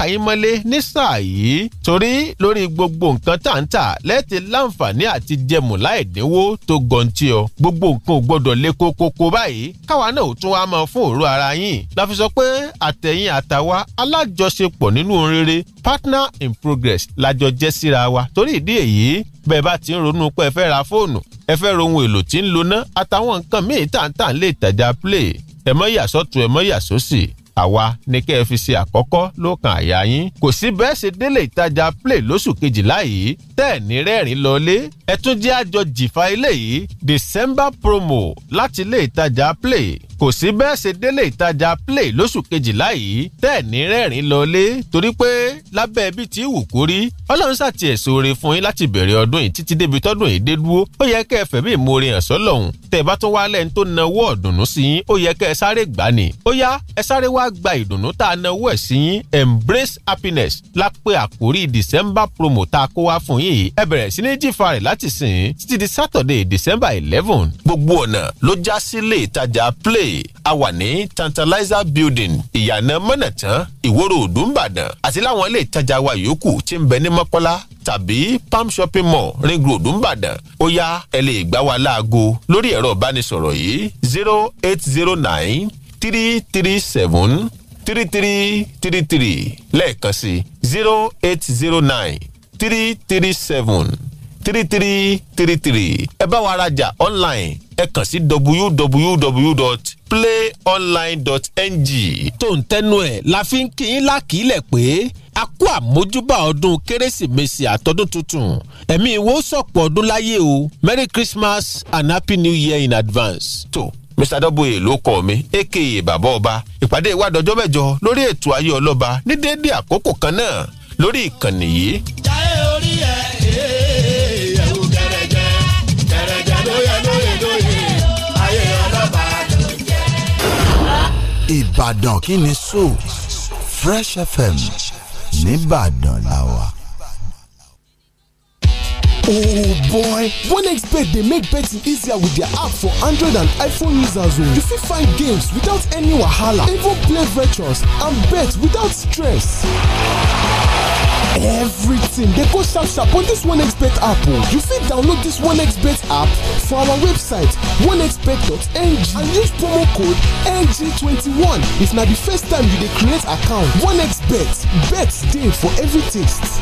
kàyémọ́lé ní sáà yìí torí lórí gbogbo nǹkan tá ń tà lẹ́ẹ̀tì láǹfààní àti jẹmù láìdínwó tó gọ̀ǹtì ọ gbogbo nǹkan ò gbọdọ̀ lé kókókó báyìí káwa náà ò tún wá mọ fún òru ara yín la fi sọ pé àtẹ̀yìn àtàwa alájọṣepọ̀ nínú rere partner in progress lájọ jẹ́ síra wa torí ìdí èyí bẹ́ẹ̀ bá ti ń ronú pé ẹ fẹ́ ra fóònù ẹ fẹ́ ro ohun èlò tí ń loná àtàwọn nǹkan míì tàǹtà lè tàjà play ẹ yà sọ́tún ẹ yà sósì àwa ni kẹ́ ẹ fi ṣe àkọ́kọ́ ló kan àyà yín kò sí bẹ́ẹ̀ ṣe délé ìtajà play lóṣù kejìlá yìí tẹ́ ẹ̀ ní rẹ́rìn lọlé ẹ tún jẹ́ àjọ jìfà ilé yìí december promo láti ilé ìtajà play kò sí bẹ́ẹ̀ ṣe délé ìtajà play lóṣù kejìlá yìí tẹ́ ẹ̀ ní rẹ́rìn lọlé torí pé lábẹ́ ẹbí tí wù kú rí ọlọ́run ṣàti ẹ̀sùn oore fún yín láti bẹ̀rẹ̀ ọdún yìí títí débi tọ́dún yìí dé dúró ó yẹ kẹ́ ẹ fẹ̀mí ìmoore hàn sọ́lọ́hún tẹ́ bá tún wá lẹ́ni tó nawọ́ ọ̀dùnnú sí yín ó yẹ kẹ́ ẹ sáré gbani ó yá ẹ sáré wá wá gba ìdùnnú tá a náwó ẹ̀ sí yín embrace happiness la pè àkórí december promo tá a kó wá fún yìí ẹ bẹ̀rẹ̀ sí ní jífa rẹ̀ láti sìn títí di saturday december eleven gbogbo ọ̀nà ló já sílé ìtajà play a wà ní tantalizer building ìyànà mọ̀nàtán ìwòrò òdùnbàdàn àti láwọn ilé ìtajà wa yòókù tí ń bẹ ní mọ́kọ́lá tàbí palm shopping mall ring road ńbàdàn ó yá ẹ lè gbá wa láago lórí ẹ̀rọ ìbánisọ̀rọ̀ yìí zero eight zero nine three three seven three three three three lẹ́ẹ̀kan sí zero eight zero nine three three seven three three three three ẹ bá wa rajà online ẹ kàn sí www.playonline.ng tó ń tẹnu ẹ̀ la fi ń kí yín lákìílẹ̀ pé a kú àmójúbà ọdún kérésìmesì àtọdún tuntun ẹ̀mí ìwó sọ̀pọ̀ ọdún láyé o merry christmas and happy new year in advance. tó mr double ló kọ mi aka bàbá ọba ìpàdé wa dọjọ́ mẹ́jọ lórí ètò ayé ọlọ́ba ní déédéé àkókò kan náà lórí ìkànnì yìí. ìbàdàn kí ni so Fresh FM nìbàdàn làwà oh boy onexbet dey make betting easier with their app for android and iphone users o oh. you fit find games without any wahala even play virtuals and bet without stress everything dey go sharp sharp on dis onexbet app o oh. you fit download dis onexbet app for our website onexbet.ng and use promo code ng21 if na the first time you dey create account onexbet bet dey for every taste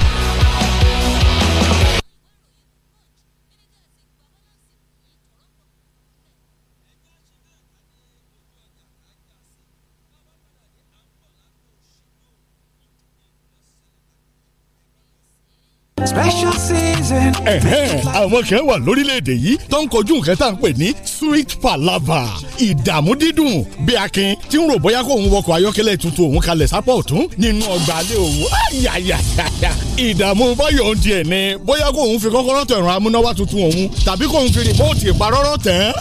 special season. ẹ̀hẹ́n àwọn kan wà lórílẹ̀‐èdè yìí tó ń kojú nǹkan tá à ń pè ní sweet palava ìdààmú dídùn bí akin tí ń rò bóyá kó òun wọkọ̀ ayọ́kẹ́lẹ́ tuntun òun kalẹ̀ sápọ̀ ọ̀tún nínú ọgbà alẹ́ òun ayayaya ìdààmú báyọ̀ ń di ẹ̀ ni bóyá kó òun fi kọ́kọ́rọ́ tẹ̀ ẹ̀rọ amúnáwá tuntun òun tàbí kó òun fi rìmọ́ọ̀tì ìparọ́rọ́ tẹ̀ ẹ́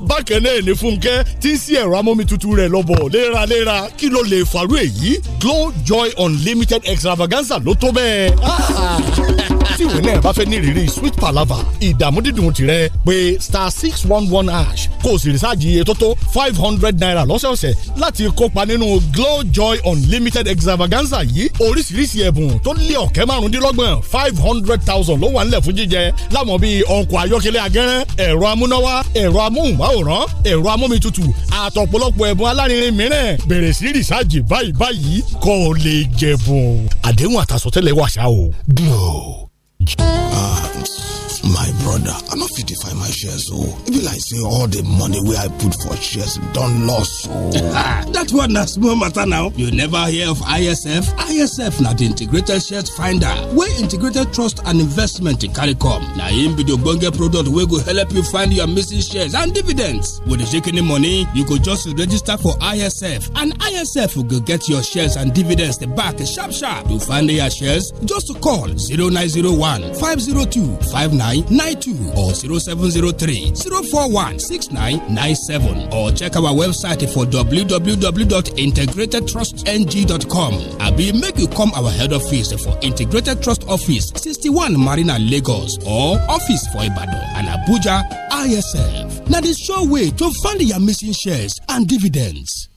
bákan náà ní fúnkẹ́ tí ń sí ẹ̀rọ amómi tuntun rẹ̀ lọ́bọ̀ léraléra kí ló lè fàrú èyí Glow Joy Unlimited Extravaganza ló tó bẹ́ẹ̀. Ah. tí ìwé náà bá fẹ́ ní ìrírí sweet palava ìdààmú dídùn tirẹ̀ pé star six one one ash kò sì rìsáàjì iye tó tó five hundred naira lọ́sọ̀ọ̀sẹ̀ láti kópa nínú glow joy unlimited extravaganza yìí oríṣiríṣi ẹ̀bùn tó lé ọ̀kẹ́ márùndínlọ́gbọ̀n five hundred thousand ló wà nílẹ̀ fún jíjẹ láwọn bíi ọkọ̀ ayọ́kẹ́lẹ́ agẹ́rẹ́ ẹ̀rọ amúnáwá ẹ̀rọ amóhùnmáwòrán ẹ̀rọ amómitutù àtọ̀pọ̀lọpọ̀ ẹ̀bùn alárinrin mìíràn bẹ̀rẹ̀ sí rìsáàjì báyìí báyìí kó o lè jẹ̀bùn àdéhùn àtàsọ̀tẹ́lẹ̀ wàṣà o Glow Ah. my brother i no fit define my shares o e be like say all the money wey i put for shares don loss oh. o. that one na small matter now you never hear of isf isf na di integrated shares finder wey integrated trust and investment carry come na im be di ogbonge product wey go help you find your missing shares and dividends with di shikini money you go just register for isf and isf go get your shares and dividends back sharp sharp to find your shares just call zero zero zero nine one five two five nine nine nine two or zero seven zero three zero four one six nine nine seven or check our website for www.integratedtrustng.com. Abi make you come our head office for Integrated Trust Office sixty one Marina Lagos or office for Ibadan and Abuja ISF. Now the sure way to fund your missing shares and dividends.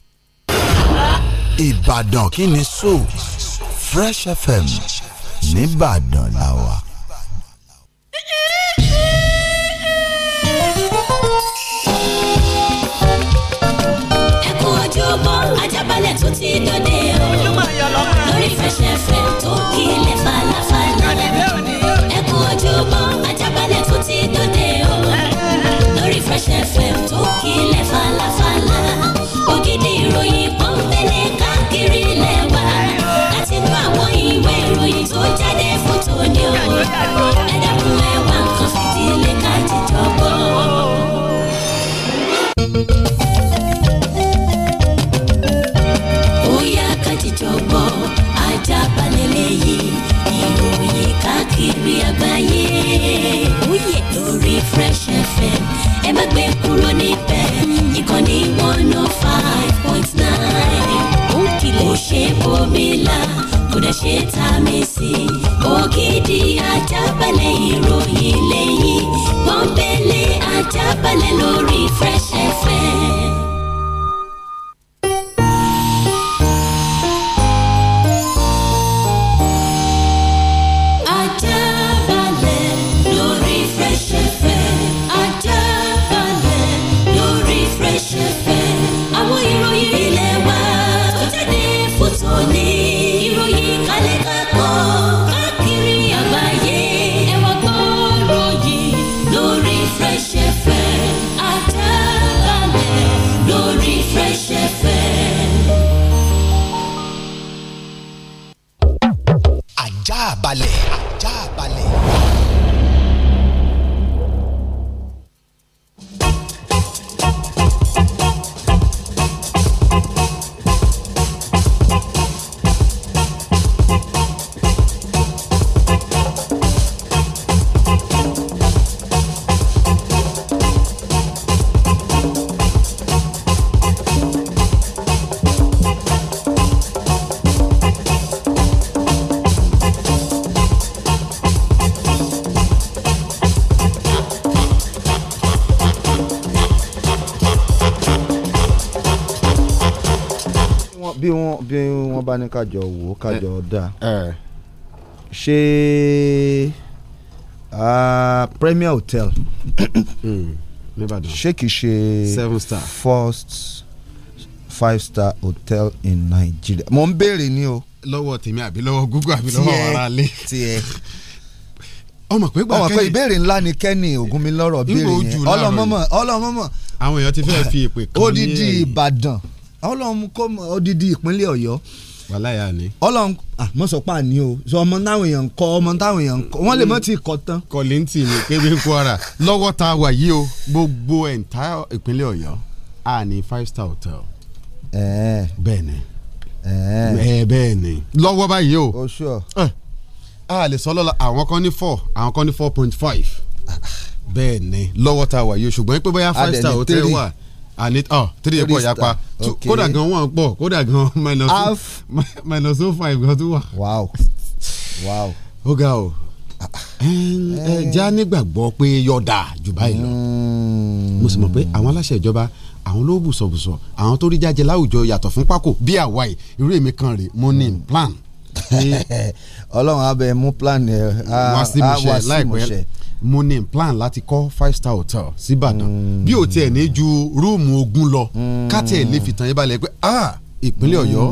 Ibadan kí ni so Fresh FM nìbàdàn our. tó ti dòde o lórí fẹsẹ̀fẹ̀ tó kílẹ̀ falafala ẹ kú ojúmọ́ ajábalẹ̀ tó ti dòde o lórí fẹsẹ̀fẹ̀ tó kílẹ̀ falafala ògidì ìròyìn pọ́npẹ́lẹ́ káàkiri ilẹ̀ wa láti inú àwọn ìwé ìròyìn tó jáde fún tòní o ẹ dákun bá ní kájọ wò ó kájọ eh. dá eh. ṣé Premier Hotel hmm, ṣé kìí ṣe first five star hotel in Nigeria mo ń béèrè ni o. lọ́wọ́ tèmi àbí lọ́wọ́ Google àbí lọ́wọ́ ara lé. tiẹ̀ ọmọ pé gbà kẹ́ni ọmọ pé ìbéèrè ńlá ni kẹ́ni Ògúnmilọ́rọ̀ béèrè yẹn ọlọ́mọmọ ọlọ́mọmọ. àwọn èèyàn ti fẹ́ẹ́ fi ìpè kan ní. odidi Ìbàdàn ọlọ́run kó odidi ìpínlẹ̀ Ọ̀yọ́ wàláyà ni. ọlọ́run àmọ́sọ̀pá ni o sọ ọmọ táwọn èèyàn ń kọ ọmọ táwọn èèyàn ń kọ wọ́n lè mọ́ ti kọ tán. kọ̀lìntì ní kébé kwara lọ́wọ́ tá a wà yìí o gbogbo ẹ̀ǹtà ìpínlẹ̀ ọ̀yọ́ a ní five star hotel. ẹ̀ẹ́ bẹ́ẹ̀ ni ẹ̀ẹ́ bẹ́ẹ̀ ni lọ́wọ́ báyìí o. o sure. Eh, a lè sọ lọ́la àwọn kan ní four àwọn kan ní four point five ah, ah. bẹ́ẹ̀ ni lọ́wọ́ tá a wà yìí o ṣùgbọ́n pé bóyá five star hotel wà àní ọ ah, three yẹn pọ̀ yapa kódà gan wọ́n pọ̀ kódà gan minus half minus oh five gan tó wà. wow wow. ó ga o eh. já nígbàgbọ́ pé yọ̀dà jù báyìí lọ hmm. mo sì mọ̀ pé àwọn aláṣẹ ìjọba àwọn ló bùsọ̀bùsọ̀ àwọn tó rí jáde láwùjọ yàtọ̀ fún pákó bí àwa yìí irú èmi kan rè mo ní hmm. plan. ọlọ́run abẹ mú plan ẹ á wá sí mo ṣe láìpẹ́ mo ní plan láti kọ́ five star hotel síbàdàn bí o tiẹ̀ ní ju rúùmù ogún lọ ká tiẹ̀ lè fi tàn yín balẹ̀ pé ah ìpínlẹ̀ ọ̀yọ́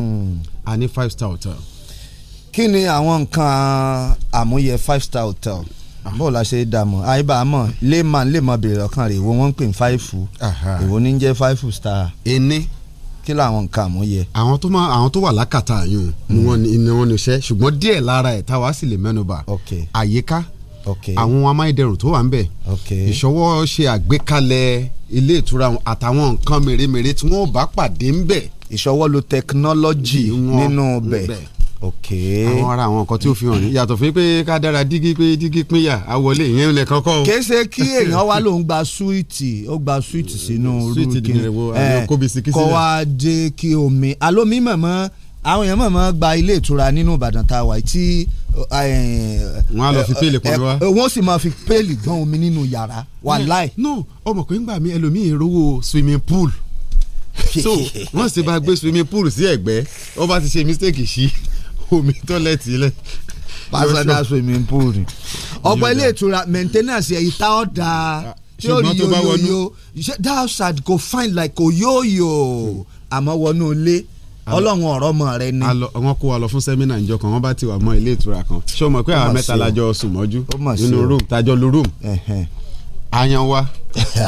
a ní five star hotel. kí ni àwọn nǹkan àmúyẹ five star hotel ah. bó la ṣe dààmú àyíbá mọ lèèmọ lèèmọ bèrè ọkàn rẹ èwo wọn ń pè ní five èwo ní jẹ fáìfù star. ẹni kí làwọn nǹkan àmúyẹ. àwọn tó máa àwọn tó wà lákàtà yìí ni hmm. wọn ni wọn ní iṣẹ́ lára ẹ̀ táwa sì lè mẹ́nuba àyíká àwọn amáyédẹrùn tó wà ń bẹ̀ ìṣọwọ́ ṣe àgbékalẹ̀ ilé ìtura àtàwọn nǹkan mèremère tí wọ́n bá pàdé ń bẹ̀. ìṣọwọ́ lo tẹkinọ́lọ́jì nínú bẹ̀ ok àwọn ará àwọn nǹkan tí ó fi hàn ní yàtọ̀ fún pé ká dára dígí pé dígí pínyà awọlé ìyẹn lè kọ́kọ́ o. kése kí èèyàn wá lòun gba súwìtì ó gba súwìtì sínú rúkì kó wá dé kí omi alómi mọ̀mọ́ àwọn èèyàn mọ̀ọ́mọ́ gba ilé ìtura nínú Ìbàdàn tá a wà tí. Eh, eh, wọ́n á lọ fi eh, péèlì pọ̀ wá. wọ́n sì máa fi péèlì gbọ́n omi nínú yàrá wàláì. no ọmọ pé ńgbà mi ẹlòmíì rówó swimming pool so wọ́n sì bá gbé swimming pool sí ẹ̀gbẹ́ wọ́n bá ti ṣe mistake sí omi tọ́lẹ̀tì lẹ̀ personal swimming pool ni ọ̀pọ̀ ilé ìtura maintenance ìta ọ̀dà tí ó rí yoyoyo that outside go fine like oyoyo àmọ́ wọnú ilé. No ọlọ́run ọ̀rọ̀ mọ̀ rẹ ni. wọn kó wa lọ fún sẹ́mínà ìjọ kan wọn bá ti wà mọ́ ilé ìtura kan ṣé o mọ̀ pé àwọn mẹ́ta lájọ sùn mọ́jú nínú room tájọ lu room ayan wa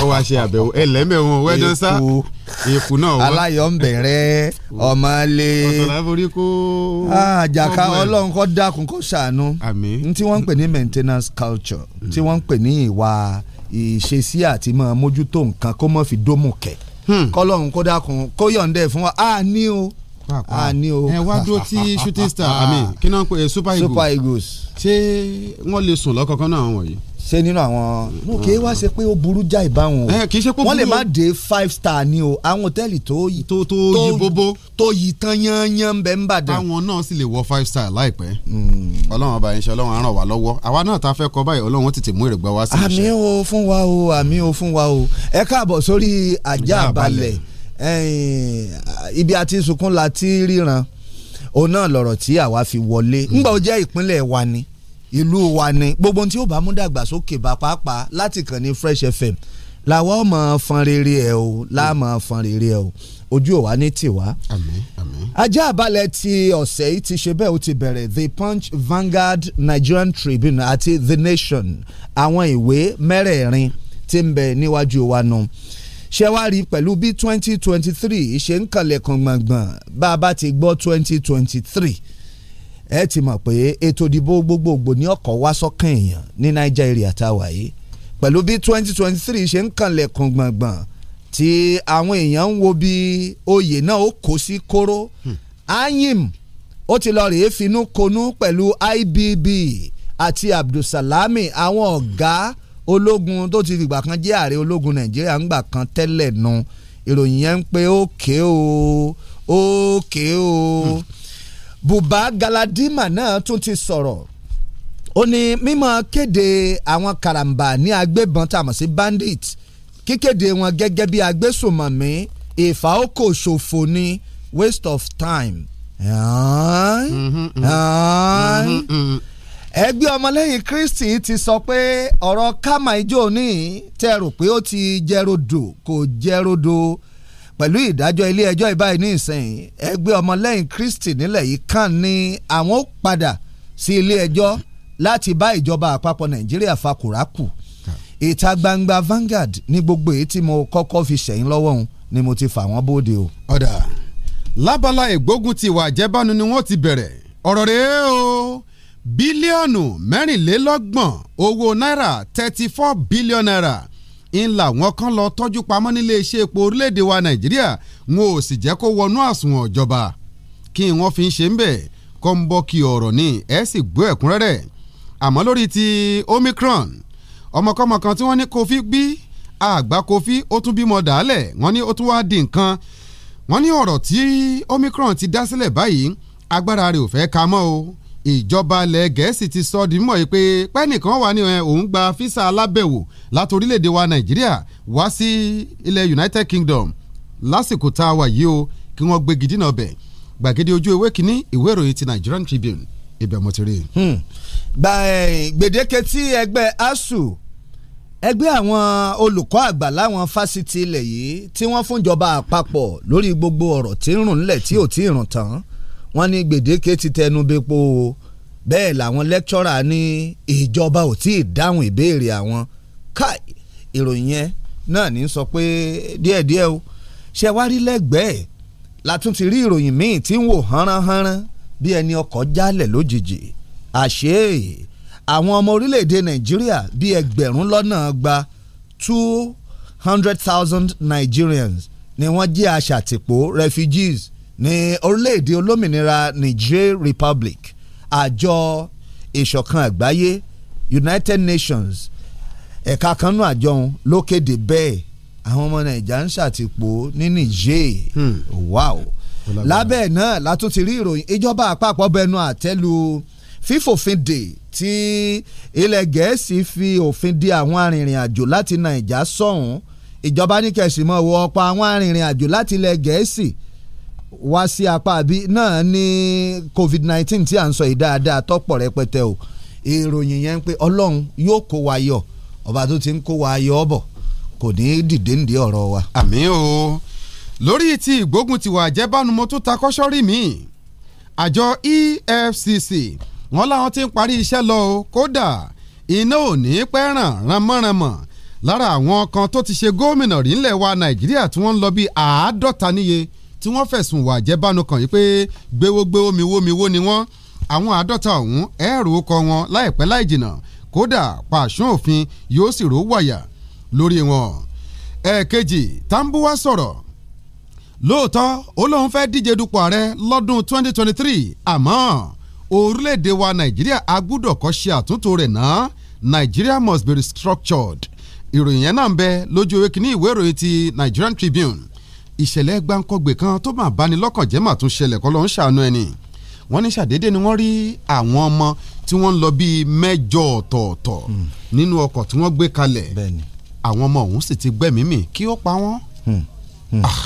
ó wá ṣe àbẹ̀wò ẹlẹ́mẹ̀ wọn wẹ́dán sá èkó náà wá. aláyọ̀ ń bẹ̀rẹ̀ ọmọ lè. ọ̀sọ̀lá forí kó. àjàká ọlọ́run kó dákun kó ṣàánú. àmín. ní tí wọ́n ń pè ní maintenance culture mm. tí wọ́n ń pè ní ìwà ìṣesí àti máa mójútó nǹkan kó má fi dómù kẹ̀. Hmm. kọ́lọ́run kó dákun kó yọ̀ǹdẹ̀ fún wa a ní o a ní o. ẹ wá dúró tí shooting star àmì kí náà pé super eagles super eagles. ṣé wọ́n lè sùn lọ́kọ̀ọ̀kan náà àwọn wọ̀nyí. ṣé nínú àwọn. mo kì í wá ṣe pé ó burú jáì báwọn o. ẹ kì í ṣe pé lè má dé five star ni o àwọn hòtẹ́ẹ̀lì tó yí. tó tó yí bóbó. tó yí tán yányán ń bẹ ń bàdàn. àwọn náà sì lè wọ five star láìpẹ́. Hmm. ọlọ́run ọba ìṣẹ́ ọlọ́run á ràn wá lọ́wọ́ àwa náà ta fẹ́ kọ́ báyìí ọlọ́run ó tètè mú èrè wá sí iṣẹ́. àmì o fún wa o àmì o fún wa o ẹ káàbọ̀ sórí àjà àbalẹ̀ ibi àti sunkún la ti ríran òun náà lọ̀rọ̀ tí àwa fi wọlé ńgbà hmm. ó jẹ́ ìpínlẹ̀ wa ni ìlú wa ni gbogbo tí ó bá mú dàgbàsókè bá pàápàá láti kàn ní Fresh FM làwọn ọmọ fan rere ẹ o láàmọ hmm. fan rere ẹ o ojú ò wá ní tiwa. ajá àbálẹ̀ ti ọ̀sẹ̀ yìí ti ṣe bẹ́ẹ̀ ó ti bẹ̀rẹ̀ The Punch, Vanguard, Nigerian Tribune àti The Nation àwọn ìwé mẹ́rẹ̀ẹ̀rin ti ń bẹ níwájú wa nù. No ṣé wàá rí pẹ̀lú bí twenty twenty three ṣe ń kanlẹ̀kùn gbọ̀ngbọ̀n bá a bá ti gbọ́ twenty twenty three ẹ ti mọ̀ pé ètò ìdìbò gbogbogbò ní ọkọ̀ wá sọ́kàn èèyàn ní Nàìjíríà tá a wà yìí pẹ̀lú bí twenty twenty ṣe ń kanlẹ̀kùn gbọ̀ngbọ̀n tí àwọn èèyàn ń wo bí oyè náà ó kó sí kóró hmm. ayim ó ti lọ rèé finú konú pẹ̀lú IBB àti Abdulsalami àwọn ọ̀gá. Hmm ológun tó ti fìgbà kan jẹ́ ààrẹ ológun nàìjíríà ńgbà kan tẹ́lẹ̀ nu ìròyìn yẹn ń pé ókè o ókè o hmm. Buba Galadima náà tún ti sọ̀rọ̀ ó ní mímọ́ kéde àwọn karambà ní agbébọn tá a mọ̀ sí bandit kíkéde wọn gẹ́gẹ́ bí agbésùnmọ̀mí ìfàókò ṣòfò ni waste of time. Yeah. Mm-hmm, mm-hmm. Mm-hmm, mm-hmm ẹgbẹ́ ọmọlẹ́yìn Kristi ti sọ pé ọ̀rọ̀ kámà ijó ní tẹ́ rò pé ó ti jẹ́rodò kò jẹ́rodò pẹ̀lú ìdájọ́ ilé ẹjọ́ ìbáyìí ní ìsìn ẹgbẹ́ ọmọlẹ́yìn Kristi nílẹ̀ yìí kàn ní àwọn ó padà sí ilé ẹjọ́ láti bá ìjọba àpapọ̀ Nàìjíríà fakùràkù ìta gbangba Vanguard ní gbogbo èyí tí mo kọ́kọ́ fi ṣẹ̀yìn lọ́wọ́ òun ni mo ti fà wọ́n bóde o. ọ̀dà lábala ìgbógun ti wà jẹ́bánu ni wọ́n ti bẹ̀rẹ̀ ọ̀rọ̀ rèé o bílíọ̀nù mẹ́rìnlélọ́gbọ̀n owó náírà thirty four billion naira ń làwọn kan lọ tọ́jú pamọ́ nílé iṣẹ́ epo orílẹ̀‐èdè wa nàìjíríà wọn ò sì jẹ́ kó wọnú àsùnwọ̀n ìjọba kí wọ́n fi ń ṣe ń bẹ̀ kọ́ ń bọ́ kí ọ̀rọ̀ ni ẹ̀ sì gbọ́ ẹ̀kúnrẹ́rẹ́ àmọ́ lórí ti omicron ọmọkọ́mọ kan tí wọ́n ní kofi bí àgbà kofi ó tún bímọ dàálẹ̀ wọ́n ní ó tún wá di nǹkan wọ́n ní ọ̀rọ̀ tí omicron ti dá sílẹ̀ báyìí agbára rẹ̀ ò fẹ́ ka mọ́ o ìjọba ilẹ̀ gẹ̀ẹ́sì ti sọ di mímọ̀ yìí pé pẹ́nìkan wà ní òun gba físà alábẹ̀wò láti orílẹ̀-èdè wa nàìjíríà wá sí ilẹ̀ united kingdom lásìkò tá a wà yìí o kí wọ́n gbégi dínà bẹ̀ gbàgede ojú ewé kínní ìwé ìròyìn ti nigerian tribune ibẹ̀ mo ti rí i. Hmm. gba gbèdéke tí ẹgbẹ́ asuu ẹgbẹ́ àwọn olùkọ́ àgbà láwọn fásitì ilẹ̀ yìí tí wọ́n fúnjọba àpapọ̀ lórí gbogbo ọ̀rọ̀ tí ń rùn nílẹ̀ tí ò tí ì rùn tán. Hmm wọ́n ní gbèdéke ti tẹnu bepo o bẹ́ẹ̀ làwọn lẹ́kítọ́rà ní ìjọba ò tí ì dáhùn ìbéèrè àwọn káì ìròyìn yẹn náà ní sọ pé díẹ̀díẹ̀ o ṣe wá rí lẹ́gbẹ̀ẹ́ látún ti rí ìròyìn míì tí ń wò hánránhánrán bí ẹni ọkọ̀ jálẹ̀ lójijì àṣé àwọn ọmọ orílẹ̀-èdè nàìjíríà bíi ẹgbẹ̀rún lọ́nà gba two hundred thousand Nigerians ni wọ́n jẹ́ aṣàtìpó refugees ní orílẹ̀-èdè olómìnira Niger Republic àjọ ìṣọ̀kan àgbáyé United Nations ẹ̀ka kanú àjọ òun ló kéde bẹ́ẹ̀ àwọn ọmọ nàìjà ń ṣàtìpó ní Niger hmm. wow lábẹ́ náà látún ti rí ìròyìn ìjọba àpapọ̀ bẹnu àtẹ́lu fífòfin dè tí ilẹ̀ gẹ̀ẹ́sì fi òfin di àwọn arìnrìn àjò láti nàìjà sọ̀hún ìjọba ní kẹ̀sìmọ̀ wọ ọ̀pọ̀ àwọn arìnrìn àjò láti ilẹ̀ gẹ̀ẹ́sì wá sí apá àbí náà ní covid nineteen tí à ń sọ yìí dáadáa tọ́pọ̀ rẹpẹtẹ o ìròyìn yẹn ń pé ọlọ́run yóò kó wa yọ ọba tó ti ń kó wa yọ ọ kò ní í dìde ǹdí ọ̀rọ̀ wa. àmín o lórí ti ìgbógun tiwa àjẹbánu mo tún ta kọ́ṣọ́rì mi àjọ EFCC wọn làwọn ti ń parí iṣẹ́ lọ o kódà iná ò ní pẹ́ ràn ránmọ́ránmọ́ lára àwọn kan tó ti ṣe gómìnà rí ńlẹ̀ wa Nàìjíríà tí wọ́n ń lọ bí àádọ́ta níye tí wọ́n fẹ̀sùn wà jẹ́bánu kàn yìí pé gbéwógbéwó mi wó mi wó ni wọ́n àwọn àádọ́ta ọ̀hún ẹ̀rù kọ wọn láìpẹ́ láì jìnnà kódà pàṣán òfin yóò sì ró wàyà lórí wọn. ẹ̀ẹ̀kejì tambuwa sọ̀rọ̀ lóòótọ́ ó fẹ́ díje dupò ààrẹ lọ́dún 2023 àmọ́ orílẹ̀-èdè wa nàìjíríà a gbúdọ̀ kọ́ ṣe àtúntò rẹ̀ náà nàìjíríà must be restructured ìròyìn yẹn náà ń bẹ lójú ewé kínní ìwé ìròyìn ti Nigerian Tribune ìṣẹ̀lẹ̀ gbáǹkọ́gbè kan tó máa báni lọ́kàn jẹ́ màtún ṣẹlẹ̀ kọ́ ló ń ṣàánú ẹni wọ́n ní ṣàdédé ni wọ́n rí àwọn ọmọ tí wọ́n ń lọ bíi mẹ́jọ ọ̀tọ̀ọ̀tọ̀ hmm. nínú ọkọ̀ tí wọ́n gbé kalẹ̀ àwọn ọmọ ọ̀hún sì ti gbẹ́mìí mì kí ó pa wọ́n. Hmm. Hmm. Ah.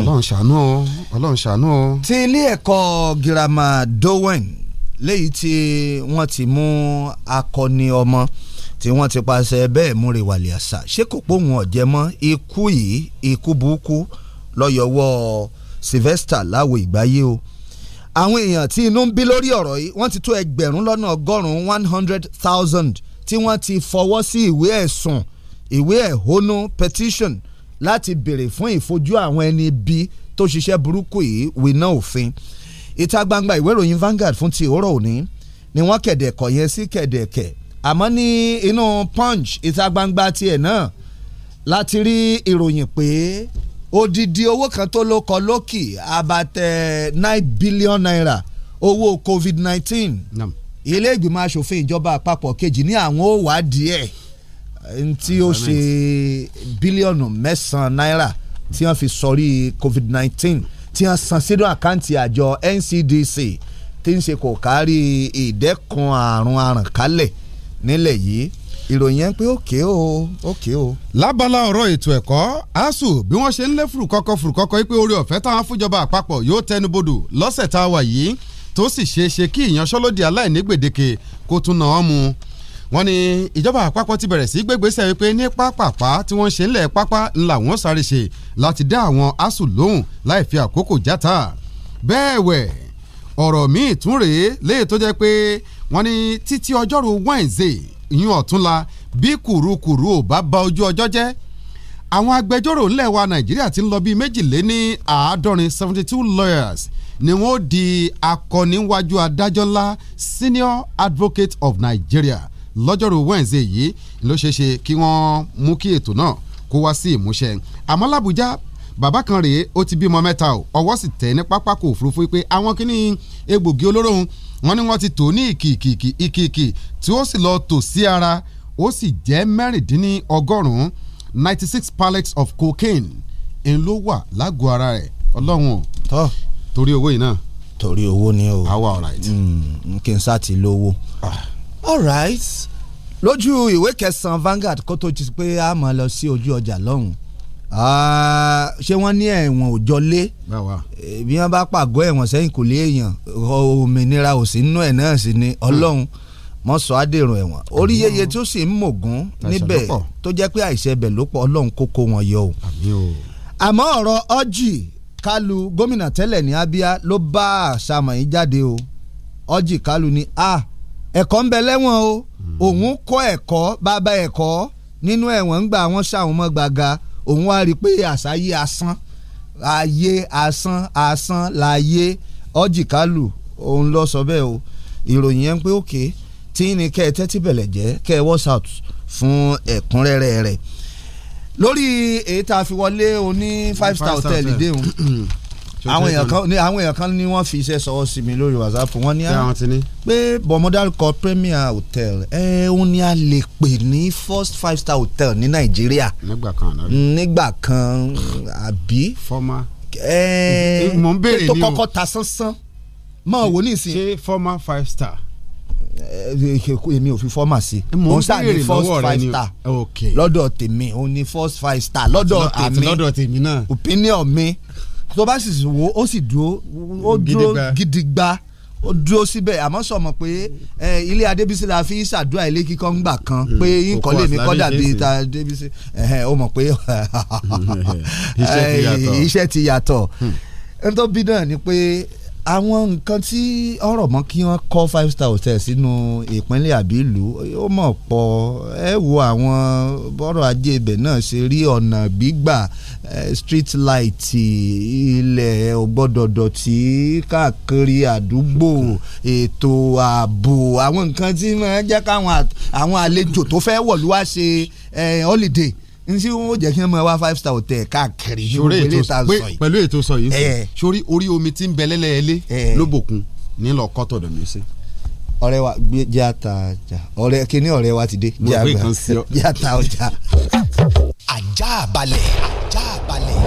ọlọ́run ṣàánú o ọlọ́run ṣàánú o. ti ilé ẹ̀kọ́ girama Dowen léyìí tí wọ́n ti mú akọni ọmọ. Hmm tí wọ́n ti paṣẹ bẹ́ẹ̀ múre wàlẹ̀ àṣà ṣé kò pòun ọ̀jẹ̀ mọ́ ikú yìí ikú burúkú lọ́yọ̀wọ́ Sylvester láwo ìgbáyé o àwọn èèyàn tí inú ń bí lórí ọ̀rọ̀ yìí wọ́n ti tó ẹgbẹ̀rún lọ́nà ọgọ́rùn-ún one hundred thousand tí wọ́n ti fọwọ́ sí ìwé ẹ̀sùn ìwé ẹ̀hónú petition láti béèrè fún ìfojú àwọn ẹni bí tó ṣiṣẹ́ burúkú yìí wíná òfin ìta gbangba ìwé ìròyìn Vanguard fún ti òórọ̀ òní ni wọ́n kẹ̀dẹ̀kọ̀ yẹn sí kẹ̀dẹ̀kẹ̀ àmọ́ ní inú punch ìta gbangba tiẹ̀ náà láti rí ìròyìn pé odidi owó kan tó ló kọ lókì abatẹ nine billion naira owó covid nineteen ilé ìgbìmọ̀ asòfin ìjọba àpapọ̀ kejì ní àwọn ó wá díẹ̀ tí ó ṣe bílíọ̀nù mẹ́sàn-án náírà tí wọ́n fi sọrí covid nineteen tí wọ́n san sínú àkáǹtì àjọ NCDC tí ń ṣe kò kárí ìdẹ́kun àrùn àrànkálẹ̀ nílẹ̀ yìí ìròyìn yẹn pé òkè o òkè o. lábala ọ̀rọ̀ ètò ẹ̀kọ́ asuu bí wọ́n ṣe ń lé fùrùkọ́kọ́ fùrùkọ́kọ́ pé orí ọ̀fẹ́ táwọn fúnjọba àpapọ̀ yóò tẹnubodò lọ́sẹ̀ tá a wà yìí tó sì ṣeé ṣe kí ìyanṣọ́lódì aláìní gbèdéke kó tún nà án mu wọ́n ní ìjọba àpapọ̀ ti bẹ̀rẹ̀ sí gbégbésẹ̀ wípé ní pápápá tí wọ́n ṣe ń lẹ̀ pápá ńlá wọn sáré ṣe láti dá àwọn asù lóhùn láì fi àkókò játa bẹ́ẹ̀ wẹ̀ ọ̀rọ̀ míì tún rèé léè tó jẹ́ pé wọ́n ní títí ọjọ́rú Wednesday ìyún ọ̀túnla bí kùrukùru ò bá ba ojú ọjọ́ jẹ́ àwọn agbẹjọ́rò ńlẹ̀ wa Nàìjíríà ti ń lọ bíi méjìléní àádọ́rin seventy two lawyers ni wọ́n di akọniwájú adájọ́ ńlá Senior Advocate of Nigeria lọ́jọ́rú Wednesday yìí ló ṣeé ṣe kí wọ́n mú kí ètò náà kó wá sí ìmúṣẹ àmọ́ làbújá bàbá kan rèé ó ti bímọ mẹ́ta o ọwọ́ sì tẹ̀ ní pápákọ̀ òfurufú pé àwọn kìíní egbògi olóró wọ́n ní wọ́n ti tò ní ìkìkìkì ìkìkì tí ó sì lọ tò sí ara ó sì jẹ́ mẹ́rìndínní ninety six pallets of cocaine ń ló wà lágọ̀ọ́ ara rẹ̀ ọlọ́run o torí owó yìí náà. torí owó ni o awa alright. Hmm, kí n sá ti lówó. Ah. alright lójú ìwé kẹsàn-án Vanguard kó tó ti pé a máa lọ sí ojú ọjà lọ́hùn-ún Ah, ṣé wọ́n ní ẹ̀wọ̀n òjọlé eh, bí wọ́n bá pàgọ́ ẹ̀wọ̀n sẹ́yìn kò lé èèyàn òmìnira òsì nínú ẹ̀ náà sì ni ọlọ́run mọ́ sọ adèrò ẹ̀wọ̀n orí yeye tó sì ń mògún níbẹ̀ tó jẹ́ pé àìṣe ẹbẹ̀ ló pọ̀ ọlọ́run kókó wọn yọ o. àmọ́ ọ̀rọ̀ ọ́jì kálu gómìnà tẹ́lẹ̀ ní Abia ló bá àṣàmọ̀ yín jáde o ọ́jì kálu ni a ẹ̀kọ́ ń bẹ lẹ́wọ̀n o hmm. òun kọ́ ẹ̀kọ́ bàbá ẹ̀kọ́ nínú ẹ̀wọ̀n ń gbà wọ́n ṣàwọn mọ́ gbàgà òun wá rí i pé àṣàyé asán ayé asán asán láyé ọjìkálù òun lọ sọ bẹ́ẹ̀ o ìròyìn yẹn pé òkè tí ní kẹ́ ẹ tẹ́tí bẹ̀lẹ̀ jẹ́ kẹ́ ẹ WhatsApp fún ẹ̀kúnrẹ́rẹ́ rẹ̀ lórí èyí tá a fi wọlé oní five star hotel dé àwọn èèyàn kan àwọn èèyàn kan ni wọ́n fi iṣẹ́ sọ́wọ́ sí mi lórí whatsapp wọ́n ní à pé bọ̀mọ́dá kọ premier hotel ẹ òun ni a lè pè ní first five star hotel ní nàìjíríà nígbà kan nígbà kan àbí. former ẹ mọ̀ ń béèrè ni o tó kọ́kọ́ ta sánsán máa wò ní ìsìn. ṣé former five star èmi ò fi fọ́mà sí. mo ń béèrè lọ́wọ́ rẹ ni ok lọ́dọ̀ tèmi òun ni first five star lọ́dọ̀ tèmi àti lọ́dọ̀ tèmi náà opinion mi tó bá sì wò ó sì dúró ó dúró gidigba ó dúró síbẹ̀ àmọ́ sọ̀mọ̀ pé ilé adébísí la fi ṣàdúrà ilé kíkọ́ ńgbà kan mm, pé ìkọ́lé mi kọ́ dàbí ta adébísí ó mọ̀ pé iṣẹ́ ti yàtọ̀ hmm. n tó bí náà ni pé àwọn nǹkan tí ọ̀rọ̀ mọ́ kí wọ́n kọ́ five star hotel sínú ìpínlẹ̀ àbí ìlú ó mọ̀ pọ̀ ẹ wo àwọn bọ́rọ̀ ajé ibẹ̀ náà ṣe rí ọ̀nà gbígbà street light ilẹ̀ ọgbọ́dọ̀dọ̀ tí káàkiri àdúgbò ètò ààbò àwọn nǹkan tí máa ń jẹ́ káwọn àlejò tó fẹ́ wọ̀lú wá ṣe holiday n sí wọn ò jẹ́ kí wọ́n máa wá five star hotel káàkiri sórí ètò sọ yìí pẹ̀lú ètò sọ yìí eh. sórí orí omi tí ń bẹ lẹ́lẹ́ẹ̀lẹ́ eh. lóbòkun nílò kọ́tọ̀ dọ̀ sí. ọ̀rẹ́ wa gbé jẹ́ ata ọjà ọ̀rẹ́ kíní ọ̀rẹ́ wa ti dé jẹ́ ata ọjà. ajá balẹ̀ ajá balẹ̀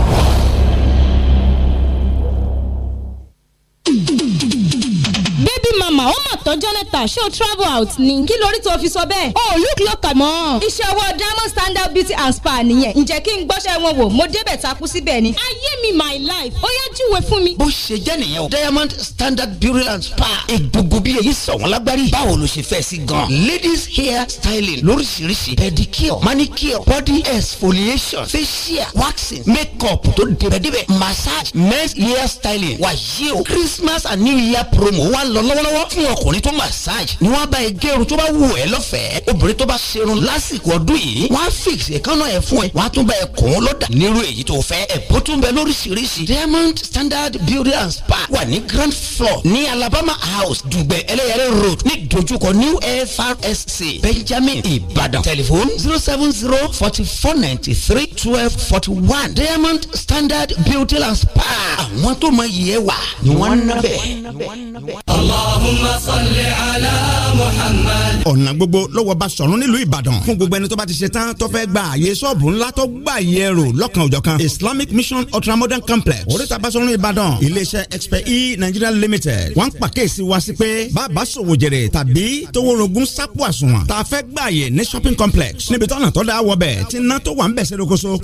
màmá ó mà tán Jonathan ṣé o travel out ni. kí lórí tó fi sọ bẹ́ẹ̀. o oh, look local mọ́. iṣẹ́ ọwọ́ diamond standard beauty and spa nìyẹn ǹjẹ́ kí n gbọ́ṣẹ́ wọn wò mo débẹ̀ takú síbẹ̀ ni. ayé mi my life ó yá júwe fún mi. bó ṣe jẹ́ nìyẹn o diamond standard beauty and spa egungun bí èyí sọ̀wọ́n lágbárí. báwo ló ṣe fẹ́ sí gan. ladies hair styling lóríṣiríṣi pedicure manicure body exfoliation facial waxing makeup tó débẹ̀débẹ̀ massage men's hair styling wàyí o christmas and new year promo wà lọ́lọ́wọ́ lọ́wọ́lọ́wọ́ fún ọkùnrin tó massage ni wọ́n bá ẹ gẹrun tó bá wù ẹ́ lọ́fẹ̀ẹ́ obìnrin tó bá ṣerun lásìkò ọdún yìí wọ́n á fix èékánná ẹ̀ fún ẹ wọ́n á tún bá ẹ kùn ún lọ́dà nírú èyí tó fẹ́ ẹ̀bùn tún bẹ lóríṣiríṣi diamond standard beauty and spa wà ní grand floor ní alabama house dùgbẹ́ ẹlẹ́yẹrẹ road ní dojúkọ new frsc benjamin ibadan telephone zero seven zero forty four ninety three twelve forty one diamond standard beauty and spa àwọn tó mọ iye wà ni wọ́n ń nabẹ́. Allah. Allahumma salli ala Muhammad. ọ̀nà gbogbo lọ́wọ́ bá sọ̀rọ̀ nílùú Ìbàdàn fún gbogbo ẹni tó bá ti ṣe tán tó fẹ́ gba àyè sọ́ọ̀bù ńlá tó gbà yẹ rò lọ́kàn òjọ̀kan Islamic Mission Ultramodern Complex oríta Basọ̀run Ìbàdàn iléeṣẹ́ Expert E Nigeria Limited wọ́n ń pàkíyèsí wa sí pé bàbá sòwò jèrè tàbí toworogun sápò àsùnwọ̀n tá a fẹ́ gbà yẹ ní shopping complex níbi tọ́nà tó dáa wọ bẹ̀ tí ná tó wà ń bẹ̀ sẹ́dọ̀kọ́sọ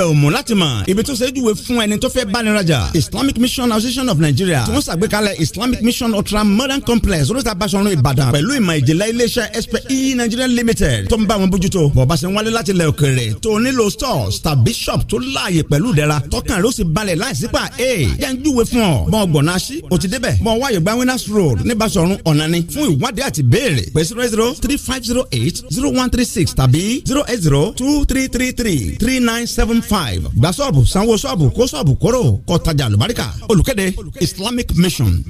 tí láti mọ̀ ibi tó ṣe é júwe fún ẹni tó fẹ́ báni rajà Islamic Mission Association of Nigeria tí wọ́n ṣàgbékalẹ̀ Islamic Mission Ultra Modern Complex Olóòtú Abáṣọrun Ìbàdàn pẹ̀lú ìmọ̀ ìjìnlẹ̀ iléeṣẹ́ SPE e Nigeria Limited tó ń bá wọn bójútó bọ̀bá ṣe ń wálé láti ilẹ̀ òkèrè tó nílò stores tàbí shop tó láàyè pẹ̀lú ìdẹ́ra tọkàn rẹ̀ ó sì balẹ̀ láìsípà e jẹ́ ń júwe fún ọ bọ́n gbọ̀nà sí o ti débẹ̀ bọ́n wáyé gba winners road ní Basọ̀run ọ̀nani fún ìwádìí àti béèrè pé zero zero three five zero eight zero one three six tàbí zero eight zero two three three three three nine seven five gba sọ́ọ̀bù sanwó sọ́ọ̀bù kó sọ́ọ̀bù kóró kó tajà àlùbáríkà olùkéde Islamic Mission.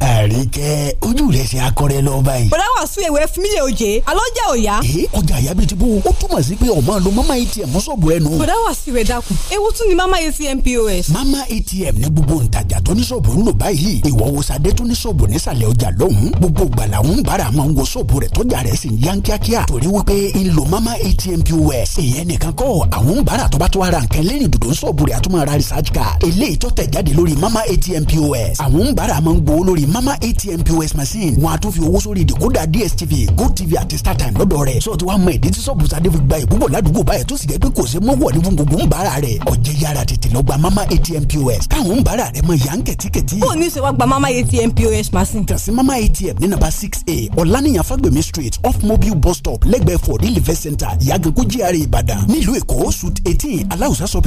àríkẹ́ ojú rẹ̀ ṣe akọrẹ lọ báyìí. bọ̀dá wà sún ewé fún mi lè oje alọ́jà òya. ee ọjà àyà bíi ti bó o túmọ̀ sí pé ọmọ lo mama ATM mọ́sọ̀bù ẹnu. bọ̀dá wà sí ìwé dákun ewu tún ni mama ATM POS. mama ATM ní gbogbo ntajà tó ní sọ́ọ̀bù ń lò báyìí ìwọ wo sadé tó ní sọ́ọ̀bù nísàlẹ̀ ọjà lọ́hùn gbogbo gbala ń bára máa ń wo sọ́ọ̀bù rẹ̀ tọ́jà rẹ̀ sì ń yan kíákíá torí wípé ń mama ATM POS èèyàn nìkan kọ́ àwọn ń lẹ́yìn dòdò ń sọ̀bù rẹ̀ a tún máa ra research card eléyìí tó tẹ̀ jáde lórí mama atm pos àwọn ń bára máa ń gbowó lórí mama atm pos machine wọn a tún fi owó sórí decoder dstv gotv àti startime lọ́dọ̀ rẹ̀ sọ ti wá mọ ìdí tí sọ̀bù sadé fi gba ìbúbọ̀ ládùúgbò báyẹn tó sì jẹ́ pé kò sí mọ́wọ́ ní gbogbo ń bára rẹ̀ ọ̀jẹ̀ yára tètè lọ gba mama atm pos káwọn ń bára rẹ̀ mọ yàn kẹ̀tíkẹ̀tí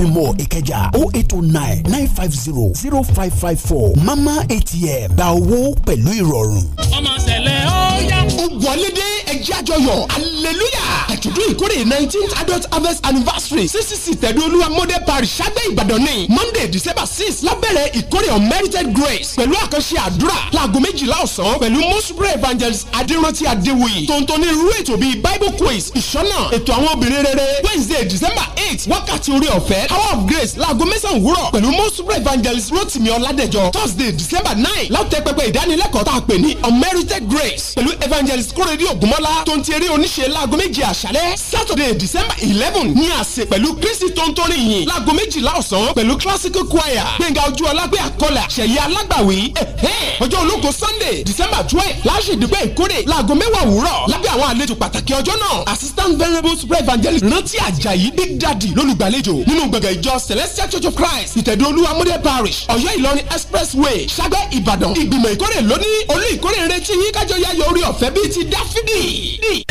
shopping mall ìkẹjà o oh eight o oh nine nine five zero zero five five four mama atm gba owó pẹ̀lú ìrọ̀rùn. ọmọ ṣẹlẹ̀ ó yá. ó wọlé dé ẹjẹ́ àjọyọ̀ hallelujah àjọ̀dún ìkórè nineteenth adult harvest anniversary ccc tẹ̀dúolúwa model parish ṣágbẹ́ ìbàdàn ní monday december six lábẹ́rẹ́ ìkórè unmerited grace pẹ̀lú àkànṣe àdúrà láago méjìlá ọ̀sán pẹ̀lú mosbre evangelist adéròtí adéwòye tòǹtòní irú ètò bíi bible quiz ìṣọ́nà ètò àwọn obìnrin rere wednesday december eight wákàtí orí ọ̀fẹ́ hundred of grace láago mẹ́sàn-án òwúrọ̀ pẹ̀lú mosbre evangelist rotimi ọládẹjọ thursday december nine láwùjọ pẹpẹ ìdánilẹ́kọ̀ọ́ tá a pè ní unmerited grace pẹ̀lú evangelist kórèdí ògúnmọ́lá tó ń ti eré oníṣe láago méje àṣálẹ́ saturday december eleven ní àsè pẹ̀lú kristi tó ń torí yìn láago méjìlá ọ̀sán pẹ̀lú classical choir gbẹ̀ngà ojú ọlágbé àkọlà ṣẹ̀yẹ alágbàwí ọjọ́ ológo sunday december twelve láṣẹ̀dúgbẹ́ ìkórè láago mẹ́wàá òwúrọ̀ lábẹ́ àwọn àlejò pàtàkì ọjọ́ náà assistant venerable super evangelist rántí àjàyí big daddy lólùgbàlejò nínú gb gbọ̀ngàn ìjọ celestial church of christ ìtẹ̀dó olúwa múdẹ parish ọ̀yọ́ ìlọrin expressway ságbẹ́ ìbàdàn ìgbìmọ̀ ìkórè lónìí olú ìkórè retí yín kájọ yáyọ orí ọ̀fẹ́ bíi ti dáfídì.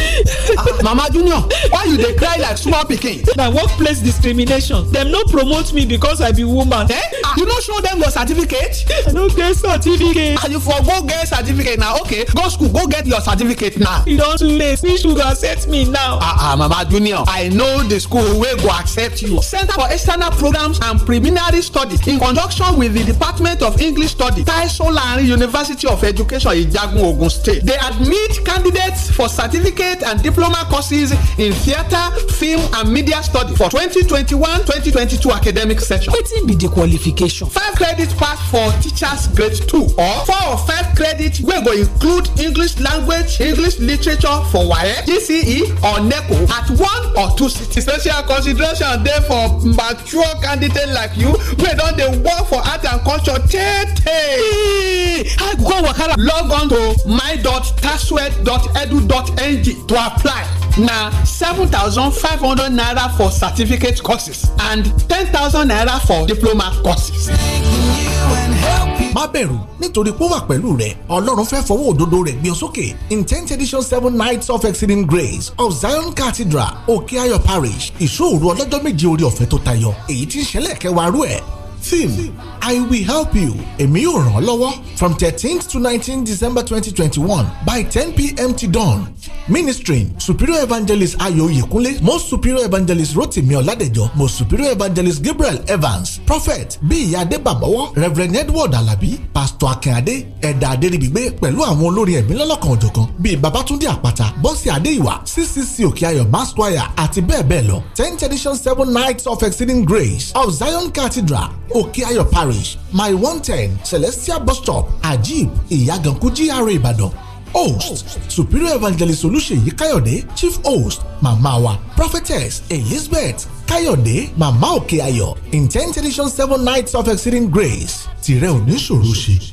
Ah, mama junior why you dey cry like small pikin. na workplace discrimination dem no promote me because i be woman. Eh? Ah, you no show dem your certificate. i no get certificate. and ah, you for go get certificate na okay go school go get your certificate now. e don too late see sugar set me now. ah ah mama junior i know the school wey go accept you. center for external programs and preliminary studies in conjunction with the Department of English Study, Taiso Larin University of Education, Ijagun, Ogun State. They admit candidates for certificate and diploma courses in theatre, film and media studies for 2021-2022 academic session. Wetin be the qualification? Five credit pass for teachers grade two or four or five credit wey go include English language, English literature for WAEC, GCE or NECO at one or two cities. Special consideration dey for Mba mature candidate like you wey don dey work for art and culture tey tey. how you go come waka log on to my.tasweb.edu.ng to apply na seven thousand five hundred naira for certificate courses and ten thousand naira for diploma courses má bẹ̀rù nítorí pé ó wà pẹ̀lú rẹ ọlọ́run fẹ́ fọwọ́ òdodo rẹ̀ gbé ọ sókè in tenth edition seven nights of exceeding grace of zion cathedral òkè ayọ̀ parish ìṣòro ọlọ́jọ́ méje orí ọ̀fẹ́ tó tayọ èyí tí ń ṣẹlẹ̀ kẹwàá rú ẹ̀ team i will help you èmi yóò ràn ọ́ lọ́wọ́ from thirteenth to nineteenth december 2021 by 10 pm to dawn Ministry superior evangelist ayo oyekunle most superior evangelist rotimi oladejo most superior evangelist gabriel evans prophet bíyì adébàbọ̀wọ́ reverend edward alabi pastor akínadé ẹ̀dà adéríbigbé pẹ̀lú àwọn olórí ẹ̀mí lọ́lọ́kan òjọ̀kan bíi babatunde àpáta bọ́sì adéìwà ccc òkè ayọ̀ mass choir àti bẹ́ẹ̀ bẹ́ẹ̀ lọ th edition seven nights of exceeding grace of zion cathedral okeayo parish my one ten celestial bus stop ajib ìyàgànkú GRA ìbàdàn host superior evangelist olùṣèyí káyọ̀dé chief host màmá wa prophetess elizabeth káyọ̀dé màmá òkè in ten edition seven nights of exceeding grace tìrẹ ò ṣe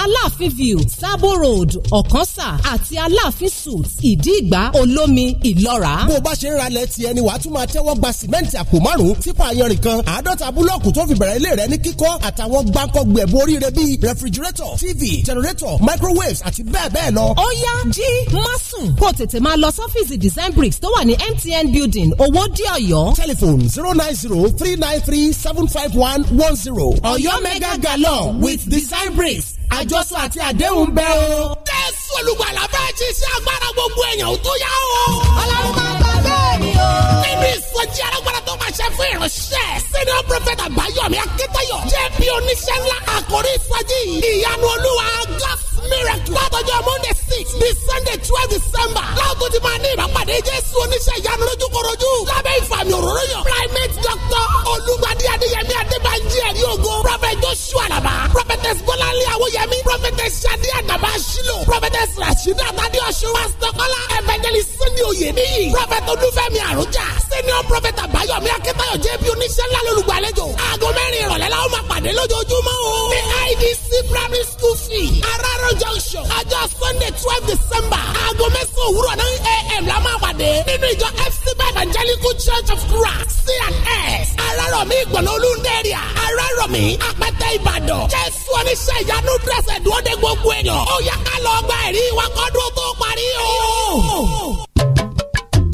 aláàfin view sabo road ọ̀kánsà àti aláàfin suits ìdí ìgbà olómi ìlọ́ra. bó o bá ṣe ń ralẹ̀ tiẹ̀ ni wàá tún máa tẹ́wọ́ gba sìmẹ́ǹtì àpò márùn-ún típa ayanrìn kan àádọ́ta búlọ́ọ̀kù tó fi bẹ̀rẹ̀ ilé rẹ ní kíkọ́ àtàwọn gbáǹkọ́gbù ẹ̀bùn oríire bíi rẹfrigirétọ̀ tv jẹnẹrétọ̀ microwave àti bẹ́ẹ̀ bẹ́ẹ̀ lọ. ó yá jí má sùn kó tètè máa lọ sọ́fíìsì design bricks tó wà ní mtn building owó dí ọ̀yọ́. telephone zero nine zero three nine three seven five one one zero. ọ̀yọ́ mega gallon with design bricks àjọsọ àti àdéhùn bẹ́ẹ̀ o. jésù olùgbàlà fẹ́ ṣiṣẹ́ agbára gbogbo èèyàn tó yá o. ọlọ́run máa o. nínú ìsọjí alágbára tó máa ṣe fún ìránṣẹ́ senior prophet àbáyọ̀mí akíntayọ̀ jẹ́ bí oníṣẹ́ ńlá àkórí ìsọjí ìyanu olúwa gáf miracle látọjọ́ monday six di sunday twelve december láwùjọ ti máa ní ìbápàdé jésù oníṣẹ́ ìyanu lójúkorojú lábẹ́ ìfàmì òróró yàn primate doctor olùgbàdì adéyẹmí adébánjí ẹ̀rí ògo prophet joshua àdàbà prophetess bọ́láńlé àwòyẹmí prophetess sadi àdàbà shilo prophetess rasheeda tadé ọ̀ṣun pastor kọ́lá evangelist sunday oyèdíyì prophet olúfẹ́mi à àròjà senior prophet àbáyọ̀mí akẹ́tayọ̀ jẹ́bi oníṣẹ́ ńlá lólùgbàlejò aago mẹ́rin ìrọ̀lẹ́ la ó máa pàdé lójoojúmọ́ o. ní idc primary school fee araro junction ọjọ́ sunday twelve december aago mẹ́sàn-án òwúrọ̀ náà am la máa pàdé nínú ìjọ fc evangelical church of christ cns ararọ̀mí ìgbọ̀nà olúndẹ́rìà ararọ̀mí apẹtẹ ìbàdàn jésù oníṣẹ́ ìyanu dẹ́sẹ̀ dúró de gbogbo èèyàn ó yá ká lọ gba ẹ̀rí wa kọ́dún tó parí o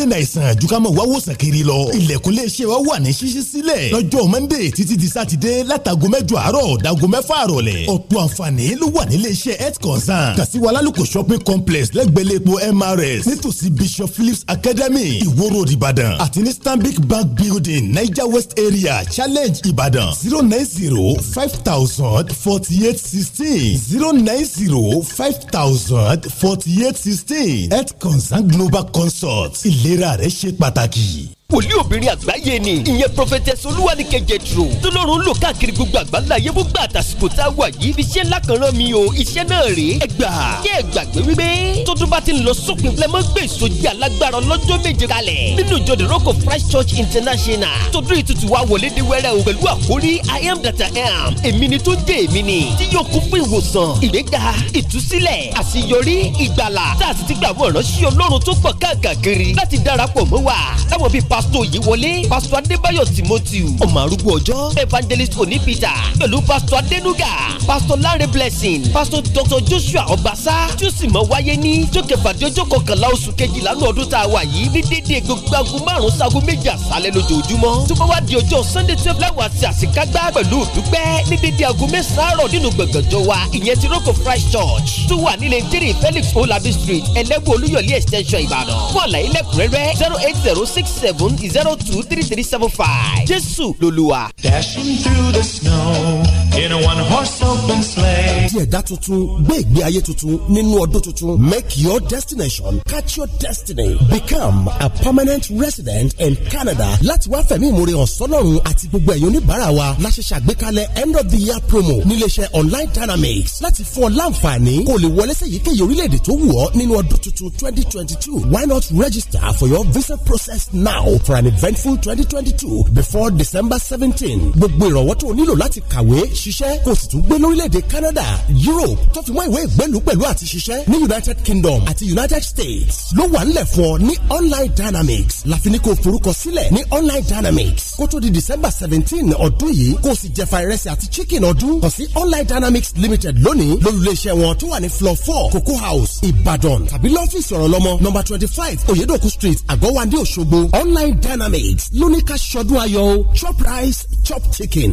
dènà àìsàn àjùkámọ̀ wá wòsàn kiri lọ. ilẹ̀kùn lè ṣe wa wà ní ṣíṣí sílẹ̀ lọ́jọ́ monday títí di sátidé látago mẹ́jọ àárọ̀ dago mẹ́fà àrọ̀lẹ̀. ọ̀pọ̀ àǹfààní ló wà nílé iṣẹ́ health concern kàṣíwá lálùkò shopping complex lẹ́gbẹ̀lẹ́ epo mrs nítòsí bishop phillips academy ìwó ìbàdàn àti ní stanbic bank building niger west area challenge ìbàdàn zero nine zero five thousand forty eight sixteen zero nine zero five thousand forty eight sixteen health concern global consult ilé ìlera rẹ ṣe pàtàkì wòlíì obìnrin àgbáyé ni ìyẹn prophetess olúwaníkẹ́ jẹtro tọ́lọ́run lò káàkiri gbogbo àgbáńlá ayé gbogbo àtàsìkò tá a wà yìí iṣẹ́ ńlá kan rán mi o iṣẹ́ náà rèé ẹ gbà kí ẹ gbàgbé wípé tọ́dún bá ti ń lọ sópin lẹ́mọ́ gbé ìsọjí alágbára ọlọ́jọ́ méje kalẹ̀ nínú ìjọ the rock of christ church international tọ́dún ìtutù wa wọlé dé wẹ́rẹ́ o pẹ̀lú àkórí i am that i am èmi ni tó jẹ́ èmi ni tí yóò kún fún ìwòsàn ìgbéga ìtúsílẹ̀ àṣeyọrí ìgbàlà tá a sì ti gbà wọ́n ránṣẹ́ ọlọ́run tó pọ̀ káàkiri láti darapọ̀ mọ́ wa láwọn bíi pa pásítọ̀ Yíwọlé pásítọ̀ Adébáyọ̀ Timothy ọmọ arúgbó ọjọ́ evangelist Oni Peter pẹ̀lú pásítọ̀ Adénúgà pásítọ̀ Lanre Blessing pásítọ̀ Dr Joshua Ọbaṣá tí ó sì mọ wáyé ní jókèfàdé ọjọ́ kọkànlá oṣù kejìlá ní ọdún tá a wà yìí ní dédé gbogbo aago márùn sago méjì àṣálẹ́ lójoojúmọ́ tó bá wá di ọjọ́ Sunday twelve láwọn àti àṣekágbá pẹ̀lú òdúpẹ́ ní dédé aago of Christ Church tó wà nílẹ̀ three Olabi Street ẹlẹ́gbẹ̀ẹ́ Olúyọ̀lé extension Ìbàdàn fún àlàyé lẹ́kùnrẹ́rẹ́ zero zero two three three seven five jésù lolúwa. dashing through the snow in a one horse open sleigh. ẹ̀dá tuntun gbé ìgbé ayé tuntun nínú ọdún tuntun. Make your destination catch your destiny. Become a permanent resident in Canada. Láti wá fẹ̀mí ìmoore ọ̀sọ́lọ́run àti gbogbo ẹ̀yin oníbàárà wa. La ṣe ṣàgbékalẹ̀ end of the year promo níléeṣẹ́ online dynamics. Láti fún ọ láǹfààní kó lè wọlé sí èyíkéyìí orílẹ̀-èdè tó wù ọ́ nínú ọdún tuntun twenty Why not register for your visa process now for an eventful 2022 before December 17. Gbogbo ìrànwọ́ tó o nílò láti kàwé ṣiṣẹ́ kò sì tún gbé lórílẹ̀‐èdè Canada Europe tó fi mọ́ ìwé ìgbélùú pẹ̀lú àti ṣiṣẹ́ ní United Kingdom àti United States ló wà nílẹ̀ fún ọ ní Online Dynamics láfi ní kò forúkọ sílẹ̀ ní Online Dynamics kó tó di December seventeen ọdún yìí kó sì jẹ̀fà ìrẹsì àti chicken ọdún kàn sí Online Dynamics Limited lónìí lólùléeṣẹ́ wọn tó wà ní floor four Coco House Ìbàdàn tàbí lọ́fíìsì ọ̀rọ̀ lọ́mọ number twenty five Oyedoku Street Àgọ́wandé Òṣogbo Online Dynamics lóníkà ṣọdún ayọ̀ chop rice chop chicken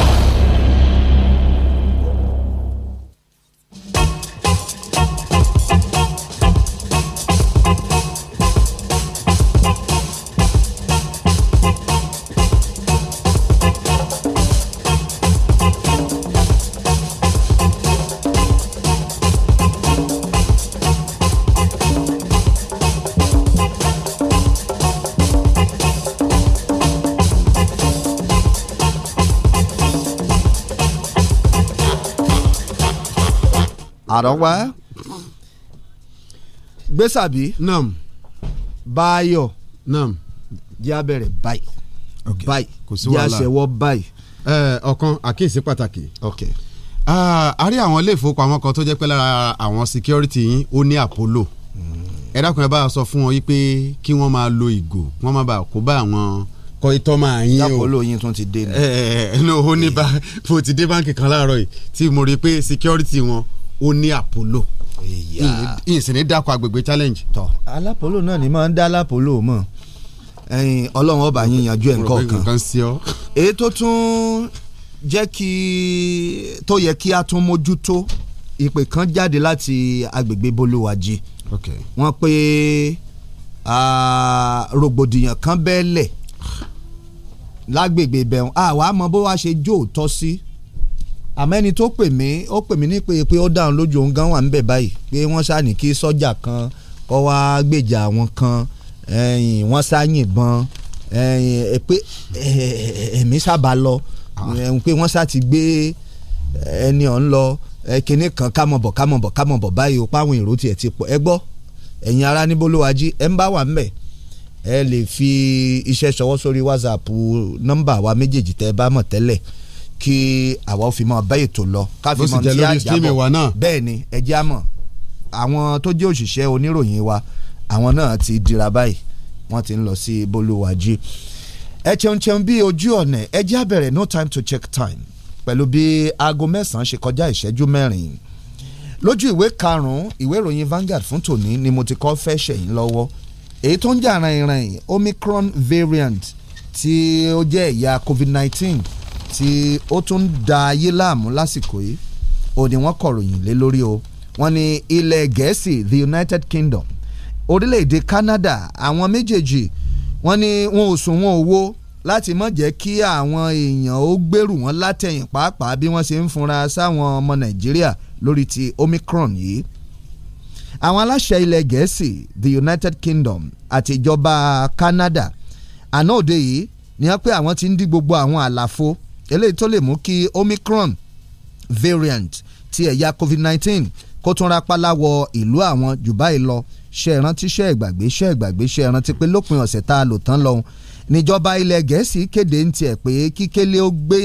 pààrọ̀ wá gbèsàbí nam báyọ̀ nam jẹ́ abẹ́rẹ́ báyìí báyìí jẹ́ àṣẹwọ́ báyìí. ọ̀kan àkíyèsí pàtàkì a rí àwọn ilé ìfowópamọ́ kan tó jẹ́ pé lára àwọn security yín ó ní àpólò hmm. ẹ dákun ẹ bá sọ fún wọn wípé kí wọ́n máa lo ìgò kí wọ́n má bàa kó bá àwọn kọ itọ́ máa yín o àpólò yín tún ti dé ni. ẹ ẹ ní o ní bá mo ti dé báǹkì kan láàárọ̀ yìí tí mo rí i pé security wọn ó ní àpòlò ìsìn ní dákọ̀ agbègbè challenge. tọ alápòlò náà ni máa ń dá alápòlò mọ ọlọ́run ọba yín yanjú ẹ̀ nǹkan kan èyí tó tún jẹ́ kí tó yẹ kí a tún mójútó ìpè kan jáde láti agbègbè bolúwàjì wọ́n pé rògbòdìyàn kan bẹ́ẹ̀ lẹ̀ lágbègbè bẹ̀rùn àwa mọ bó wá ṣe jó òótọ́ sí. Si àmọ́ ẹni tó pè mí ó pè mí ní pé pé ó dáhùn lójú òun gan wà ń bẹ̀ báyìí pé wọ́n ṣáà ní kí sọ́jà kan kọ́ wá gbèjà àwọn kan wọ́n ṣáà yìnbọn pé ẹ̀mí sábà lọ pé wọ́n ṣáà ti gbé ẹni ọ̀hún lọ kinní kan kámọ̀bọ̀ kámọ̀bọ̀ kámọ̀bọ̀ báyìí ó páwọn èrò tiẹ̀ ti pọ̀ ẹ gbọ́ ẹ̀yin ará níbo ló wájí ẹ̀ ń bá wà ń bẹ̀ ẹ lè fi iṣẹ́ ṣọwọ́ sórí whatsapp nọ́mbà wa méjèèjì tẹ́ ẹ bá mọ̀ tẹ́lẹ̀ 0244 kí àwa ó fi mọ bẹ́ẹ̀ tó lọ ká fi mọ tí a jábọ̀ bẹ́ẹ̀ ni ẹ já mọ̀ àwọn tó jẹ́ òṣìṣẹ́ oníròyìn wa àwọn náà ti dira báyìí wọ́n ti ń lọ sí bolúwàjí ẹ cheun cheun bí ojú ọ̀nà ẹ jẹ́ á bẹ̀rẹ̀ no time to check time pẹ̀lú bí aago mẹ́sàn-án ṣe kọjá ìṣẹ́jú mẹ́rin lójú ìwé karùn-ún ìwé ìròyìn Vanguard fún tòní ni mo ti kọ́ fẹ́ ṣẹ̀yìn lọ́wọ́ èyí tó ń jà ràn-ìràn Omicron variant tí ó jẹ́ ẹ̀yà COVID-19 tí ó tún ń da ayé láàmú lásìkò yìí ò ní wọ́n kọ̀ròyìn lé lórí o wọ́n ní ilẹ̀ gẹ̀ẹ́sì the United Kingdom orílẹ̀-èdè Canada àwọn méjèèjì wọ́n ní wọn ò sùn wọn ò wo láti má jẹ́ kí àwọn èèyàn ó gbèrú wọn látẹ̀yìn pàápàá bí wọ́n ṣe ń funra sáwọn ọmọ Nàìjíríà lórí ti Omicron yìí àwọn aláṣẹ ilẹ̀ gẹ̀ẹ́sì the United Kingdom àti ìjọba Canada àná òde yìí ni wọ́n pé àwọn ti ń dí gbogbo àwọn àlàfo eléyìí tó lè mú kí Omicron variant ti ẹ̀yà COVID-19 kó tún rapálá wọ ìlú àwọn Dubai báyìí lọ ṣe ìrántí ṣe ìgbàgbé ṣe ìgbàgbé ṣe ìrántí pé lópin ọ̀sẹ̀ tá a lò tán lọ́hùn níjọba ilẹ̀ gẹ̀ẹ́sì kéde ń tiẹ̀ pé kíkélé ó gbé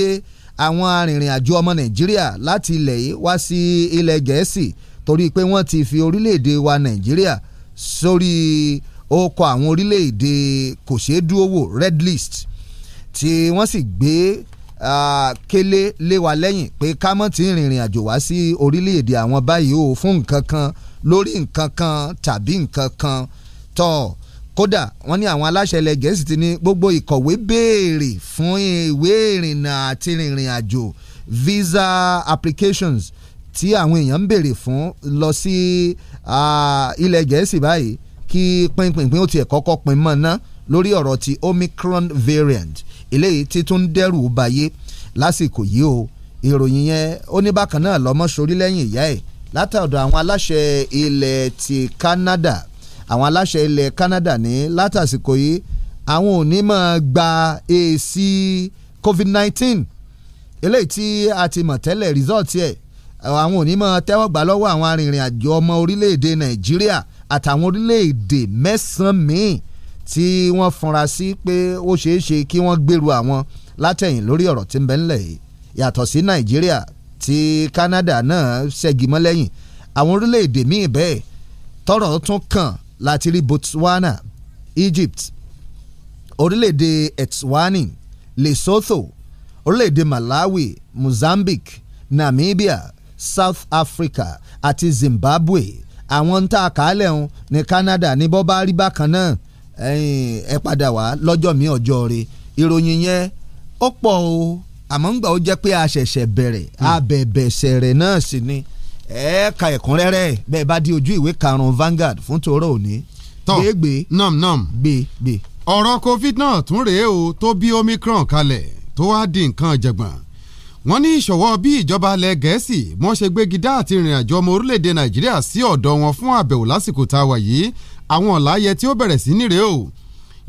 àwọn arìnrìn àjò ọmọ nàìjíríà láti ilẹ̀ yìí wá sí ilẹ̀ gẹ̀ẹ́sì torí pé wọ́n ti fi orílẹ̀-èdè wa nàìjíríà sórí oko àwọn orílẹ̀-èdè kòṣeédúówò red list tí wọ́n sì gbé kélé lé wa lẹ́yìn pé ká mọ̀ tí ń rìnrìn àjò wá sí orílẹ̀-èdè àwọn báyìí o fún nǹkan kan lórí nǹkan kan tàbí nǹkan kan tọ̀ kódà wọ́n ní àwọn aláṣẹ ilẹ̀ gẹ̀ẹ́sì ti ní gbogbo ìkọ̀wé béèrè fún ìwé ìrìnnà àti rìnrìn àjò visa applications tí àwọn èèyàn ń béèrè fún lọ sí ilẹ̀ gẹ̀ẹ́sì báyìí kí pínpínpín ó tiẹ̀ kọ́kọ́ pin mọ́ náà lórí ọ̀rọ̀ ti Omicron variant eléyìí tí tún dẹ́rù bayé lásìkò yìí o ìròyìn yẹn ó ní bákan náà lọ́mọ sórí lẹ́yìn ìyá ẹ̀ látọ̀dọ̀ àwọn aláṣẹ ilẹ̀ ti Canada àwọn aláṣẹ ilẹ̀ Canada ní látàsìkò yìí àwọn ò ní máa gba èsì covid nineteen. eléyìí tí a ti mọ̀ tẹ́lẹ̀ result yẹ̀ àwọn ò ní máa tẹ́wọ́ gbà lọ́wọ́ àwọn arìnrìn àjò ọmọ orílẹ̀-èdè Nàìjíríà àtàwọn orílẹ̀-èdè mẹ́sàn-án míì tí wọ́n fúnra sí pé ó ṣeé ṣe kí wọ́n gbèrú àwọn látẹ̀yìn lórí ọ̀rọ̀ tí ń bẹ ńlẹ̀ yìí yàtọ̀ sí nàìjíríà tí Canada náà ṣẹ́gi mọ́ lẹ́yìn àwọn orílẹ̀-èdè míì bẹ́ẹ̀ tọ́rọ̀ tún kàn láti rí Botswana Egypt orílẹ̀-èdè Eswatini Lesotho orílẹ̀-èdè Malawi Mozambique Namibia South Africa àti Zimbabwe àwọn tá a kà á lẹ́hún ní Canada ní bọ́ bá rí bákan náà ẹ padà wá lọ́jọ́ mi ọjọ́ re ìròyìn yẹn ó pọ̀ o àmọ́ ńgbà ó jẹ́ pé a ṣẹ̀ṣẹ̀ bẹ̀rẹ̀ abẹ̀bẹ̀sẹ̀ hmm. rẹ̀ náà sì ni ẹ̀ẹ́ka ẹ̀kúnrẹ́rẹ́ bẹ́ẹ̀ bá di ojú ìwé karùn-ún Vanguard fún tòró òní. tọ́ gbé nàm nàm gbé gbé. ọ̀rọ̀ covid náà tún rèé o tó bí omicron kalẹ̀ tó wá di nǹkan ìjàngbọ̀n wọ́n ní ìṣòwò bí ìjọba ilẹ̀ gẹ̀ẹ́sì wọ́n ṣe gbégi dá àti ìrìn àjò ọmọ orílẹ̀-èdè nàìjíríà sí ọ̀dọ̀ wọn fún àbẹ̀wò lásìkò tá a wà yìí àwọn ọ̀láyẹ tí ó bẹ̀rẹ̀ sí nírè o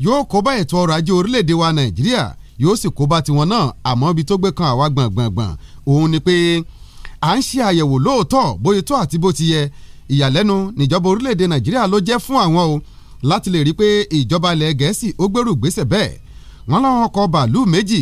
yóò kó bá ètò ọrọ̀ ajé orílẹ̀-èdè wa nàìjíríà yóò sì kó bá tiwọn náà àmọ́ ibi tó gbé kan àwa gbọ̀ngbọ̀ngbọ̀n òun ni pé à ń ṣe àyẹ̀wò lóòótọ́ bóyá tó àti bó ti yẹ ìyàlẹ́nu níjọba orílẹ̀-èdè nàìjíríà ló jẹ́ fún àwọn o láti lè rí i pé ìjọba ilẹ̀ gẹ̀ẹ́sì ó gbèrú ìgbésẹ̀ bẹ́ẹ̀ wọ́n láwọn ọkọ̀ bàálù méjì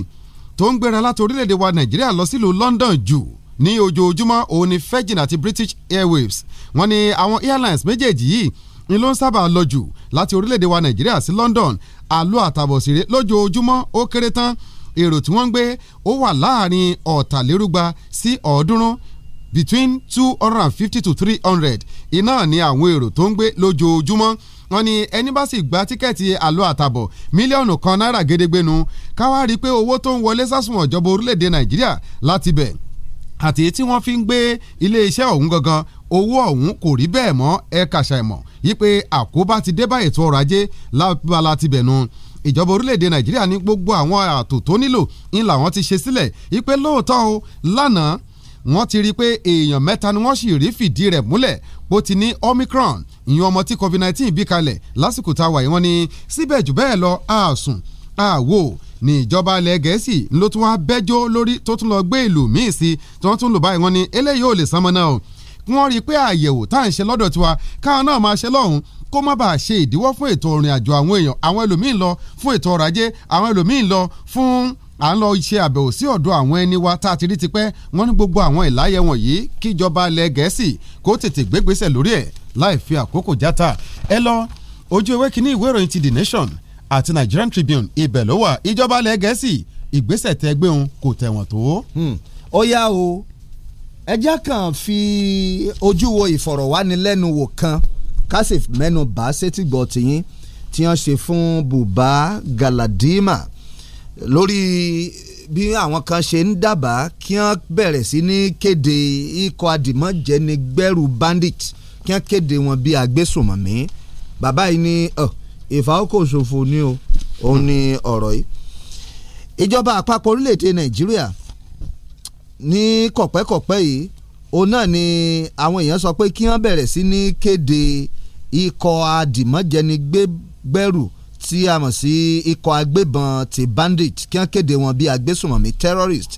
tó ń gbéra láti orílẹ̀-èdè wa nàìjíríà lọ sílùú London jù ní ojoojúmọ́ òun ni Virgin àti British Airways wọ́n ní àwọn airlines méjèèjì yìí ni ló ń sábà lọ jù láti orílẹ̀-èdè wa nàìjíríà sí London àlọ́ àtàbọ̀síre lójoojúmọ́ ó kéré tán èrò tí wọ́n ń gbé ó wà láàrin ọ̀tàlérúgba sí ọ̀ọ́dúnrún between two hundred and fifty to three hundred iná ni àwọn èrò tó ń gbé lójoojúmọ́ wọ́n ní ẹni bá sì gba tíkẹ́ẹ̀tì àlọ àtàbọ̀ mílíọ̀nù kan náírà gédégbé nu káwá rí i pé owó tó ń wọlé sásùnwọ̀n ìjọba orílẹ̀-èdè nàìjíríà láti bẹ̀ àti tí wọ́n fi ń gbé ilé ọ̀hún gangan owó ọ̀hún kò rí bẹ́ẹ̀ mọ́ ẹ kàṣà ìmọ̀ wípé àkóbá ti dé bá ètò ọrọ̀ ajé lábala tibẹ̀ nu ìjọba orílẹ̀-èdè nàìjíríà ní gbogbo àwọn ààtò tó nílò ń làwọn ti ṣe sílẹ̀ wípé lóòótọ́ o lánàá wọ́n ti rí i pé èèyàn mẹ́ta ni wọ́n sì rí fìdí rẹ̀ múlẹ̀ bó ti ní omicron ìyẹn ọmọ tí covid-19 bí kalẹ̀ lásìkò tá a wà yìí wọ́n ní síbẹ̀ jù bẹ́ẹ̀ lọ àásùn àwò ní ìjọba ilẹ̀ gẹ̀ẹ́sì ló tún wá bẹ́jọ́ lórí tó tún lọ gbé ìlú míì sí tí wọ́n tún lò báyìí wọ́n ní eléyìí ò lè sánmọ́ náà kí wọ́n rí i pé àyẹ̀wò tá à ń ṣe lọ́dọ̀ tiwa káwọn náà máa ṣe lọ́hùn kó má bàa ṣe ìdíwọ́ fún ètò ìrìn àjò àwọn èèyàn àwọn ẹlòmíì lọ fún ètò ọrọ̀ ajé àwọn ẹlòmíì lọ fún à ń lọ ṣe àbẹ̀wò sí ọ̀dọ̀ àwọn ẹni wa tá a ti rí tipẹ́ wọ́n ní gbogbo àwọn ìláyẹ̀ wọ̀nyí kíjọba ilẹ̀ gẹ̀ẹ́sì kó tètè gbégbésẹ̀ lórí ẹ̀ láì fi àkókò játa ẹ lọ ojú ewé kínní ìwé ìròyìn ti The Nation àti Nigerian Tribune ibẹ̀ ló wà ìjọba ilẹ̀ gẹ̀ẹ́sì ìgbésẹ̀ tẹ́gbẹ́ òun kò tẹ̀wọ̀n tó. Hmm. ó yá o ẹjẹ́ kan fi ojú wo ìfọ̀rọ̀wánilẹ́nuwò kan ká sì mẹ́nu bá sétí gbọ́ tìyín tí wọ́n ṣe fún Buba Galadima lórí bí àwọn kan ṣe ń dábàá kí wọ́n bẹ̀rẹ̀ sí ní kéde ikọ̀ adìmọ́jẹni gbẹ́rù bandit kí wọ́n kéde wọn bí agbésùnmọ̀mí bàbá yìí ní ìfàókòṣòfò ni o òun ni ọ̀rọ̀ yìí ìjọba àpapọ̀ orílẹ̀-èdè Nàìjíríà ní kọ̀pẹ́kọ̀pẹ́ yìí òun náà ni àwọn èèyàn sọ pé kí wọ́n bẹ̀rẹ̀ sí ní kéde ikọ̀ adìmọ́jẹnigbẹ́rù tí a mọ̀ sí ikọ̀ agbébọn ti bandit kí wọ́n kéde wọn bíi agbésùmọ̀mí terrorist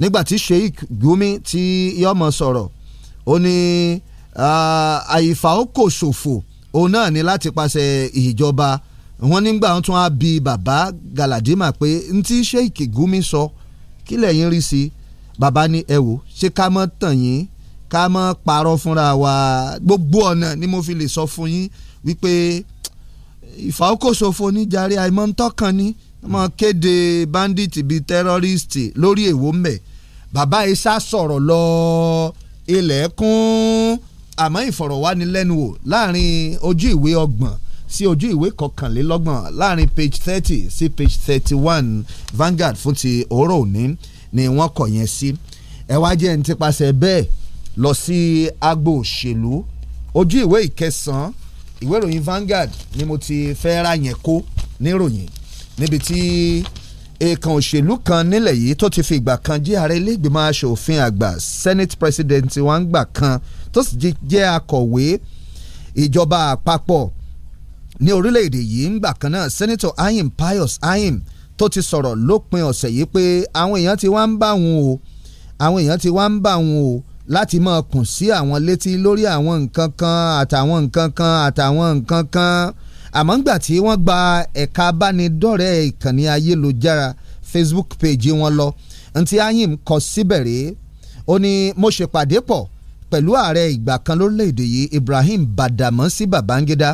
nígbàtí Sheikh Gumi tí yọmọ sọ̀rọ̀ ó ní àyífà ó kò ṣòfò òun náà ni láti pàṣẹ ìjọba wọn nígbà tún á bi bàbá Galadima pé ntí Sheikh Gumi sọ kílẹ̀ yín rí sí i bàbá ní ẹ wò ṣé ká mọ́ tàn yín ká mọ́ parọ́ fúnra wa gbogbo ọ̀nà ni mo fi lè sọ fún yín wípé ìfàókòsófo níjàre àìmọ́ ń tọ́kàn ni mọ́ kéde bandit bíi terrorist lórí èwo mbẹ̀ bàbá isa sọ̀rọ̀ lọ ilẹ̀ kún àmọ́ ìfọ̀rọ̀wánilẹ́nuwò láàrin ojú ìwé ọgbọ̀n sí ojú ìwé kọkànlélọ́gbọ̀n láàrin page thirty sí page thirty one Vanguard fún ti òórọ̀ òní ni wọ́n kọ̀ yẹn sí ẹ wá jẹ́ ní tipasẹ̀ bẹ́ẹ̀ lọ sí agbo òṣèlú ojú ìwé ìkẹsàn-án ìwé ìròyìn Vanguard ni mo ti fẹ́ ra yẹn kó níròyìn níbi tí èèkàn òṣèlú kan nílẹ̀ yìí tó ti fi ìgbà kan jẹ́ ààrẹ iléègbìmọ̀ asòfin àgbà senate president wa ń gbà kan tó sì jẹ́ akọ̀wé ìjọba àpapọ̀ ní orílẹ̀-èdè yìí ń gbà kan náà senator ayim pius ayim tó ti sọ̀rọ̀ lópin ọ̀sẹ̀ yìí pé àwọn èèyàn ti wá ń bá wọn o àwọn èèyàn ti wá ń bá wọn o láti máa kùn sí àwọn létí lórí àwọn nǹkan kan àtàwọn nǹkan kan àtàwọn nǹkan kan àmọ́ ńgbà tí wọ́n gba ẹ̀ka abánidọ́rẹ̀ẹ́ ìkànnì ayélujára Facebook page wọn lọ ntí ayim kọ síbẹ̀ rèé ó ní mo ṣèpàdé pọ̀ pẹ̀lú ààrẹ ìgbà kan lórílẹ̀‐èdè yìí Ibrahim Badamasi Babangida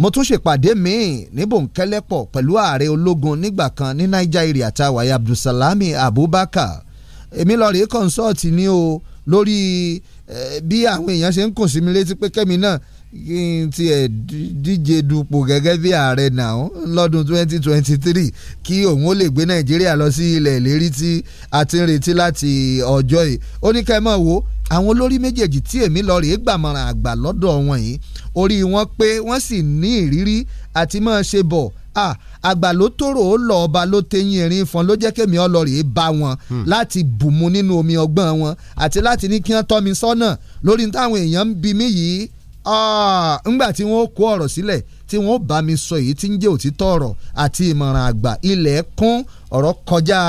mo tún ṣèpàdé míì ní bòńkẹ́lẹ́pọ̀ pẹ̀lú ààrẹ ológun nígbà kan ní nàìjíríà tá a wáyé abdulsalami abubakar èmi lọ rèé kọ́ńsọ́ọ̀tì ni o lórí eh, bí àwọn èèyàn ṣe ń kùn sí mi létí pé kẹ́mi náà kí n tiẹ̀ díje dupò gẹ́gẹ́ bí ààrẹ náà lọ́dún 2023 kí òun ó lè gbé nàìjíríà lọ sí ilẹ̀ ìlérí tí a ti ń retí láti ọjọ́ yìí ó ní kẹ́ wo àwọn olórí méjèèjì tí èmi lọ rèé gbàmọ̀ràn àgbà lọ́dọ̀ wọn yìí orí wọn pé wọ́n sì ní ìrírí àti máa ṣe bọ̀ àgbà ló tóró ó lọ ọba ló tẹyìn erin fún ló jẹ́ kémi ọlọ́rìí bá wọn hmm. láti bù mu nínú omi ọgbọ́n wọn àti láti ní kí wọ́n tọ́ mi sọ́nà lórí táwọn èèyàn ń bi yìí Ah, ńgbà tí wọ́n kó ọ̀rọ̀ sílẹ̀ tí wọ́n bá mi sọ èyí tí ń jẹ́ òtítọ́ ọ̀rọ̀ àti ìmọ̀ràn àgbà ilẹ̀ kún ọ̀rọ̀ kọjá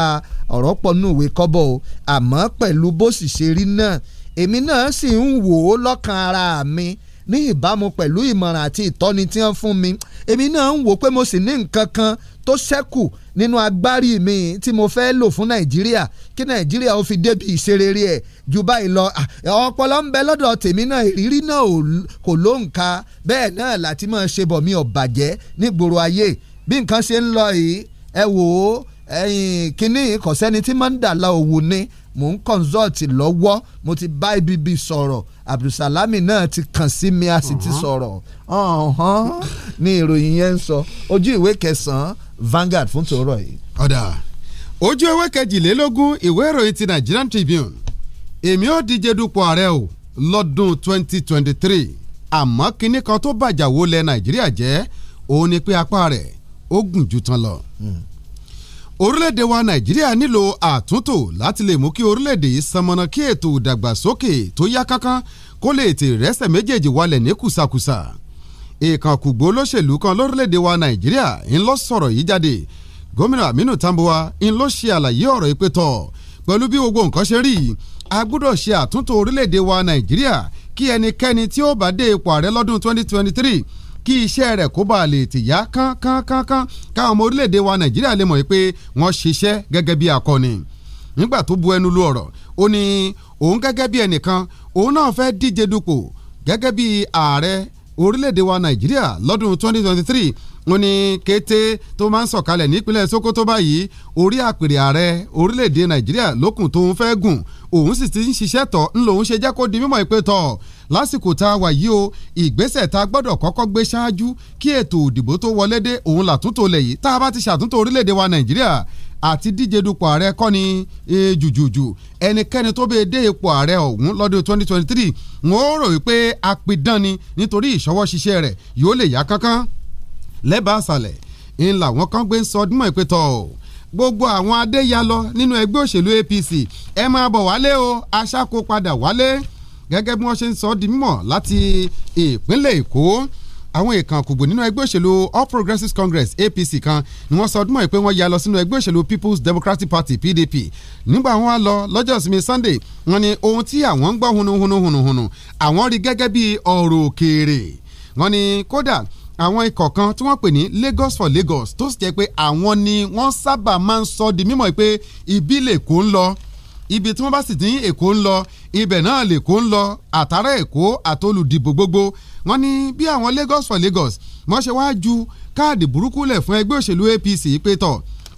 ọ̀rọ̀ pọ̀ nù ìwé kọ́bọ̀ o àmọ́ pẹ̀lú bó sì ṣe rí náà èmi náà sì ń wò ó lọ́kàn ara mi ní ìbámu pẹ̀lú ìmọ̀ràn àti ìtọ́ni tí wọ́n fún mi èmi náà ń wò pé mo sì ní nǹkan kan tó ṣẹ́kù nínú agbárí mi tí mo fẹ́ lò fún nàìjíríà kí nàìjíríà ó fi débi ìṣerere ẹ̀ ju báyìí lọ ọpọlọ ń bẹ lọ́dọ̀ tèmi náà ìrírí náà kò lóǹkà bẹ́ẹ̀ náà láti máa ṣe bọ̀ mi ò bàjẹ́ nígboro ayé bí nǹkan ṣe ń lọ yìí ẹ wò ó kínní kò tí máa ń dà la òwò ni mò ń consult lọ́wọ́ mo ti bá ibb sọ̀rọ̀ abdulsalami náà ti kàn sí mi a sì ti uh-huh. sọ̀rọ̀ ni ìròyìn yẹn ń sọ ojú ìwé kẹsàn-án Vanguard fún tòórọ̀ yìí. ọ̀dà ojú ewé kejìlélógún ìwé ìròyìn ti Nigerian Tribune èmi ò díje dupò ààrẹ o lọ́dún 2023 àmọ́ kinní kan tó bàjà wo lẹ̀ Nàìjíríà jẹ́ òun ni pé apá rẹ̀ ó gùn ju tán lọ. Mm orílẹ̀-èdè wa nàìjíríà nílò àtúntò láti lè mú kí orílẹ̀-èdè yìí sanmọ́nà kí ètò ìdàgbàsókè tó yá kánkán kó lè tè rẹ́sẹ̀ méjèèjì walẹ̀ ní kùsàkùsà ìkànkùgbó olóṣèlú kan lórílẹ̀-èdè wa nàìjíríà ń lọ sọ̀rọ̀ yìí jáde gómìnà aminu tambuwa ń lọ ṣe àlàyé ọ̀rọ̀ ìpè tọ̀ pẹ̀lú bí gbogbo nǹkan ṣe rí a gbọ́dọ̀ ṣe àtúntò orílẹ̀-èdè wa nàìjíríà kí ẹnikẹ́ni tí ó bá dé ipò ààrẹ lọ́dún 2023 kí iṣẹ́ rẹ̀ kó bàa lè tìyà kánkánkánkán káwọn ọmọ orílẹ̀-èdè wa nàìjíríà lè mọ̀ pé wọ́n ṣiṣẹ́ gẹ́gẹ́ bí akọni nígbà tó bu ẹnu lu ọ̀rọ̀ ó ní òun gẹ́gẹ́ bí ẹnìkan òun náà fẹ́ díje dupò gẹ́gẹ́ bí ààrẹ orílẹ̀-èdè wa nàìjíríà lọ́dún 2023 wọ́n ní kété tó máa ń sọ̀kalẹ̀ nípínlẹ̀ Sokoto báyìí orí àpèrè ààrẹ orílẹ̀-èdè Nàìjíríà lókùn tóun fẹ́ gùn òun sì ti ń ṣiṣẹ́ tọ̀ ń lòun ṣe jẹ́ kó di mímọ̀ ìpè tọ̀ lásìkò tá a wà yìí o ìgbésẹ̀ tá a gbọ́dọ̀ kọ́kọ́ gbé ṣáájú kí ètò òdìbò tó wọlé dé òun làtúntò lẹ̀ yìí tá a bá ti ṣàtúntò orílẹ̀-èdè wa Nàìjíríà àti díje dupò ààrẹ kọ́ ni e, jùjùjù ẹnikẹ́ni tó bẹ́ẹ̀ dé ipò ààrẹ ọ̀hún lọ́dún 2023 ń ó rò wípé apidán ni nítorí ìṣọwọ́ ṣiṣẹ́ rẹ̀ yóò lè yá kánkán lẹ́bàá àṣàlẹ̀ ń làwọn kan gbé ń sọ ọdún mọ́ ìpẹ́tọ̀ gbogbo àwọn adéyalọ nínú ẹgbẹ́ òṣèlú APC ẹ máa bọ̀ wálé o aṣáko padà wálé gẹ́gẹ́ bí wọ́n ṣe ń sọ di mímọ̀ láti ìpínlẹ̀ Èkó àwọn èèkàn kùgbò nínú ẹgbẹ́ òṣèlú All Progressives Congress APC kan ni wọ́n sọ ọdún mọ́ pé wọ́n ya lọ sínú ẹgbẹ́ òṣèlú People's Democratic Party PDP nígbà wọn lọ lọ́jọ́ ìsinmi Sunday wọ́n ní ohun tí àwọn ń gbọ́ hunuhunuhunuhunu àwọn rí gẹ́gẹ́ bí ọ̀rọ̀ òkèèrè wọ́n ní kódà àwọn ikọ̀ kan tí wọ́n pè ní Lagos for Lagos tó sì jẹ́ pé àwọn ni wọ́n sábà máa ń sọ di mímọ̀ pé ibi lèkó ń lọ ibi tí wọ́n bá sì ti ń èkó ń lọ ibẹ̀ náà lèkó ń lọ àtàrà èkó àtolùdìbò gbogbo wọ́n ní bí àwọn Lagos for Lagos wọ́n ṣe wáá ju káàdì burúkú lẹ̀ fún ẹgbẹ́ òṣèlú APC pé tọ̀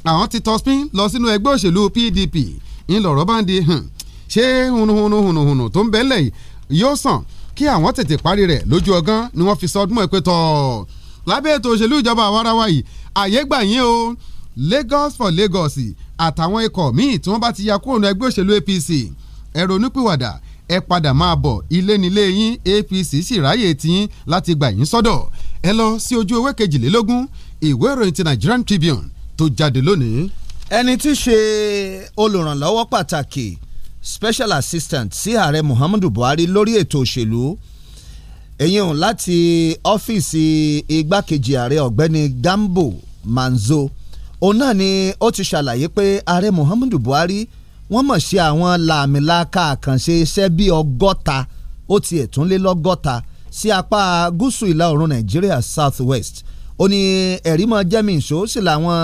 àwọn ti tọ́sín lọ sínú ẹgbẹ́ òṣèlú PDP ńlọrọ̀ bá ń di ṣé hunuhunuhunuhunu tó ń bẹ́ẹ̀ lẹ̀ yóò sàn kí àwọn tètè parí rẹ̀ lójú ọgán ni wọ́n fi sọ ọdún mọ́ pé tọ̀ lábẹ́ ètò òṣèlú ìjọba àwarawa yìí àyè gbà yín o Lagos for Lagos àtàwọn ikọ̀ míì tí wọ́n bá ti ya kúrò ní ẹgbẹ́ òṣèlú APC ẹ ronúpìwàdà ẹ padà máa bọ̀ ilé nílé yín APC sì ráyè tiyín láti gbà yín sọ́dọ̀ ẹ lọ sí ojú ewé kejìlélógún ìwé ìròyìn ti Nigerian Tribune tó jáde lónìí. ẹni tí í ṣe olùrànlọ́wọ́ pàtàkì special assistant sí ààrẹ Muhammadu Buhari lórí ètò òṣèlú èyí hàn láti ọ́fíìsì igbákejì ààrẹ ọ̀gbẹ́ni Gambo Manzo òun náà ni ó ti ṣàlàyé pé ààrẹ Muhammadu Buhari wọ́n mọ̀ sí àwọn làmìlaka àkànṣe iṣẹ́ bíi ọgọ́ta ó ti ẹ̀túnlélọ́gọ́ta sí apá gúúsù ìlà oòrùn Nàìjíríà South West ó ní ẹ̀rí mọ́ jẹ́mi ìṣó sí làwọn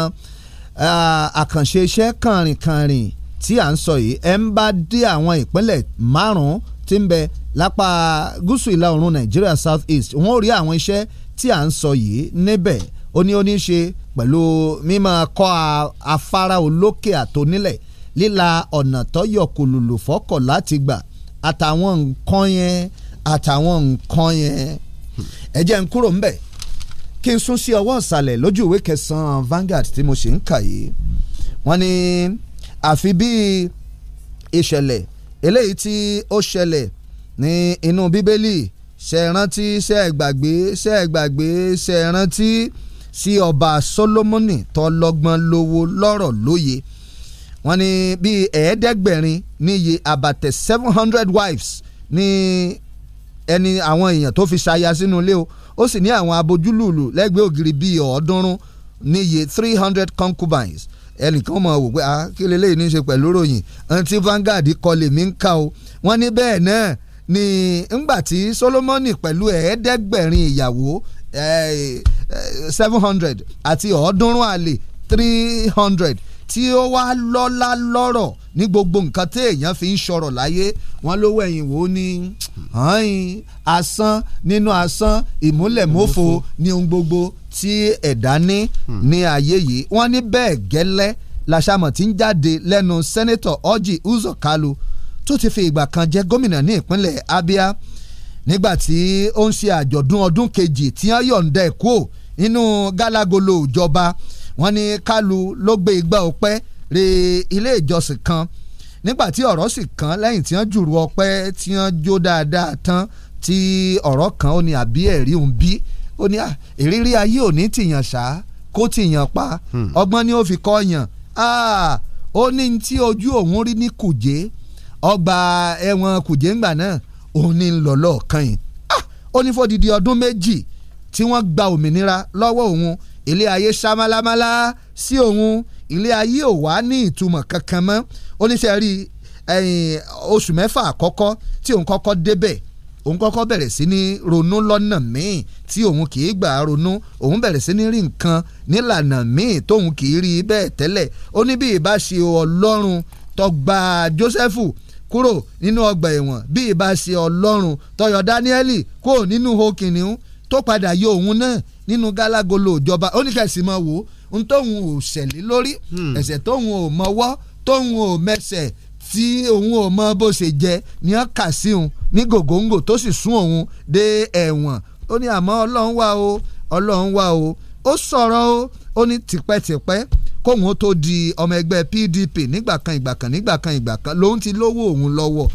àkànṣe iṣẹ́ kànrìnkànrìn tí à ń sọ yìí ẹ̀ ń bá dé àwọn ìpínlẹ̀ márùn-ún tí ń bẹ lápá gúúsù ìlà oòrùn Nàìjíríà South East wọ́n ó rí àwọn iṣẹ́ tí à ń sọ yìí níbẹ̀ ó ní ó ní í ṣe pẹ̀lú mímọ kọ́ afárá olókè àtònílẹ̀ líla ọ̀nà tọ́yọ̀ kò lùlù fọ́kọ̀ láti gbà àtàwọn nǹkan yẹn àtàwọn nǹkan yẹn ẹ jẹ́ n kúrò ńbẹ̀ kí n sún sí ọwọ́ ìsàlẹ̀ lójú ìwé kẹsàn-án Vanguard tí mo ṣe ń kà yìí wọ́n ní. Ni àfi bíi ìṣẹ̀lẹ̀ eléyìí tí ó ṣẹlẹ̀ ní inú bíbélì ṣe rántí ṣe gbàgbé ṣe gbàgbé ṣe rántí sí ọba Solomoni tó lọ́gbọ́n lówó lọ́rọ̀ lóye wọ́n ní bíi ẹ̀ẹ́dẹ́gbẹ̀rin níye àbàtẹ̀ seven hundred wives ní ẹni àwọn èèyàn tó fi ṣaya sínú ilé o ó sì ní àwọn abojúlùlù lẹ́gbẹ̀ẹ́ ògiri bíi ọ̀ọ́dúnrún níye three hundred concubines ẹnìkan mọ̀ wò pé ah kí leléyìí ní í ṣe pẹ̀lú ròyìn àǹtí Vanguard kọ lèmi ń kà o wọ́n ní bẹ́ẹ̀ náà ni ńgbà tí Solomoni pẹ̀lú ẹ̀ẹ́dẹ́gbẹ̀rin ìyàwó eh, seven hundred àti ọ̀ọ́dúnrún àlè three hundred tí ó wá lọ́lá lọ́rọ̀ ní gbogbo nǹkan tí èèyàn fi ń sọ̀rọ̀ láyé wọn ló wẹ̀yìn wò ó ní asán nínú asán ìmúlẹ̀mófo ní ohun gbogbo tí ẹ̀dá ní ní ayé yìí wọ́n ní bẹ́ẹ̀ gẹ́lẹ́ làṣàmọ̀ tí ń jáde lẹ́nu sẹ́nẹ́tọ̀ Orji Uzor Kalu tó ti fi ìgbà kan jẹ́ gómìnà ní ìpínlẹ̀ Abia nígbà tí ó ń ṣe àjọ̀dún ọdún kejì tí wọ́n yọ̀ǹda ẹ̀ kú inú gálágolo ìjọba wọ́n ní Kalu ló gbé igbá ọpẹ́ re ilé ìjọsìn kan nígbà tí ọ̀rọ̀ sì kàn lẹ́yìn tí wọ́n jùrù ọpẹ́ tí wọ́n jó dáadáa tán tí ọ̀rọ̀ kan ó ní àbí ẹ̀rí òun bí ó ní ìrírí ayé ò ní tìyàn ṣá kó tìyàn pa hmm. ọgbọ́n ni ó fi kọ́ yàn ó ní tí ojú òun rí ní kùjé ọgbà ẹ̀wọ̀n kùjé ńgbà náà òun ní lọ lọ́ọ̀kan yìí ó ní fódìdí ọdún méjì tí wọ́n gba òmìnira lọ́wọ́ òun ilé ayé ṣamálámálá sí òun ilé ayé ò wá ní ìtumọ̀ kankan mọ́ ó ní sẹ́ẹ̀rí oṣù mẹ́fà àkọ́kọ́ tí òun kọ́kọ́ débẹ̀ òun kọ́kọ́ bẹ̀rẹ̀ sí ní ronú lọ́nà míì tí òun kì í gbà ronú òun bẹ̀rẹ̀ sí ní rí nǹkan nílànà míì tóun kì í rí bẹ́ẹ̀ tẹ́lẹ̀ ó ní bí ìbá ṣe ọlọ́run tó gba Jósẹ́fù kúrò nínú ọgbà ẹ̀wọ̀n bí ìbá ṣe ọlọ́run tó yọ Dáníẹ́lì kúrò nínú ihò kìnìún tó padà yọ òun náà nínú gálágolo ìjọba ó ní kẹ̀sì mọ́ wò ń tóun ò ṣẹ̀lẹ̀ lórí hmm. ẹ̀ṣẹ̀ tóun ò mọ́wọ́ tóun ò mẹsẹ̀ tí òun ò mọ bó ṣe jẹ ni wọn kà sí òun ní gògóńgò tó sì sún òun dé ẹ̀wọ̀n ó ní àmọ́ ọlọ́run wà o ọlọ́run wà o ó sọ̀rọ̀ o ó ní tipẹ́tipẹ́ kóun tó di ọmọ ẹgbẹ́ PDP nígbà kan ìgbà kan nígbà kan ìgbà kan lòun ti lówó òun lọ́wọ́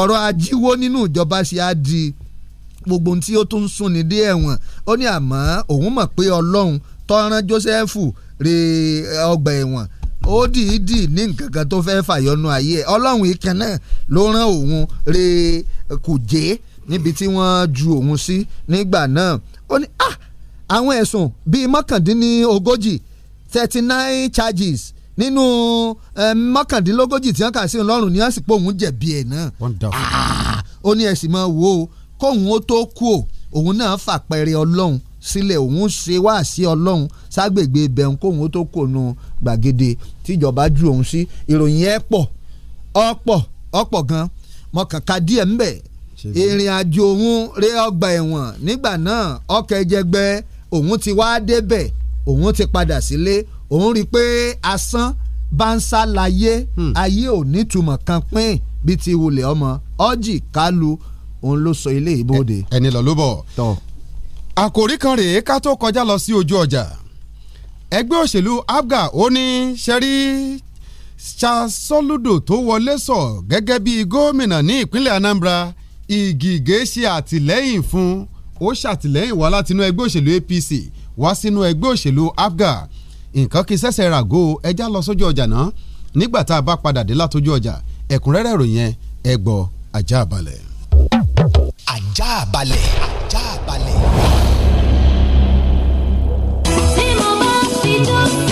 ọ̀rọ̀ ajíwó nínú ìjọba ṣe á di gbogbo ohun tí ó tún súnni dé ẹ̀wọ̀n ó ní àmọ́ òun mọ̀ pé ọlọ́run tọ́ran Jósẹ́fù rè ọgbà ẹ̀wọ̀n ó dìídì ní nǹkan kan tó fẹ́ fàyọnu ayé ẹ̀ ọlọ́run ìkan náà ló rán òun re kùjé níbi tí wọ́n ju òun sí nígbà náà ó ní ah àwọn ẹ̀sùn bíi mọ́kàndínlógójì thirty nine charges nínú mọ́kàndínlógójì tí wọ́n kà sí ọlọ́run ní wọ́n sì pé òun jẹ̀bi ẹ̀ náà ah! ó ní ẹ̀sìn máa wò ó kóun ó tó kú òun náà fàpẹẹrẹ ọlọ́run sílẹ̀ òun ṣe wá sí ọlọ́run ságbègbè bẹ̀rùn kóhun tó kònú gbàgede tíjọba ju òun sí ìròyìn ẹ̀ pọ̀ ọ̀pọ̀ ọ̀pọ̀ gan mọ̀kànká díẹ̀ ńbẹ̀ ìrìn àjò òun ré ọgbà ẹ̀wọ̀n nígbà náà ọkọ̀ ẹ̀jẹ̀gbẹ́ òun ti wá débẹ̀ òun ti padà sílé òun rí i pé asán bá ń sá láyé hmm. ayé ò nítumọ̀ kan pín bíi ti wulẹ̀ ọmọ ọjì kálu òun ló sọ ilé ìbòde. ẹni lọ ló bọ̀ àkòrí kan rèé ká tó kọjá lọ sí ojú ọjà ẹgbẹ́ òṣèlú abga ó ní sẹ́rí Ṣàsọ́lúdò tó wọlé sọ gẹ́gẹ́ bí gómìnà ní ìpínlẹ̀ Anambra ìgìgé ṣe àtìlẹ́yìn fún ó ṣàtìlẹ́yìn wá látinú ẹgbẹ́ òṣèlú APC wá sínú ẹgbẹ́ òṣèlú abga nǹkan kí sẹ́sẹ̀ ràgó ẹja lọ sójú ọjà náà nígbà tá a bá padà dé látójú ọjà ẹ̀kúnrẹ́rẹ́ ìròyìn ẹ ajá balẹ̀. ajá balẹ̀ ajá balẹ̀. don't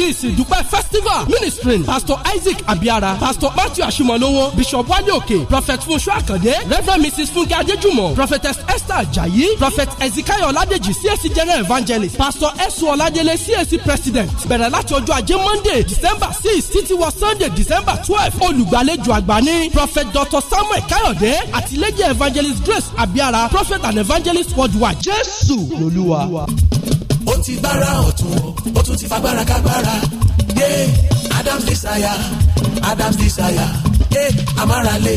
ní ìsìn ìdúpẹ́ festival ministering pastor isaac abiara pastor matthew ashimolowo bishop wale òkè prophet funṣu akande reverend mrs funke adejumo prophetess esther ajayi prophet Ezekiah oladeji CSC general evangelist pastor esu oladele CSC president bẹ̀rẹ̀ láti ọjọ́ ajé monday december six títí wọ sunday december twelve olùgbàlejò àgbà ní prophet dr samuel kayode àtìlẹ́jẹ̀ evangelist grace abiara prophet and evangelist worldwide jésù lolúwa òun ti gbára ọ̀tún ó tún ti fagbára kágbára yé yeah. Adam's Desire Adam's Desire yé yeah. amárale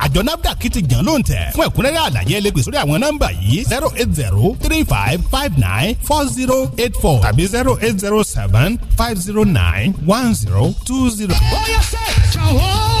àjọ nafdac ti jàn lóhùn tẹ̀ fún ẹ̀kúnrẹ́rẹ́ àlàyé ẹlẹ́gbẹ̀ sórí àwọn nọ́mbà yìí zero eight zero three five five nine four zero eight four tàbí zero eight zero seven five zero nine one zero two zero. ó yẹ ṣàwọ́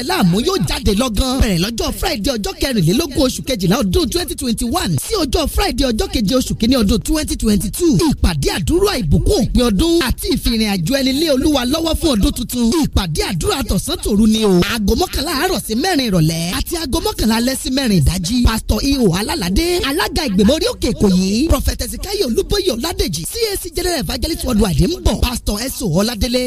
bẹ láàmú yóò jáde lọ́gán. bẹ̀rẹ̀ lọ́jọ́ friday ọjọ́ kẹrìnlélógún oṣù kejìlá ọdún twenty twenty one sí ọjọ́ friday ọjọ́ keje oṣù kínní ọdún twenty twenty two. ìpàdé àdúrà ìbùkún òpin ọdún àti ìfìrìn àjò ẹni lé olúwa lọ́wọ́ fún ọdún tuntun. ìpàdé àdúrà tọ̀sán tòru ni o. aago mọ́kànlá àárọ̀ sí mẹ́rin ìrọ̀lẹ́ àti aago mọ́kànlá alẹ́ sí mẹ́rin ìdájí. pásítọ̀ ihò alálàdé alága ìgbìmọ̀ orí òkè èkó yìí. prọfẹtẹ sikayo olúbóyè ọládèjì cac general evangelist worldwide ń bọ̀. pásítọ̀ ẹ̀sùn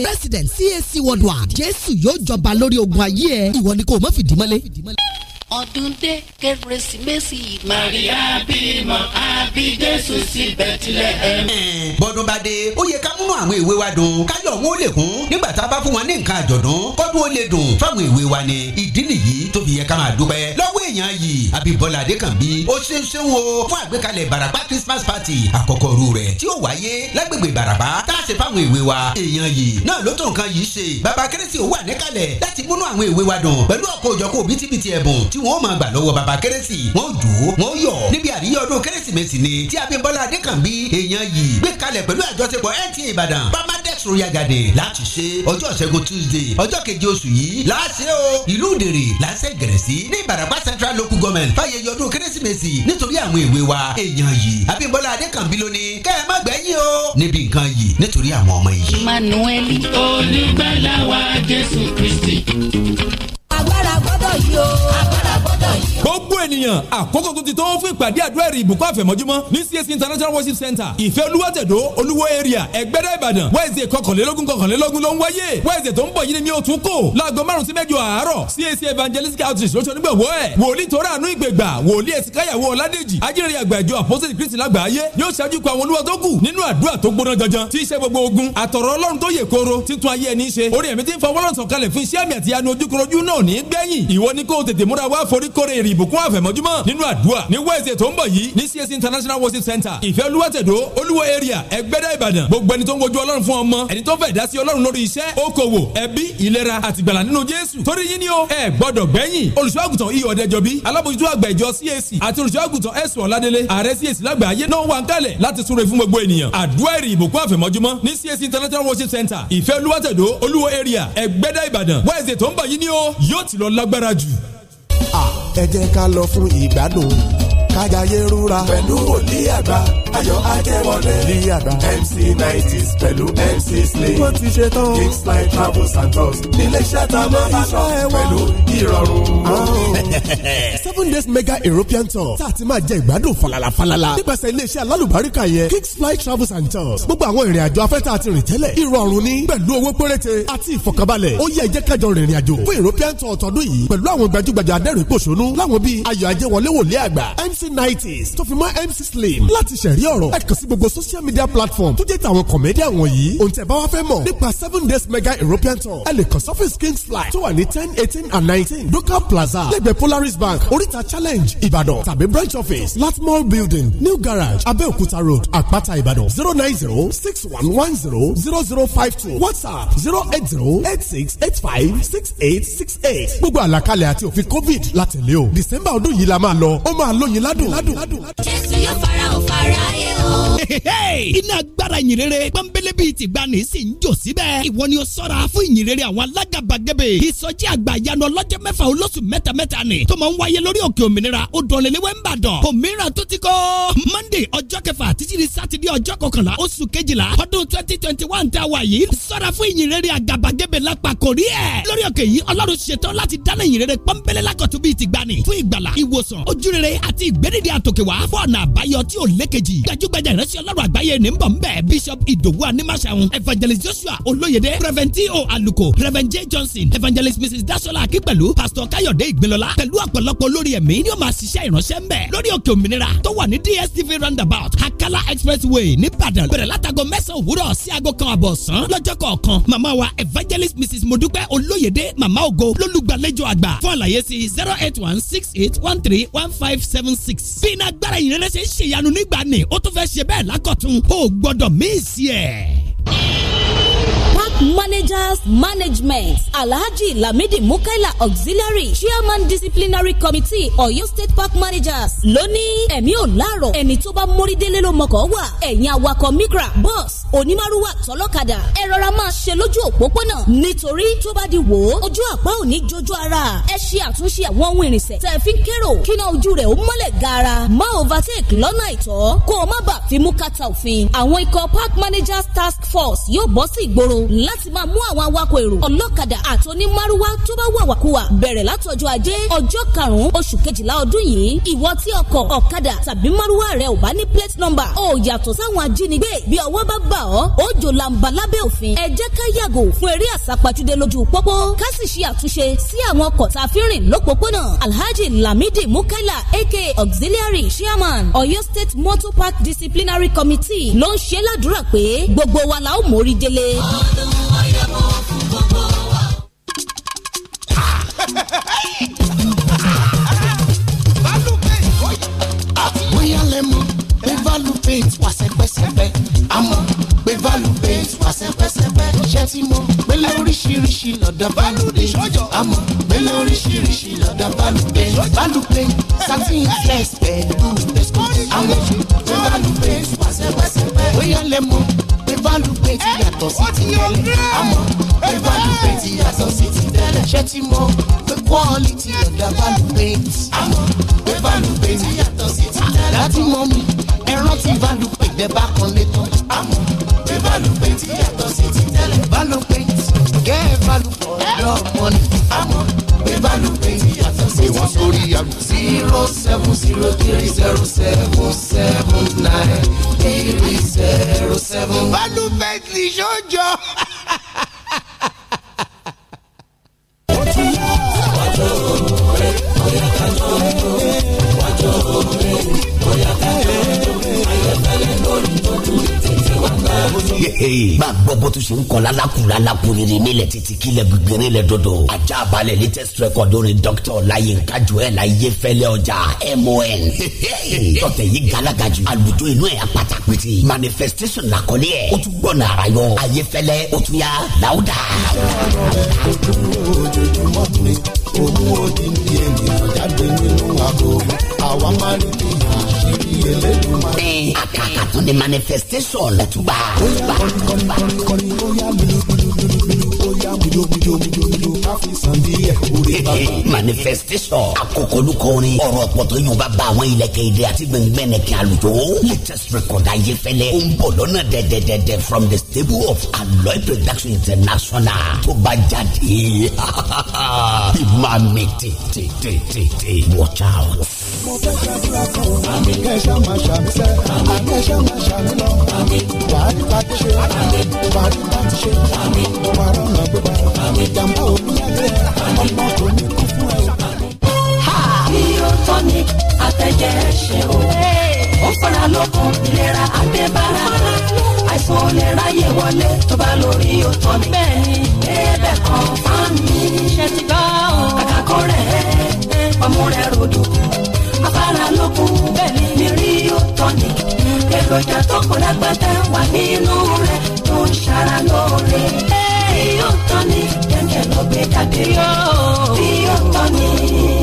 president cac worldwide jésù yóò jọba lórí ogun rẹ ìwọ ni kò mọ́ fìdí mọ́lé. ọdún dé kérésìmesì màríà bímọ àbí jésù sí bẹ́tílẹ́hẹ́mù. bọ́dún bá dé ó yẹ ká múnú àwọn èwe wa dùn káyọ̀ wọn ó lè kún nígbà tá a bá fún wọn ní nǹkan àjọ̀dún kọ́dún ó lè dùn fáwọn èwe wa ni ìdí nìyí tó yẹ ká máa dúpẹ́ lọ́wọ́ èèyàn yìí Abímbọ́lá Adékànbí ó ṣeun ṣeun o fún àgbékalẹ̀ Ìbàràpá Christmas party àkọ́kọ́ ru rẹ̀ tí ó wáyé lágbègbè Ìbàràpá tá a ṣe fáwọn èwe wa èèyàn yìí náà ló tó nǹkan yìí ṣe bàbá kérésì ó wà níkàlẹ̀ láti múnú àwọn èwe wa dùn pẹ̀lú ọ̀pọ̀ òjọ̀kọ̀ bítíbitì ẹ̀bùn tí wọ́n máa gbà lọ́wọ́ bàbá kérésì wọ́n jò wọ́n yọ̀ níbi àríyá ọdún kérésìmesì ni tí Abímbọ́lá Adékànbí èèyàn yìí gbé kalẹ̀ pẹ̀lú àjọṣepọ̀ NTA Ìbàdàn pamadex royal garden láti ṣe ọjọ́ ìṣẹ́gun Tuesday ọjọ́ keje oṣù yìí láṣẹ o ìlú ìdèrè láṣẹ gẹ̀rẹ̀ sí ní Ìbàràpá central central local government fàyè yọdún kérésìmesì nítorí àwọn èwe wa èèyàn yìí abímbọ́lá adékànbí ló ní ẹ má gbẹ́yìn o níbi nǹkan yìí nítorí àwọn ọmọ yìí. emmanuel olùgbàlà wa jésù kristi agbára gbọ́dọ̀ yí o. agbára gbọ́dọ̀ yí o. gbogbo ènìyàn àkókò tó ti tó fún ìpàdé àdúrà èrè ìbùkún àfẹ̀mọ́júmọ́ ní CAC international worship center ìfẹ́ olúwàtẹ̀dọ́ olúwo area ẹgbẹ́dá ìbàdàn wẹ́ẹ̀sì kọkànlélógún kọkànlélógún ló ń wáyé wẹ́ẹ̀sì tó ń bọ̀ yìí ni mi ò tún kò láago márùn sí mẹ́jọ àárọ̀ CAC evangelical outreach lóṣù onígbàwọ́ ẹ̀ wòlíì tó ráàánú ìgbègbà wòlíì ẹ̀sìnkáyàwó ọ̀ládèjì ajínrere àgbà ìjọ àpọ́sẹ̀lì kristi lágbàáyé yóò ṣáájú ikọ̀ àwọn olúwa tó kù nínú àdúrà tó gbóná janjan tí iṣẹ́ gbogbo ogun àtọ̀rọ̀ ọlọ́run tó yè kooro títún ayé ẹni ṣe orí ẹ̀mí tí ń fọwọ́lọ́sọ̀kalẹ̀ fún iṣẹ́ ní gbẹ̀yìn ìwọ ni kó tètè múra wá foríkóre èrè ìbùkún àfẹ̀mọ́júmọ́ nínú àdúrà ní wẹ́ẹ̀sì tó ń bọ̀ yìí ní CAC international worship center ìfẹ́ olúwàtẹ̀dọ́ olúwo area ẹgbẹ́dá ìbàdàn gbogbo ẹni tó ń wojú ọlọ́run fún ọmọ ẹni tó fẹ́ dá sí ọlọ́run lórí iṣẹ́ okòwò ẹbí ìlera àtìgbàlà nínú jésù torí yín ni ó ẹ gbọ́dọ̀ gbẹ̀yìn olùṣọ́àgùtàn iyọ̀ ọ̀dẹ́jọbí alábòjútó àgbà ìjọ CAC àti olùṣọ́àgùtàn ẹ̀sùn ọ̀ládélé ààrẹ CAC lágbàáyé náà wà ń kalẹ̀ láti international worship center ìfẹ́ olúwàtẹ̀dọ́ olúwo area ẹgbẹ́dá ìbàdàn wẹ́ẹ̀sì tó ń bọ̀ yìí Jọ́ọ̀tì lọ lágbára jù. ẹ jẹ́ ká lọ fún ìgbádùn kájàyé rúra. pẹ̀lú wòlíì àgbà ayọ̀ ajẹ́wọlé wòlíì àgbà mc nineties pẹ̀lú mc slay wọ́n ti ṣe tán kingsline travels and tours nílé iṣẹ́ tá a pẹ̀lú ìrọ̀rùn. Oh. seven days mega european tour tá a ti máa jẹ ìgbádùn falala falala nípasẹ̀ iléeṣẹ́ alálùbáríkà yẹn kingsline travels and tours gbogbo àwọn ìrìn àjò afẹ́ tá a ti rìn tẹ́lẹ̀ ìrọ̀rùn ni pẹ̀lú owó péréte àti ìfọ̀kànbalẹ̀ ó yẹ ìjẹ́ kájọ rìnrìn àjò fún european tour tọdún yìí pẹ̀lú àwọn gbajúgbajà adẹ́rìn-pòṣónú láwọn bíi ayọ̀ ajẹ́wọlé wòlíì àgbà mc mc s tó fi mọ́ mc slim láti ṣẹ̀rí ọ̀rọ̀ ẹ kàn sí gbogbo social media platform tó jẹ́ tàwọn comedian wọ̀nyí òun tẹ̀ bá wá fẹ́ mọ̀ nípa seven days mega european tour ẹ lè kàn Office kings fly tó wà ní ten eighteen and nineteen doka plaza lẹ́gbẹ̀ẹ́ polaris bank oríta challenge ìbàdàn tàbí branch office latmall building new garage abẹ́òkúta road àpáta ìbàdàn zero nine zero six one one zero zero zero five two whatsapp zero eight zero eight six eight five six eight six eight gbogbo àlàkalẹ̀ àti òfin covid látẹ̀lé o december ọdún yìí la máa lọ ó máa lóyin lá ládùn. jésù yóò fara ò fara yé o. iná agbára ìyìnrere pọ́nbélé bíi tìgbani sì ń jò síbẹ̀. ìwọ ni o sọ́ra fún ìyìnrere àwọn alágàbàgebè. ìsọjí àgbà ìyanu ọlọ́jọ́ mẹ́fà olóṣù mẹ́tamẹ́ta ni tó máa ń wáyé lórí òkè òmìnira odòlélẹ́wẹ́ ń bàdàn. òmìnira tó ti kọ́ monday ọjọ́ kẹfà títí di sátidé ọjọ́ kọkànlá oṣù kejìlá ọdún twenty twenty one tá a wà yìí sọ́ra fún ìyìnrere àgàbàgebè lápá kò rí ẹ̀. lórí òkè yìí ọlọ́run ṣetán ìgbédìde àtòkè wá fún ọ̀nà àbáyọ tí ò lékejì gbajúgbajà ìrẹsì ọlọ́run àgbáyé ní bọ̀ nbẹ bishop ìdòwú animasaun evangelist joshua olóyèdè reverend t.o. aluko reverend j johnson evangelist mrs dasola akípẹ̀lú pastor káyọ̀dé ìgbìnlọ́lá pẹ̀lú ọ̀pọ̀lọpọ̀ lórí ẹ̀mí ni ó máa ṣiṣẹ́ ìránṣẹ́ nbẹ lórí òkè òmìnira tó wà ní dstv roundabout akala expressway nìbàdàn bẹ̀rẹ̀ látago mẹ́sàn-án òwúrọ̀ sí aago kan àbọ̀ ọ̀sán lọ́jọ́ kọ̀ọ̀kan màmá wa evangelist mrs modúpẹ́ olóyèdè màmá ògo lólùgbàlejò àgbà fún àlàyé sí zero eight one six eight one three one five seven six six. bí iná agbára ìrẹsẹ̀ ṣèyanu nígbà ni ó tún fẹ́ ṣe bẹ́ẹ̀ lákọ̀tún. o gbọ́dọ̀ mí ì sí ẹ̀ managers management alhaji lamidi mukaila auxiliary chairman disciplinary committee ọ̀yọ́ state park managers lónìí ẹ̀mí ò láàrọ̀ ẹni tó bá mórí délé ló mọ̀kọ́ wà ẹ̀yin awakọ̀ micra bus onímàrúwà tọlọ́kadà ẹ rọra máa ṣe lójú òpópónà nítorí tó bá di wò ó ojú àpá ò ní jojú ara ẹ ṣe àtúnṣe àwọn ohun ìrìnsẹ̀ tẹ̀ fi ń kérò kíná ojú rẹ̀ ó mọ́lẹ̀ gaara má overtake lọ́nà àìtọ́ kó o má bàa fi mú kàtà òfin àwọn ikọ̀ park managers task force yóò bọ́ sí ìgboro láti máa mú àwọn awakọ̀ èrò ọlọ́kadà àti onímárúwá tó bá wàwàkuwà bẹ̀rẹ̀ látọjọ́ ajé ọjọ́ karùn-ún oṣù kejìlá ọdún yìí ìwọ tí ọkọ̀ ọ̀kadà tàbí márúwá rẹ ò bá ní plate number ó yàtọ̀ sáwọn ajínigbé bí ọwọ́ bá gbà ọ́ ó jò làǹbà lábẹ́ òfin ẹ jẹ́ ká yàgò fún eré àsápajúdé lójú pópó ká sì ṣe àtúnṣe sí àwọn ọkọ̀ tá a fi rìn lópòpónà Alhaji Lamidi Mukaila aka auxiliary chairman Ọ̀yọ́ State Motor Park Disciplinary Committee ló ń ṣe ládùúrà pé gbogbo wa la ó mórí délé. ọdún ayé mọ́ fún gbogbo wa. bóyá lẹ́mu pé value paint wà sẹ́pẹ́sẹ́pẹ́ àmọ́ pé value paint wà sẹ́pẹ́sẹ́pẹ́ ṣẹ́ tí mo pélé oríṣiríṣi lọ́dọ̀ value paint àmọ́ pélé oríṣiríṣi lọ́dọ̀ value paint value paint satin flex pẹ̀lú àwọn pé value paint wà sẹ́pẹ́sẹ́pẹ́ bóyá lẹ́mu evalupé ti yàtọ̀ sí ti tẹ́lẹ̀ àmọ́ evalupé ti yàtọ̀ sí ti tẹ́lẹ̀ ṣé ti mọ̀ pé quality ọ̀dà valupé àmọ́ evalupé ti yàtọ̀ sí ti tẹ́lẹ̀ láti mọ̀ mi ẹran ti valupé dẹ̀ bá kan lé tán àmọ́ evalupé ti yàtọ̀ sí ti tẹ́lẹ̀ valupé get evalupé ọ̀dọ́ mọ́ni àmọ́ evalupé sí wọn sórí àrùn. zero seven zero three zero seven seven nine three zero seven. balùwẹ̀ ní sọ́jọ́. wájú wájú wájú wájú. máa gbọ́ bó tún ṣe ń kọ́ lálákùn lálákùn rere nílẹ̀ títí kílẹ̀ gbígbéré lẹ̀ dọ̀dọ̀ ajá balẹ̀ latest record orin doctor ọláyínká joel ayéfẹ́lẹ́ ọjà mon tọ́tẹ̀ yìí galagaju àlùjọ inú ẹ̀ apata pété manifestation làkọ́lé ẹ̀ ó tún gbọ́nà ara yọ ayéfẹ́lẹ́ ó tún yá láwùdà. ojoojúmọ́ mi òun ò dín ní ènìyàn jáde nínú àgọ́ àwa máa ń bí ẹ àkàkà tó ní manifestation ọ̀túnba ọ̀túnba ọ̀túnba. manifestation àkókò olùkọ́ orin ọ̀rọ̀ ọ̀pọ̀tọ́ yóò bá bá àwọn ilẹ̀kẹ̀ èdè àti gbẹ̀ngbẹ̀nẹ̀ kí àlùjọ latest record ayé fẹ́lẹ́ ó ń bọ̀ lọ́nà dẹ̀dẹ̀dẹ̀dẹ̀ from the stable of Aloy production international tó bá jáde ìmọ̀ àmì tètè tètè watch out mo fẹ́ ṣàdúrà kan o kẹ́ṣà máa ṣàmìṣẹ́ kẹ́ṣà máa ṣàmìlọ wàhálì bá ti ṣe wàhálì bá ti ṣe wàhálà ọ̀nà gbogbo ìjàmbá òbí ẹgbẹ́ ọmọ kò ní kú fún ẹ. Rio tonic atẹ́jẹ́ ṣe o ó fara lókun ìlera àgbẹ̀bára àìsàn ò lè ráyè wọlé tó bá lo Rio tonic bẹ́ẹ̀ni ẹ̀ẹ́dẹ̀ kan fáàmì ṣe ti gbọ́ kàkà kó rẹ̀ ọmú rẹ̀ rodò afárá lókun bẹ́ẹ̀ni ni rio tonic èròjà tó kọ lágbàtà wà nínú rẹ̀ tó ń ṣara lóore. rio tonic jẹ́jẹ́ ló gbé jáde rio tonic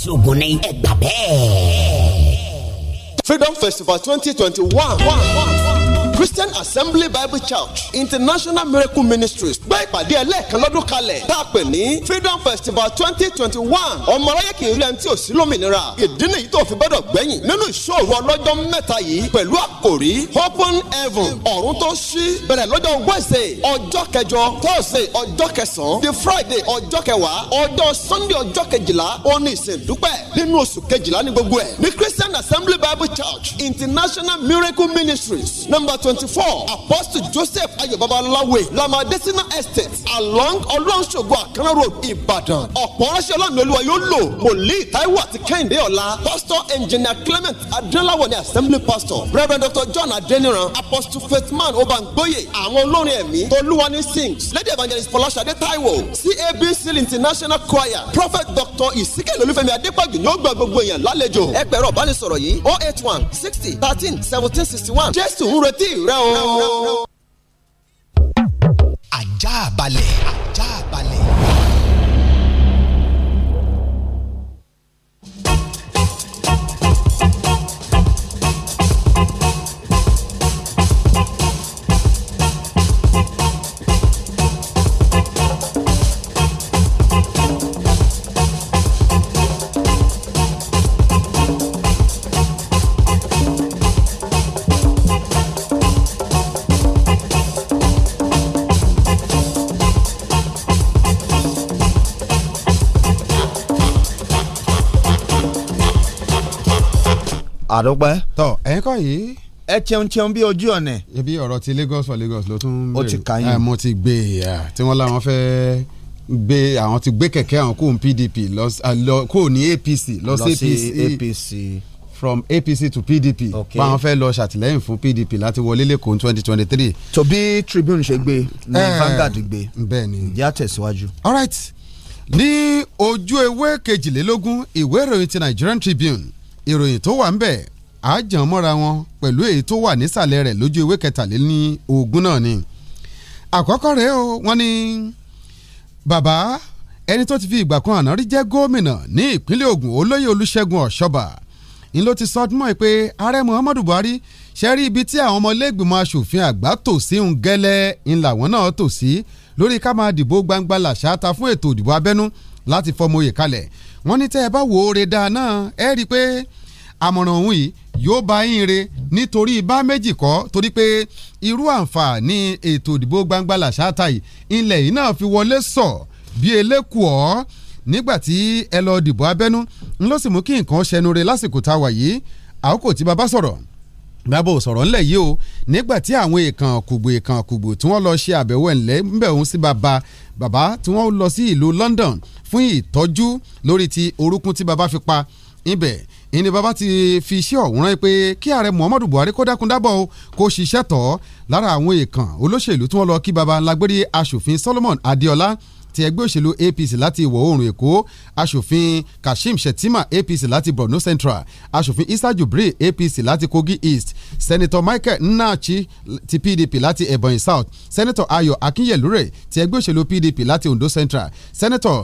ìṣògùn ni ẹgbà bẹ́ẹ̀. freedom festival twenty twenty one. Christian Assembly Bible Church International Miracle Ministries gbé ìpàdé ẹlẹ́ẹ̀kan lọ́dún kalẹ̀ tá a pè ní Freedom Festival twenty twenty one ọmọ aráyé kì í rí ẹni tí ò sí lómìnira ìdí nìyí tó fi gbọ́dọ̀ gbẹ̀yìn nínú ìṣòro ọlọ́jọ́ mẹ́ta yìí pẹ̀lú àkòrí open heaven ọ̀run tó ṣí bẹ̀rẹ̀ lọ́jọ́ Wednesday ọjọ́ kẹjọ Thursday ọjọ́ kẹsàn-án the Friday ọjọ́ kẹwàá ọjọ́ Sunday ọjọ́ kejìlá òní ìsìndúpẹ́ nínú oṣù kejìlá ní gbogbo ẹ̀ ní Christian Assembly Bible Church International Miracle Ministries number twenty. 24 four apostle joseph ayọ̀ lamadesina estate along ọlọ́nṣogbo àkànná road ìbàdàn ọ̀pọ̀ ránṣẹ́ ọlọ́run olúwa yóò lò wòlíì taiwo àti kẹ́hìndé ọ̀la pastor engineer clement adéláwọ̀ ni assembly pastor reverend dr john adeniran apostle faithman obangboye àwọn olórin ẹ̀mí tolúwani sings lady evangelist fọláṣadé taiwo cabc international choir prophet dr ìsíkèlè olúfẹ́mi adépọ̀jù ni ó gba gbogbo èèyàn lálejò ẹ pẹ̀rọ ìbánisọ̀rọ̀ yìí oh eight one sixty thirteen seventeen sixty one jésù ń retí rẹ̀ o. ajá balẹ̀ ajá balẹ̀. àdúpẹ́. tọ ẹ̀yin kọ́ yìí. ẹ cheun cheun bí ojú ọ̀nẹ̀. ibi ọ̀rọ̀ ti Lagos for Lagos ló tún. ó ti ka yín. mo ti gbé e tí wọ́n láwọn fẹ́ gbé àwọn ti gbé kẹ̀kẹ́ àwọn kò ní PDP lọ kò ní APC lọ sí APC from APC to PDP báwọn fẹ́ lọ ṣàtìlẹ́yìn fún PDP láti wọlé lẹ́kọ̀ọ́ twenty twenty three. tó Tribune ṣe gbé ní Vanguard gbé bẹ́ẹ̀ni ìjà tẹ̀síwájú. all right ní ojú ewé kejìlélógún ìwé ìròyìn ti Nigerian Tribune ìròyìn tó wà ń bẹ̀ á jàn mọ́ra wọn pẹ̀lú èyí tó wà nísàlẹ̀ rẹ̀ lójú ewé kẹtàléní ogún náà ni àkọ́kọ́ rẹ̀ o wọ́n ní bàbá ẹni tó ti fi ìgbà kan àná rí jẹ́ gómìnà ní ìpínlẹ̀ Ògùn olóyè Olúṣẹ́gun Ọ̀ṣọ́bà ń ló ti sọ mọ́ ẹ pé ààrẹ Muhammadu Buhari ṣe rí ibi tí àwọn ọmọlẹ́gbìmọ̀ asòfin àgbà tò sí ń gẹ́lẹ́ ń làwọn náà tò sí lórí ká máa dìbò gbangba làṣáta fún ètò ìdìbò abẹ́nú láti fọmọ oyè kalẹ̀ wọ́n ní tẹ́ ẹ bá wò ó re dáa náà ẹ rí i pé àmọ̀ràn òun yìí yóò bá yín re nítorí bá méjì kọ́ torí pé irú àǹfààní ètò ìdìbò gbangba làṣáta yìí ilẹ̀ yìí náà fi wọlé sọ bí elékùọ́ nígbà tí ẹ lọ dìbò abẹ́nú ń ló sì mú kí nǹkan ṣẹnu re lásìkò tá a wà yìí àkókò tí bàbá sọ̀rọ̀ bàbá ò sọ̀rọ̀ ńlẹ̀ yìí o nígbà tí àwọn èèkàn kùgbò èèkàn kùgbò tí wọ́n lọ ṣe àbẹ̀wò ẹ̀ ńbẹ̀ òun sí bàbá bàbá tí wọ́n lọ sí ìlú London fún ìtọ́jú lórí ti orúkún tí baba fi pa ibẹ̀ ìní baba ti fi iṣẹ́ ọ̀hún rán pé kí ààrẹ Muhammadu Buhari kó dákun dábọ̀ o kó ṣiṣẹ́ tọ̀ lára àwọn èèkàn olóṣèlú tí wọ́n lọ kí baba lágbérí aṣòfin Solomon Adéọlá ti ẹgbẹ́ òṣèlú APC láti ìwọ̀ oòrùn Èkó aṣòfin Kashim Shettima APC láti Borno Central aṣòfin Isa Jubri APC láti Kogi East Senator Michael Nnachi ti PDP láti Ebonyi South Senator Ayo Akinyelure ti ẹgbẹ́ òṣèlú PDP láti Ondo Central Senator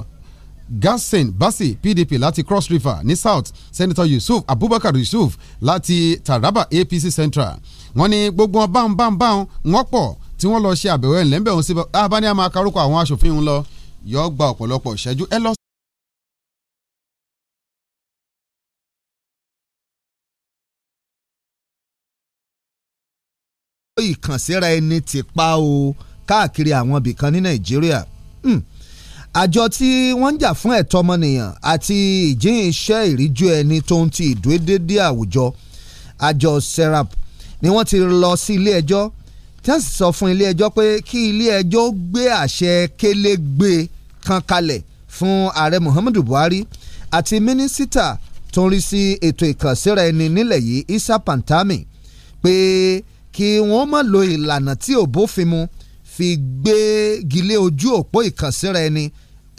Gasson Basi PDP láti Cross River ní South Senator Yusuf Abubakar Yusuf láti Taraba APC Central wọ́n ní gbogbo wọn báwọn báwọn báwọn wọ́n pọ̀ tí wọ́n lọ ṣe àbẹ̀wò ẹ̀ńlẹ́ńbẹ̀ wọn sí abáni àmọ́ akarúkọ àwọn aṣòfin ń lọ yọ gba ọ̀pọ̀lọpọ̀ ìṣẹ́jú ẹ lọ ìkànsíra ẹni ti pa o káàkiri àwọn ibìkan ní Nàìjíríà. Hmm àjọ tí wọ́n ń jà fún ẹ̀tọ́ ọmọnìyàn àti ìjíhìnṣẹ́ ìríjú ẹni tó ń ti ìdúródédé àwùjọ àjọ serap ni wọ́n ti lọ sí ilé ẹjọ́ tí wọ́n sì sọ fún ilé ẹjọ́ pé kí ilé ẹjọ́ gbé àṣẹ kélégbé kan kalẹ̀ fún ààrẹ Muhammadu Buhari àti mínísítà tó ń rí sí ètò ìkànsíra ẹni nílẹ̀ yìí Isa Pantami pé kí wọ́n má lo ìlànà tí ò bófin mu fi gbégi lé ojú òpó ìkànsíra ẹni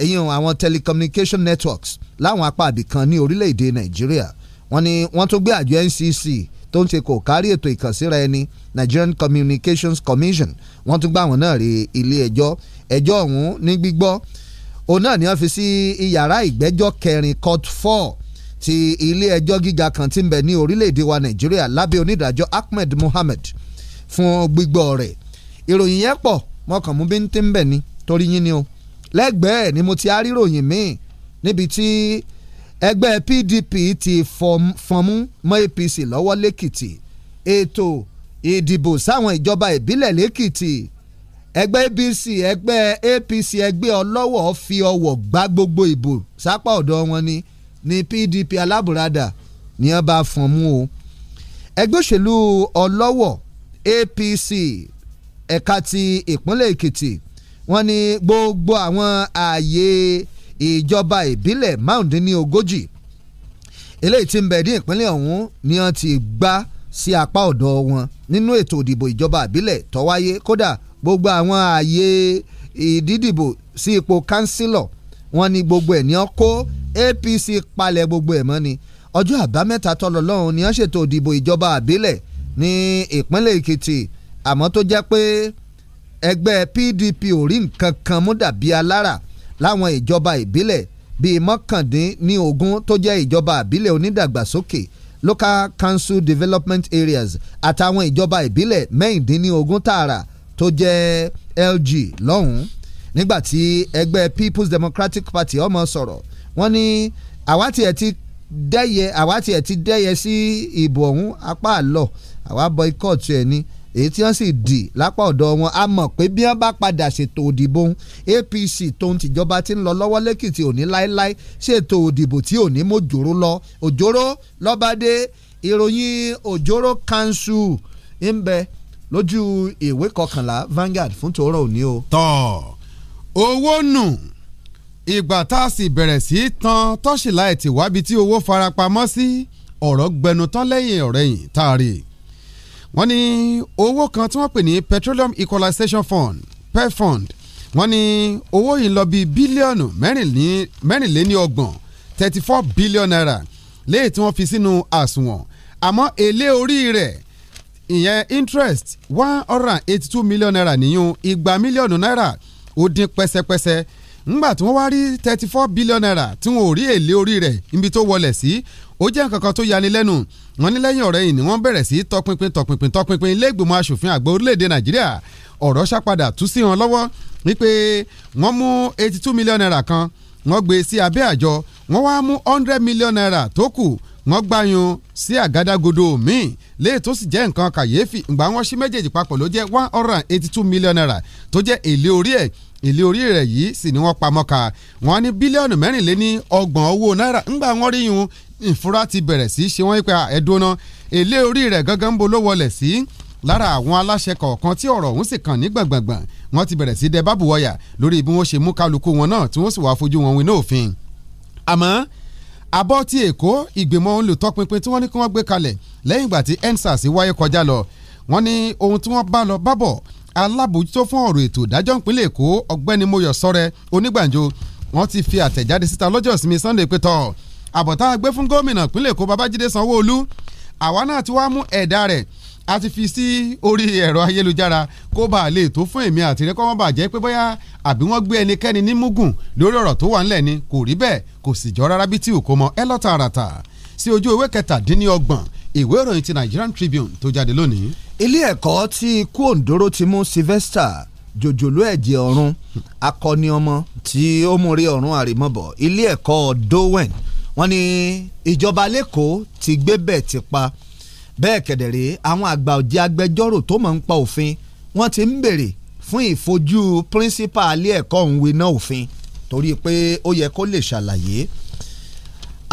ẹ̀yìn àwọn telecommunication networks láwọn apá àbìkan ní orílẹ̀-èdè nàìjíríà wọ́n ní wọ́n tún gbé àjọ ncc tó ń ṣe kò kárí ètò ìkànsíra ẹni nigerian communications commission wọ́n tún gbà wọ́n náà rí ilé ẹjọ́ ẹjọ́ ọ̀hún ní gbígbọ́ òun náà ni wọ́n fi sí iyàrá ìgbẹ́jọ́ kẹrin court four ti ilé ẹjọ́ gíga kan tí ń bẹ ní orílẹ̀-èdè wa nàìjíríà lábẹ́ onídàájọ́ ahmed mohammed fún gbígbọ́ rẹ̀ ìròyìn yẹn pọ̀ mọ́kànmú bí ń ti ń bẹ̀ ni torí yín ni o lẹ́gbẹ̀ẹ́ ni mo ti aríròyìn míì níbi tí ẹgbẹ́ PDP ti fọnmú mọ́ APC lọ́wọ́ lẹ́kìtì ètò ìdìbò sáwọn ìjọba ìbílẹ̀ lẹ́kìtì ẹgbẹ́ APC ẹgbẹ́ APC ẹgbẹ́ ọlọ́wọ̀ fi ọwọ́ gbá gbogbo ìbò sápá ọ̀dọ̀ wọn ni ni PDP alábùradà ni wọ́n bá fọnmú o ẹgbẹ́ òṣèlú ọlọ́wọ̀ APC ẹ̀ka ti ìpínlẹ̀ Èkìtì wọ́n ní gbogbo àwọn ààyè ìjọba ìbílẹ̀ márùndínlógójì eléyìí tí ń bẹ ní ìpínlẹ̀ ọ̀hún ni wọ́n ti gbá sí apá ọ̀dọ̀ wọn nínú ètò ìdìbò ìjọba ìbílẹ̀ tó wáyé kódà gbogbo àwọn ààyè ìdídìbò sí ipò kánsílọ̀ wọ́n ní gbogbo ẹ̀ ní wọ́n kó APC palẹ̀ gbogbo ẹ̀ mọ́ ni ọjọ́ àbámẹ́ta tọ́lọ lọ́hùn ni wọ́n ṣètò ìdìbò ìjọba àbílẹ̀ ní ìpínlẹ̀ Èkìtì àmọ́ tó jẹ́ pé ẹgbẹ́ PDP ò rí nǹkan kan mú dàbí alára láwọn ìjọba ìbílẹ̀ bíi mọ́kàndínní tó jẹ́ ìjọba ìbílẹ̀ onídàgbàsókè local council development areas àtàwọn ìjọba ìbílẹ̀ mẹ́rìndínní ogún tààrà tó jẹ́ LG lọ́hùn-ún nígbàtí ẹgbẹ́ People's Democratic Party ọmọ sọ̀rọ̀ wọ́n ní àwa tiẹ̀ ti dẹ́yẹ àwa tiẹ̀ ti dẹ́yẹ sí ìbò ọ̀hún apá àlọ́ àwa boycott ẹ̀ ni èyí tí wọ́n sì dì lápá ọ̀dọ̀ wọn a mọ̀ pé bí wọ́n bá padà ṣètò òdìbò APC tó ń tìjọba ti ń lọ lọ́wọ́ lẹ́kìtì òní láéláé ṣètò òdìbò tí òní mojòrò lọ òjòrò lọ́bàdé ìròyìn òjòrò kanṣu ń bẹ lójú ìwé kọkànlá Vanguard fún tòórọ́ òní o. tọ́ owó nù ìgbà tá a sì bẹ̀rẹ̀ sí í tan tọ́ṣìlá ẹ̀ tìwábi tí owó farapamọ́ sí ọ̀rọ̀ gbẹnután lẹ́yìn ọ̀rẹ́yìn tá wọ́n ní owó kan tí wọ́n pè ní petroleum equalization fund pefund wọ́n ní owó yìí ń lọ bíi bílíọ̀nù mẹ́rìnléníọgbọ̀n thirty four billion naira léyìí tí wọ́n fi sínú àsùnwọ̀n àmọ́ èlé orí rẹ̀ ìyẹn interest one hundred and eighty two million naira nìyún igba mílíọ̀nù naira ó dín pẹ́sẹ́pẹ́sẹ́ ńgbà tí wọ́n wá rí thirty four billion naira tí wọ́n ò rí èlé orí rẹ̀ níbi tó wọlé sí ó jẹ́ nǹkan kan tó yani lẹ́nu wọ́n ní lẹ́yìn ọ̀rẹ́yìn ni wọ́n bẹ̀rẹ̀ sí tọpinpin tọpinpin tọpinpin ilé ìgbìmọ̀ asòfin àgbà orílẹ̀-èdè nàìjíríà ọ̀rọ̀ ṣàpadà tú sí wọn lọ́wọ́ wípé wọ́n mú eighty two million naira kan wọ́n gbé e sí abẹ́ àjọ wọ́n wá mú hundred million naira tó kù wọ́n gbàyàn sí àgádágodo míì léyìí tó sì jẹ́ nǹkan kàyéfì wọn sí méjèèjì papọ̀ ló jẹ́ one hundred and eighty two million naira tó jẹ́ èlé orí ẹ̀ èlé orí rẹ̀ yìí sì ni wọ́n pamọ́ ka wọ́n ní bílíọ̀nù mẹ́rìnléní ọgbọ̀n owó náírà ńgbà wọ́n ìfura ti bẹ̀rẹ̀ sí ṣe wọ́n pé ẹ̀dọ́nà èlé orí rẹ̀ gangan bo ló wọlẹ̀ sí lára àwọn aláṣẹ kọ̀ọ̀kan tí ọ̀rọ̀ ọ̀hún sì kàn ní gbàngbàngbàn wọ́n ti bẹ̀rẹ̀ sí dẹ bábùwọ̀yà lórí bí wọ́n ṣe mú kálukú wọn náà tí wọ́n sì wá fojú wọn wí ní òfin. àmọ́ abọ́ ti èkó ìgbìmọ̀ olùtọ́pinpin tí wọ́n ní kí wọ́n gbé kalẹ̀ lẹ́yìn ìgbà tí EndSARS wáyé kọjá lọ wọ́n ní ohun tí wọ́n bá lọ bábọ̀ alábòjútó fún ọ̀rọ̀ ètò ìdájọ́ ìpínlẹ̀ èkó ọ̀gbẹ́ni moyọ̀ sọ́rẹ́ onígbàǹjo wọ́n ti fi àtẹ̀jáde síta lọ́jọ́ ìsinmi Sunday pé tọ́ àbọ̀tá gbé fún gómìnà ìpínlẹ̀ Èkó Babájídé Sanwó-Olú àwa náà ti wá mú ẹ̀dá rẹ̀ a ti fi sí orí ẹ̀rọ ayélujára kó bá a lè tó fún èmi àti rẹ kó má bàjẹ́ pé bóyá àbí wọ́n gbé ẹnikẹ́ni ní mugun lórí ọ̀rọ̀ tó wà ńlẹ̀ ni kò rí bẹ́ẹ̀ kò sì jọ rárá bí tí ò kó mọ ẹ lọ tààràtà sí ojú ìwé kẹtàdínlọ́gbọ̀n ìwé ìròyìn ti Nigerian Tribune tó jáde lónìí. ilé ẹ̀kọ́ tí ikú òǹdóró ti mú Sylvester jòjòló ẹ̀jẹ̀ ọ̀run akọni ọmọ tí ó mú rí ọ̀run àrèmọ́bọ̀ ilé ẹ̀kọ́ Dowen wọ́n ní ìjọba lẹ́kọ̀ọ́ ti gbé bẹ́ẹ̀ ti pa bẹ́ẹ̀ kẹ̀dẹ̀rẹ́ àwọn àgbà ọ̀jẹ̀ agbẹjọ́rò tó mọ̀ ń pa òfin wọ́n ti ń bèrè fún ìfojú píríncípà alẹ́ ẹ̀kọ́ òǹwe náà òfin torí pé ó yẹ kó lè ṣàlàyé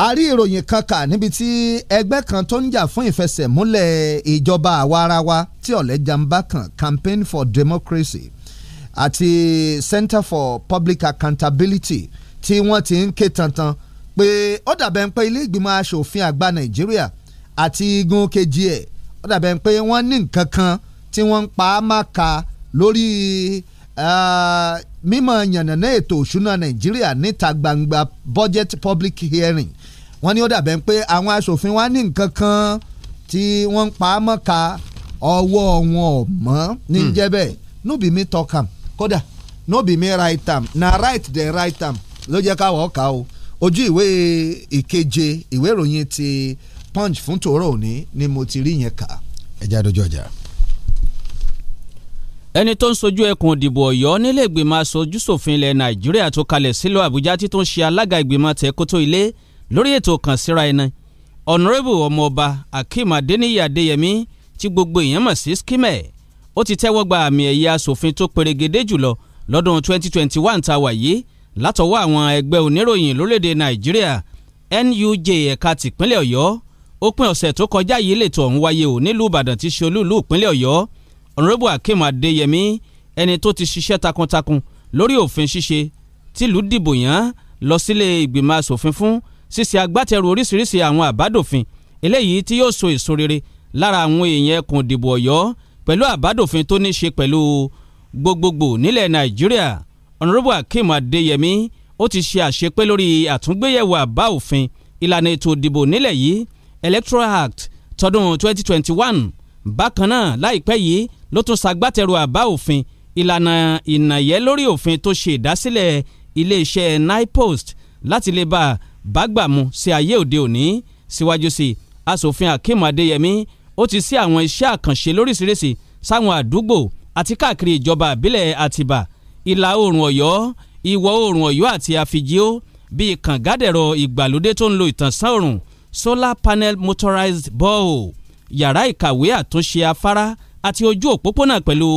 a rí ìròyìn kan kà níbi tí ẹgbẹ́ kan tó ń jà fún ìfẹsẹ̀múlẹ̀ ìjọba àwarawa tí ọ̀lẹ́jà kan campaign for democracy àti center for public accountability tí wọ́n ti ń ké tantan pé ó dàbẹ̀ ń pẹ́ ilé ìgbìmọ̀ asòfin àgbà nàìjíríà àti igun kejì ẹ̀ ó dàbẹ̀ ń pẹ́ wọ́n ní nǹkan kan tí wọ́n ń pa á má ka lórí mímọ̀ yànnàná ètò òṣùná nàìjíríà níta gbangba budget public hearing wọ́n ní ó dàbẹ̀ ń pẹ́ àwọn asòfin wa ní nǹkan kan tí wọ́n ń pa á má ka ọwọ́ wọn ò mọ́ ní hmm. jẹ́bẹ̀ nóbì mi talk am kódà nóbì mi write am na right then write am ló jẹ́ káwọ́ ká o ojú ìwé ìkeje ìwé ìròyìn ti punch fún tòórọ́ òní ni mo ti rí yẹn kà. ẹ já dojú ọjà. ẹni tó ń sojú ẹkùn òdìbò Ọ̀yọ́ nílé ìgbìmọ̀ aṣojú ṣòfin ilẹ̀ Nàìjíríà tó kalẹ̀ sílùú Àbújá tí tó ń ṣe alága ìgbìmọ̀ tẹ̀kótó ilé lórí ètò kan síra ẹni ọ̀nàrẹ́bù ọmọọba Akeem Adeniyi Adeyemi tí gbogbo èèyàn mọ̀ sí skimẹ̀ ó ti tẹ́wọ́ gba àmì ẹ̀yẹ aṣòfin tó perégedé jùlọ lọ́dún 2021 tá a látọwọ́ àwọn ẹgbẹ́ oníròyìn lórílẹ̀‐èdè nàìjíríà nuj ẹ̀ka tìpínlẹ̀ ọ̀yọ́ òpin ọ̀sẹ̀ tó kọjá yìí lètò ọ̀hún wáyé ò nílùú ìbàdàn tí ṣe olúùlú ìpínlẹ̀ ọ̀yọ́ ọ̀nrẹ́bù akeem adéyẹmí ẹni tó ti ṣiṣẹ́ takuntakun lórí òfin ṣíṣe tìlú dìbò yàn lọ sílé ìgbìmọ̀ asòfin fún ṣíṣe agbátẹrù oríṣiríṣi àwọn àbádòfin eléyìí tí yóò so èso rere lára àwọn èèyàn ẹkùn ìdìbò ọ̀yọ́ pẹ̀lú àbádòfin tó ní ṣe pẹ̀lú gbogbogbò nílẹ̀ nàìjíríà Honourable Akeem Adeyemi ó ti ṣe àṣepé lórí àtúngbéyẹ̀wò àbá òfin ìlànà ètò ìdìbò nílẹ̀ yìí Electoral Act tọdún 2021 bákan náà láìpẹ́ yìí ló tún ṣagbátẹrù àbá òfin ìlànà ìnàyẹ́ lórí òfin tó ṣe ìdásílẹ̀ iléeṣẹ́ NIPOST láti lè bá a bágbàmú sí ayé òde òní síwájú sí asòfin Akeem Adeyemi ó ti sí àwọn iṣẹ́ àkànṣe lóríṣiríṣi sáwọn àdúgbò àti káàkiri ìjọba àbílẹ̀ Àtìbà ìlà oòrùn ọ̀yọ́ ìwọ̀ oòrùn ọ̀yọ́ àti àfijíó bíi kàngádẹ̀rọ ìgbàlódé tó ń lo ìtànsán oòrùn solar panel motorized borehole yàrá ìkàwé àtúnṣe afárá àti ojú òpópónà pẹ̀lú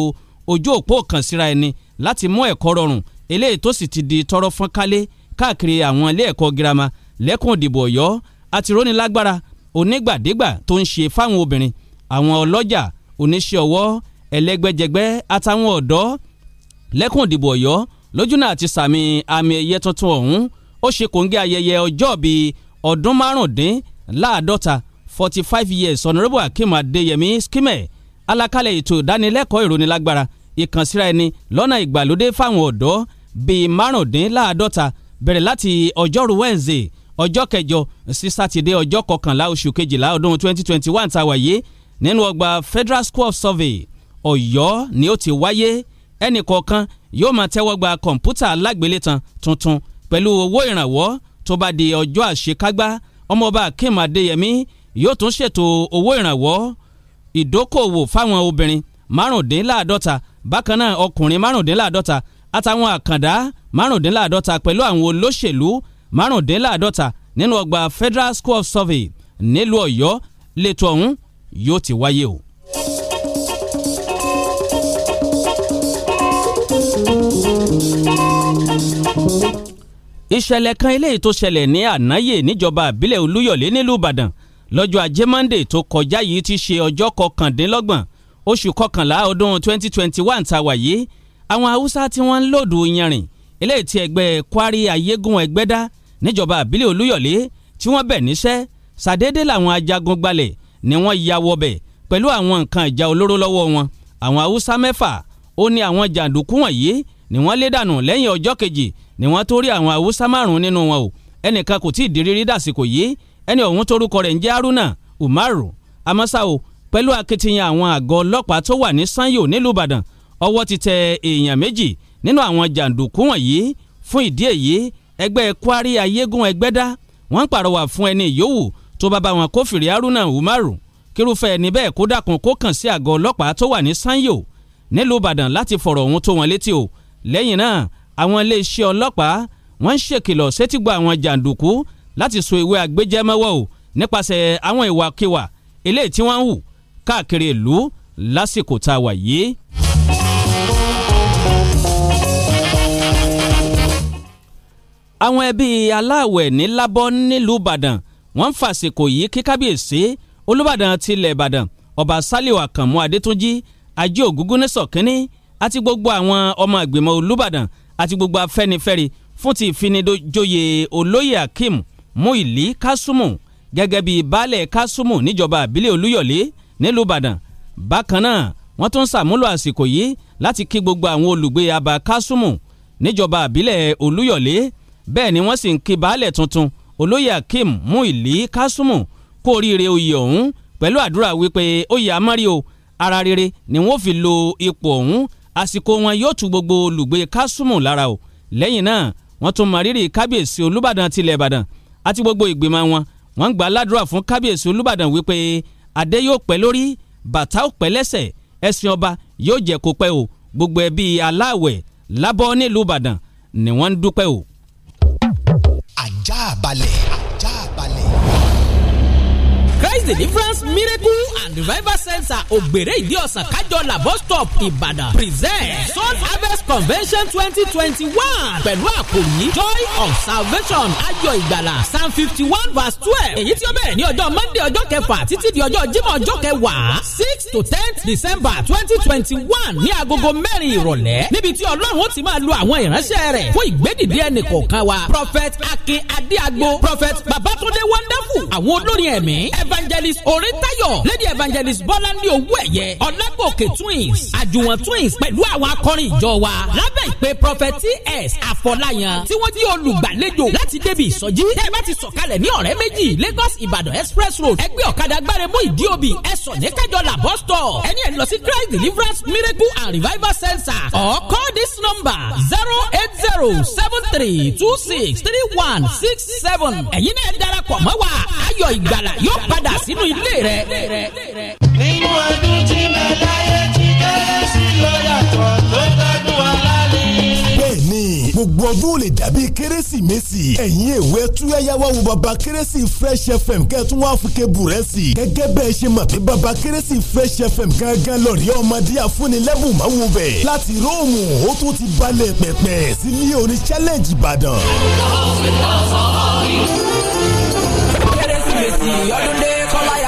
ojú òpó kànsíra ẹni láti mú ẹ̀kọ́ rọrùn eléyìí tó sì ti di tọrọ fọ́n kálé káàkiri àwọn ilé ẹ̀kọ́ girama lẹ́kùn òdìbò ọ̀yọ́ àti rónilágbára onígbàdégbà tó ń ṣe fáwọn obìnrin àwọn ọlọ́jà oníṣẹ́ ọwọ́ ẹlẹ́gbẹ́jẹgbẹ́ àtàwọn ọ̀dọ́ lẹ́kùn ìdìbò ọ̀yọ́ lójúnà àti sàmì àmì ẹ̀yẹ tuntun ọ̀hún ó ṣe kòńgẹ́ ayẹyẹ ọjọ́ bíi ọdún márùndínláàdọ́ta forty five years honourable akeem adeyemi skimẹ̀ alakalẹ̀ ètò ìdánilẹ́kọ̀ọ́ ìrónilágbára ìkànsíra ẹni lọ́nà ìgbàlódé fáwọn ọ̀dọ́ bíi márùndínláàdọ́ta bẹ̀rẹ̀ láti ọjọ́rú wednesday ọjọ́ kẹjọ sí sátidé ọjọ́ kọkànlá oṣù kejìlá ọdún 2021 twenty a wà yìí nínú ọgbà federal school of survey ọ̀yọ́ ni ó ti wáyé ẹnì kọ̀ọ̀kan yóò máa tẹ́wọ́ gba kọ̀ǹpútà alágbélétan tuntun pẹ̀lú owó ìrànwọ́ tó bá di ọjọ́ àṣekágbá ọmọọba akim adeyemi yóò tún ṣètò owó ìrànwọ́ ìdókòwò fáwọn obìnrin márùndínláàdọ́ta bákan náà ọkùnrin márùndínláàdọ́ta àtàwọn àkàndá márùndínláàdọ́ta pẹ̀lú àwọn olóṣèlú márùndínláàdọ́ta nínú ọgbà Federal School of Survey nílùú Ọ̀yọ́ lẹ́tọ̀ ọ̀hún yóò ti wáyé o. ìṣẹ̀lẹ̀ kan eléyìí tó ṣẹlẹ̀ ní ànáyè níjọba àbílẹ̀ olúyọ̀lé nílùú ìbàdàn lọ́jọ́ ajé monde tó kọjá yìí ti ṣe ọjọ́ kọkàndínlọ́gbọ̀n oṣù kọkànlá ọdún 2021 tàwa yìí àwọn haúsá tí wọ́n ń lòdù yanrìn eléyìí ti ẹgbẹ́ kwari ayégún ẹgbẹ́dá níjọba àbílẹ̀ olúyọ̀lé tí wọ́n bẹ̀ níṣẹ́ sàdédé làwọn ajagun gbalẹ̀ ni wọ́n ya wọbẹ̀ pẹ̀lú àwọn nǹkan ìjà olóró lọ́wọ́ wọn àwọn haúsá mẹ́fà ó ní àwọn jàǹdùkú wọ̀nyí ni wọ́n lé dànù lẹ́yìn ọjọ́ kejì ni wọ́n tó rí àwọn haúsá márùn-ún nínú wọn o ẹnìkan kò tí ì dirírí dàsìkò yìí ẹni ọ̀hún torúkọ rẹ̀ ń jẹ́ haruna umaru amasao o pẹ̀lú akitiyan àwọn àgọ́ ọlọ́pàá tó wà ní sanyo nílùú ìbàdàn ọwọ́ ti tẹ èèyàn méjì nínú àwọn jàǹdùkú wọ̀nyí fún ìdí èyí ẹgbẹ́ kwari ayégún ẹgbẹ́dá wọ́n ń pàrọwà fún ẹni ìyówù tó bá bá wọn kófìrí haruna umaru kírúfẹ́ ẹni bẹ́ẹ̀ kó dákun kó kàn sí àgọ́ ọlọ́pàá tó wà ní sanyo nílùú ìbàdàn láti fọ̀rọ̀ ohun tó lẹ́yìn náà àwọn iléeṣẹ́ ọlọ́pàá wọ́n ń ṣèkìlọ̀ sétígbọ́ àwọn jàǹdùkú láti so ìwé àgbéjẹ́mọ́wọ́ o nípasẹ̀ àwọn ìwàkiwà eléyìí tí wọ́n ń hù káàkiri ìlú lásìkò tá a wà yìí. àwọn ẹbí aláàwẹ̀ ní lábọ́ nílùú ìbàdàn wọ́n ń fàsìkò yìí kí kábíyèsí olùbàdàn tilẹ̀ ìbàdàn ọba sálíù àkànmú adétúnjì ajé ògúngún ní sọ̀kínní àti gbogbo àwọn ọmọ ìgbìmọ̀ olùbàdàn àti gbogbo afẹ́nifẹ́re fún ti ìfinidojoyè olóyè akeem muili kasumu gẹ́gẹ́ bíi baálẹ̀ kasumu níjọba àbílẹ̀ olúyọ̀lé nílùú ìbàdàn bákan náà wọ́n tún ṣàmúlò àsìkò yìí láti kí gbogbo àwọn olùgbé aba kasumu níjọba àbílẹ̀ olúyọ̀lé bẹ́ẹ̀ ni wọ́n sì ń kí baálẹ̀ tuntun olóyè akeem muili kasumu kó oríire oyè ọ̀hún pẹ̀lú àdúrà wípé oyè amárí ara rere ni wọ́n fi lo ipò ọ̀hún àsìkò wọn yóò tu gbogbo olùgbé kásùmù lára o lẹ́yìn náà wọ́n tún mọrírì kábíyèsí olúbàdàn tilẹ̀ ìbàdàn àti gbogbo ìgbìmọ̀ wọn wọ́n ń gba aládùúrà fún kábíyèsí olúbàdàn wípé adé yóò pẹ́ lórí bàtà ò pẹ́ lẹ́sẹ̀ ẹ̀sìn ọba yóò jẹ́ kó pẹ́ o gbogbo ẹbí aláàwẹ̀ lábọ́ nílùú ìbàdàn ni wọ́n ń dúpẹ́ o. ajá balẹ̀ Christ Deliverance Miracle and Revival Center ògbèrè ìdí ọ̀sán kájọlà bus stop Ìbàdàn present Soul Harvest Convention twenty twenty one pẹ̀lú àkòrí Joy of Salvation Ayọ̀ Ìgbàlà Psalm fifty one verse twelve èyí tí ó bẹ̀rẹ̀ ní ọjọ́ Monday ọjọ́ kẹfà títí di ọjọ́ Jímọ̀ ọjọ́ kẹwàá six to ten December twenty twenty one ní agogo mẹ́rin ìrọ̀lẹ́ níbi tí Ọlọ́run ó ti máa lo àwọn ìránṣẹ́ rẹ̀ fún ìgbédìde ẹnì kọ̀ọ̀kan wa Prophet Akin Adéagbo Prophet Babatunde Wonderful àwọn olórin ẹ̀mí Evangelist evangelist orintayo lady evangelist bọ́láńdé owó ẹ̀yẹ ọlágòkè twins àjùwọ̀n twins pẹ̀lú àwọn akọrin ìjọ wa lábẹ́ ìpè prophet ts àfọláyàn tí wọ́n ti olùgbàlejò láti débi ìsọjí tẹ́ ẹ bá ti sọ̀kalẹ̀ ní ọ̀rẹ́ méjì lagos Ibadan express road ẹgbẹ́ ọ̀kadà gbáremú ìdíòbí ẹ̀sọ̀ ní la bus stop ẹni ẹ̀ lọ sí christ deliverance miracle and revival center or call this number zero eight zero seven three two six three one six seven ẹ̀yin náà darapọ̀ mọ́ wa ayọ̀ ìgbàlà yóò padà padà sínú ilé rẹ. nínú ọdún tí mẹ́láyé ti kéré sí ló yàtọ̀ tó tọ́jú wa lálẹ́ gbogbo ọdún ò lè dàbí kérésìmesì ẹ̀yin èwe túyáyáwá wo baba kérésì fresh fm kẹtùn wá fún kébùrẹ́sì gẹ́gẹ́ bẹ́ẹ̀ ṣe mọ̀ pé baba kérésì fresh fm gángan lọ́ọ̀rì ọmọdé àfúnilẹ́bùn máa wo bẹ̀ láti róòmù ó tún ti balẹ̀ pẹ̀pẹ̀ sílé orin challenge ìbàdàn. with me. All day, come I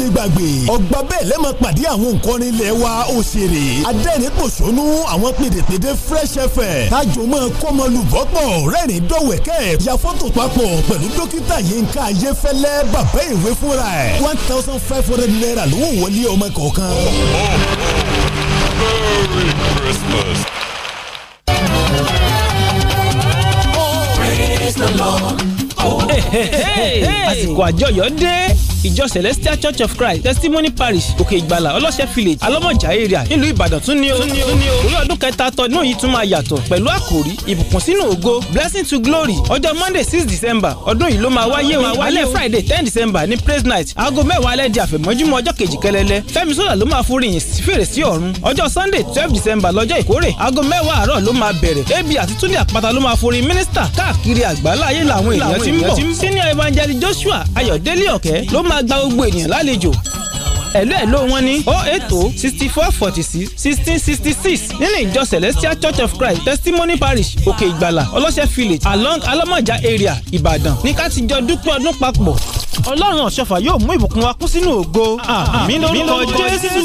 ní gbàgbé ọgbà bẹ́ẹ̀ lẹ́mọ̀ pàdé àwọn nǹkan ilẹ̀ wa òṣèré adẹ́rìn pòṣónú àwọn pèdèpèdè fresh fm tájò máa kọ́mọ rẹ́rìn dọ́wẹ̀kẹ́ ya fọ́tò papọ̀ pẹ̀lú dókítà yínká ayéfẹ́lẹ́ bàbá ìwé fúnra ẹ̀ one thousand five hundred naira lówó wọlé ọmọ kọ̀ọ̀kan. Merry Christmas. Praise the Lord. Oh. Hey, hey, hey, hey. àsìkò àjọyọ̀ dé ìjọ celestial church of christ testimony parish òkè ìgbàlà ọlọ́sẹ̀ village alọ́mọjà area nílùú ìbàdàn tún ní o orí ọdún kẹta tọdún yìí tún máa yàtọ̀ pẹ̀lú àkòrí ìbùkún sínú ògo blessing to glory ọjọ́ monday six december ọdún yìí ló máa wáyé o alẹ́ friday ten december ní praise night aago mẹ́wàá alẹ́ di àfẹ̀mọ́júmọ́ ọjọ́ kejì kẹlẹ́lẹ́ fẹ́mi sọ́là ló máa forí yìn fèrè sí ọ̀run ọjọ́ sunday twelve december lọ́jọ́ ìkórè aago mẹ́wàá àárọ̀ ló máa bẹ̀rẹ̀ ab àti túnde àpáta ló máa forí mínísítà káàkiri àgbáláyé làwọn èèyàn ti ń bọ̀ senior evangelist joshua ayọ̀délé ọ̀kẹ́ ló m máa gba gbogbo ènìyàn lálejò ẹ̀lú ẹ̀lú wọn ní o oh eight oh sixty four forty six sixteen sixty six nínú ìjọ celestial church of christ testimony parish òkè ìgbàlà ọlọ́sẹ̀ village along alámọ̀já area ìbàdàn ní ká ti jọ dúpẹ́ ọdún papọ̀ ọlọ́run ọ̀ṣọ́fà yóò mú ìbùkún wa kún sínú ògo àmín lórúkọ jésù.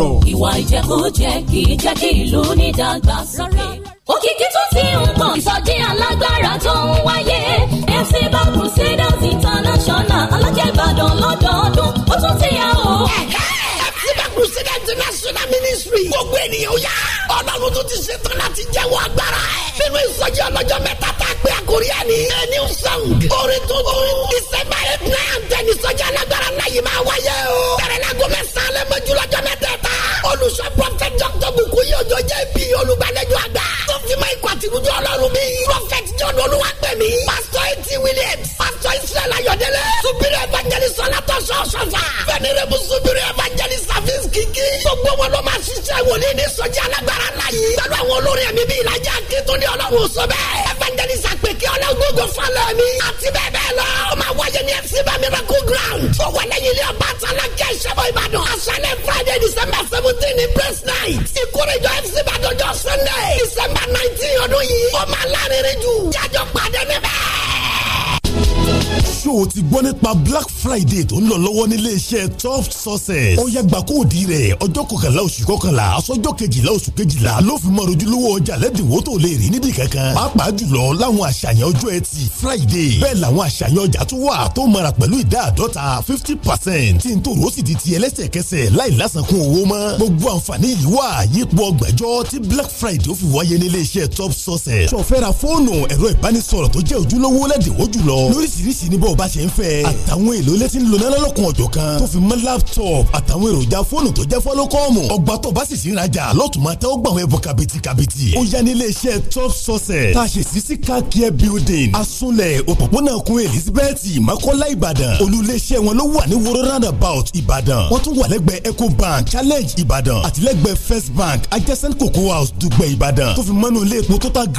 ọ̀rọ̀. ìwà ìjẹkújẹ kì í jẹ́ kí ìlú ní dàgbàsókè. òkìkí tó ti ń pọ̀ ìsọjí alágbára tó ń wáyé FC Bar Crusaders International alájẹ̀bàdàn lọ́dọọdún ó tún ti yà ó. ẹ̀ka FC Bar Crusaders International Ministry gbogbo ènìyàn ó yá ọlọ́run tún ti ṣe tán láti jẹ́wọ́ agbára ẹ̀. nínú ìsọjí ọlọ́jọ́ mẹ́ta tá a pé àkórí ẹ̀ ní. a new song orin tuntun ìsẹ́mbà eight nine and ten ìsọjí alágbára ńlá yìí máa wáyé o. bẹ̀rẹ̀ la gómẹ̀ sàn lẹ́ mọ́jú lọ́jọ́ mẹ́tẹ̀ẹ̀ta. olùṣọ́ prophet dr bukuyi ojo jẹ́ bí olùgbàlejò àgbà. tó fi máa ikọ̀ àtìrújọ ọlọ́run mi. prophet john olúwàgbẹ̀mí. pastor eti williams. pastor israel ayọ̀dẹ́lẹ̀. superior evangelist ọlátọ̀ sọ̀sọ̀fà. venerable superior evangelist service kiki. gbogbo wọn ló máa ṣiṣẹ́ wòlíì ní sọjí alágbára agbára la yìí. pẹ̀lú àwọn olórin ẹ̀mí bíi ìlàjà akitunde ọlọ́run sọ bẹ́ẹ̀. evangelist àpèké ọlọ́gbọ́gbọ́ falẹ̀ mi. àti bẹ́ẹ̀ bẹ́ẹ̀ lọ ó máa wáyé ní fc bamirako ground. ó wà lẹ́yìn ilé ọba àtàlákẹ́ ìṣẹ́bọ̀ ìbàdàn. aṣálẹ̀ friday december seventeen ní praise night. ìkórèjọ fc ìbàdàn jọ sunday december nineteen ọdún yìí. ó máa lárinrin jájọ pàdé níbẹ̀ ṣó o ti gbọ́ nípa black friday tó ń lọ lọ́wọ́ nílé iṣẹ́ top success. ó yá gbà kóòdì rẹ̀ ọjọ́ kọkànlá oṣù kọkànlá aṣọ́jọ́ kejìlá oṣù kejìlá ló fi mọ ojúlówó ọjà lẹ́dínwó tó lè rí níbi kankan. pàápàá jùlọ láwọn àṣàyàn ọjọ́ ẹtì friday bẹ́ẹ̀ làwọn àṣàyàn ọjà tó wà tó mara pẹ̀lú ìdá àdọ́ta fifty percent tí n tó rò sì di ti ẹlẹ́sẹ̀kẹsẹ̀ láì lásàkún owó mọ́. gbogbo àǹfààní yìí wà yípo ọgbẹ̀jọ́ tí black friday ó fi wáyé nílé iṣẹ́ top success. sọfẹ́ra fóònù ẹ̀rọ ìbánisọ̀rọ̀ tó jẹ́ ojúlówó lẹ́dínwó jùlọ lóríṣiríṣi níbọ̀ bọ́rọ̀ bá ṣe ń fẹ́. àtàwọn èlò ilé tí ń lona lọ́lọ́kun ọ̀jọ̀ kan tó fi mọ́ laptop àtàwọn èròjà fóònù tó jẹ́ fọ́lọ́kọ́ọ̀mù ọgbà tó bá sì sí ìrajà lọ́tùmọ̀ tẹ́ ó gbà wọ́n ẹ̀bùn kàbìtì kàbìtì. ó yá ní iléeṣẹ́ top success tá a ṣe sí sí car care building asunlẹ̀ òpópónà kun elizabeth makola ìbàdàn olùléeṣẹ́ wọn ló wà ní woro roundabout ìbàdàn wọ́n tún wà lẹ́gbẹ̀ẹ́ eco bank challenge ìbàdàn àtìlẹ́gbẹ̀ẹ́ first bank adjacent cocoa house dùgbẹ̀ ìbàdàn tó fi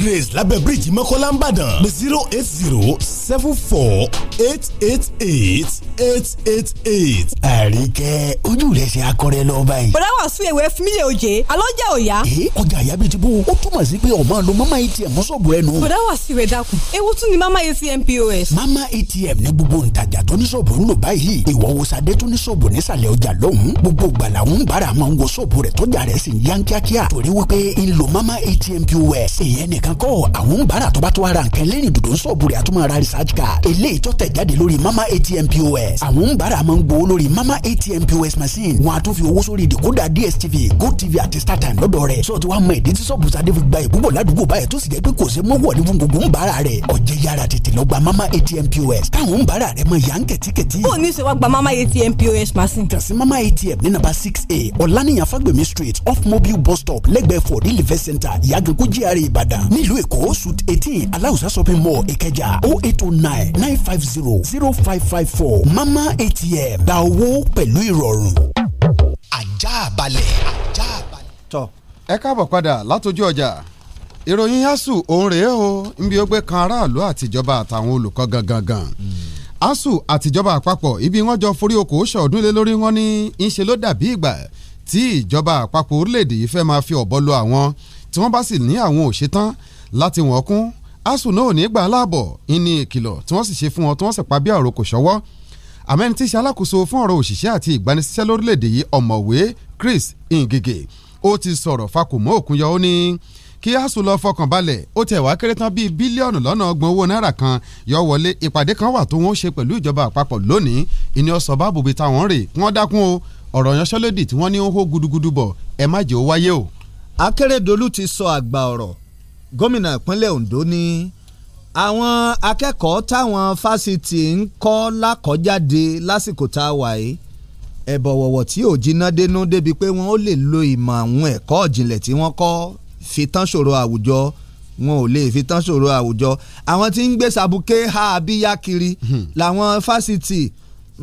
grace lábẹ́ bíríìjì makola ìbàdàn zero eight zero seven four eight eight eight eight eight eight. àríkẹ́ ojú rẹ̀ ṣe akọrẹ lọ báyìí. bọ̀dá wà sún ewé fún mi lè oje alọ́ jẹ́ òya. ee ọjà àyà bíi ti bó o túmọ̀ sí pé ọmọ ló mama atm mọ́sọ̀bù ẹnu. bọ̀dá wà sí ìwé dàkún ewu tún ni mama atm pos. mama atm ní gbogbo ntajà tó ní sọ̀bù ń lò báyìí ìwọ wo sadé tó ní sọ̀bù nísàlẹ̀ ọjà lọ́hùn-ún gbogbo gbala ń bára máa ń wo sọ̀bù rẹ̀ tọ́jà rẹ̀ sì ń yan kíákíá mama atm pos èèyàn nìkan kọ́ àwọn ń bára tó bá tó ara nǹkan lẹ́yìn dòdò ń sọ̀bù rẹ̀ àtúmọ̀ ara research card eléyìí jáde lórí mama atm pos àwọn ń bára máa ń gbowó lórí mama atm pos machine wọn a tún fi owó sórí dekoda dstv gotv àti startime lọ́dọ̀ rẹ̀ sọ ti wá mọ ìdí tí sọ́ọ̀bù sadé fi gba ìbúbọ̀ ládùúgbò báyìí tó sì jẹ́ pé kò ṣe mọ́wọ́ ní fún gbogbo ń bára rẹ̀ ọ̀jẹ̀ yára tètè lọ gba mama atm pos táwọn ń bára rẹ̀ mọ ìyá ń kẹ̀tíkẹ̀tí. ó ní ṣe wá gba mama atm pos machine. kàn sí mama atm ní nàbà six a ọ̀lànìyàn fagbemi street off mobile bus stop lẹ́gbẹ̀ẹ́ for delivery center ìyàgànkú gr e ìbàdàn nílùú èkó suit eighteen aláùsá shopping mall ìkẹjà o oh eight o oh nine nine five zero zero zero five five four mama atm gba owó pẹ̀lú ìrọ̀rùn. ajá balẹ̀ ajá balẹ̀. tọ ẹ káàbọ̀ padà látọjú ọjà ìròyìn yasu òun rèé o nbí ó gbé kan aráàlú àtijọba àtàwọn olùkọ́ gangan asu àtijọba àpapọ̀ ibi wọn jọ forí oko ṣọ̀ọ́dún lé lórí wọn ní í ṣe ló dàbí ìgbà tí ìjọba àpapọ̀ orílẹ̀-èdè yìí fẹ́ máa fi ọ̀bọ lọ àwọn tí wọ́n bá sì ní àwọn òṣetán láti wọ́n kún asuu náà ò ní gbà láàbọ̀ ìní ìkìlọ̀ tí wọ́n sì ṣe fún wọn tí wọ́n sì pa bí àrò kò ṣọwọ́ àmẹ́ni tí í ṣe alákòóso fún ọ̀rọ̀ òṣìṣẹ́ àti ìgbanisíṣẹ́ lórílẹ̀‐èdè yìí ọ̀mọ̀wé Chris Ngige ó ti sọ̀rọ̀ fakùnmọ́ òkúnyọ ó ní kí asuu lọ fọkàn balẹ̀ ó tẹ̀ wá kéré tán bíi bílíọ̀nù lọ́nà ọgbọ̀n owó náírà kan yọ wọlé ìpàdé kan wà tó wọ́n ṣe pẹ̀lú ìjọba àpapọ̀ lónìí ìní ọ̀sọ̀ bá bùbí táwọn rè kí wọ́n dákún o ọ̀rọ̀ yanṣẹ́lódì tí wọ́n ní ó hó gudugudu bọ̀ ẹ má jẹ́ ó wáyé o. Akérèdọ́lù ti sọ àgbà ọ̀rọ̀ gómìnà ìpínlẹ̀ Ondo ní àwọn akẹ́kọ̀ọ́ táwọn fásitì ń kọ́ lákọ́jáde lásìkò tá a wà yìí ẹ̀bọ̀ wọ̀wọ̀ tí ò jiná dénú débi pé wọ́n ó lè lo ìmọ̀ àwọn ẹ̀kọ́ ìjìnlẹ̀ tí wọ́n kọ́ fi tán ṣòro àwùjọ wọn ò lè fi tán ṣòro àwùjọ àwọn tí ń gbé sàbùké ha abíyá kiri hmm. làwọn fásitì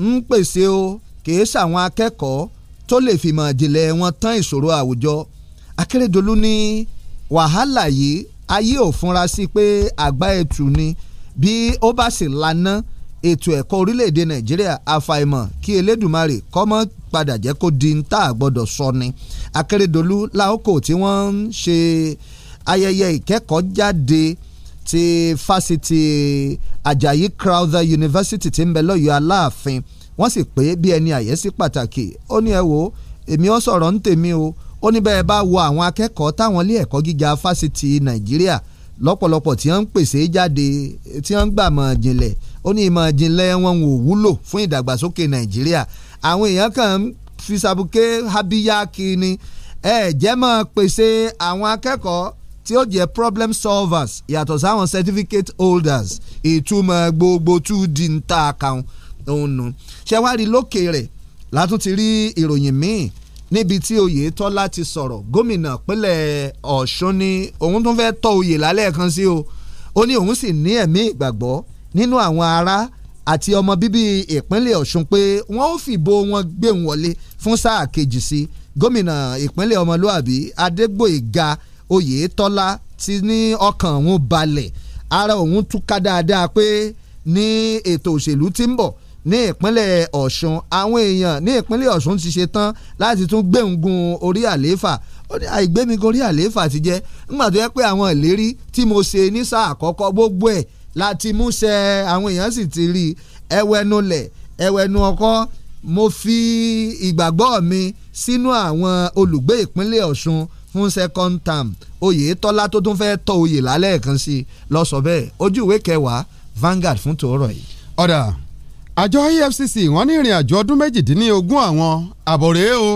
ń pèsè o kìí ṣàwọn akẹ́kọ̀ọ́ tó lè fìmọ̀ ìjìnlẹ̀ wọn tán ìṣòro àwùjọ Akérédolú ní wàhálà yìí ayé ò funra sí pé àgbá ẹ̀tù ni bí ó bá sì laná ètò ẹ̀kọ́ orílẹ̀-èdè nàìjíríà àfàìmọ̀ kí elédùmarè kọ́mọ́ padà jẹ́ kó di ń tà gbọ́dọ̀ sọ ni akérèdọ́lù láòkò tí wọ́n ń ṣe ayẹyẹ ìkẹ́kọ̀ọ́jáde ti fásitì ajayi crowther university tí ń bẹ lọ́yọ̀ọ́ aláàfin wọ́n sì pé bí ẹni àyẹ́sí pàtàkì ó ní ẹ wo èmi ó sọ̀rọ̀ ń tèmi o ó ní bẹ́ẹ̀ bá wo àwọn akẹ́kọ̀ọ́ táwọn ilé ẹ̀kọ́ gíga fásitì nàìjíríà lọ́pọ̀lọpọ̀ tí wọ́n ń pèsè jáde tí wọ́n ń gbà mọ̀ jìnlẹ̀ ó ní ìmọ̀ jìnlẹ̀ wọn ò wúlò fún ìdàgbàsókè nàìjíríà àwọn èèyàn kan ń fi sàbùké habiyaki ni ẹ jẹ́ mọ́ pèsè àwọn akẹ́kọ̀ọ́ tí ó jẹ́ problem solvers yàtọ̀ sáwọn certificate holders ìtumọ̀ gbogbo tún di ń ta àkàun òun nù ṣẹ́wárí lókè rẹ̀ látún ti rí ìròyìn míì níbi tí Oyètọ́lá ti sọ̀rọ̀ gómìnà pínlẹ̀ Ọ̀ṣun ni òun tún fẹ́ẹ́ tọ́ oyè lálẹ́ kan sí o ó ní òun sì ní ẹ̀mí ìgbàgbọ́ nínú àwọn ará àti ọmọ bíbí ìpínlẹ̀ Ọ̀ṣun pé wọ́n ó fìbò wọn gbé wọlé fún sáà kejì sí gómìnà ìpínlẹ̀ ọmọlúàbí Adégbóyèga Oyètọ́lá ti ní ọkàn òun balẹ̀ ara òun túká dáadáa pé ní ètò òṣèlú tí ń bọ̀ ní ìpínlẹ̀ Ọ̀ṣun àwọn èèyàn ní ìpínlẹ̀ Ọ̀ṣun ti ṣe tán láti tún gbẹ̀ǹgùn orí àlééfà ó ní àìgbẹ́migun orí àlééfà ti jẹ́ nígbà tó yẹ pé àwọn ìlérí tí mo ṣe ní sáà àkọ́kọ́ gbogbo ẹ̀ láti múṣẹ àwọn èèyàn sì ti rí ẹwẹ́nulẹ̀ ẹwẹ́nu ọkọ́ mo fi ìgbàgbọ́ mi sínú àwọn olùgbé ìpínlẹ̀ Ọ̀ṣun fún second term Oyètọ́lá tó tún fẹ́ẹ́ tọ́ oyè lálẹ́ kan sí ló sọ bẹ́ẹ̀ ojú ìwé kẹwàá Vanguard fún tòórọ̀ yìí. ọ̀dà àjọ EFCC wọ́n ní ìrìn àjò ọdún méjìdínlógún àwọn àbọ̀rẹ́ o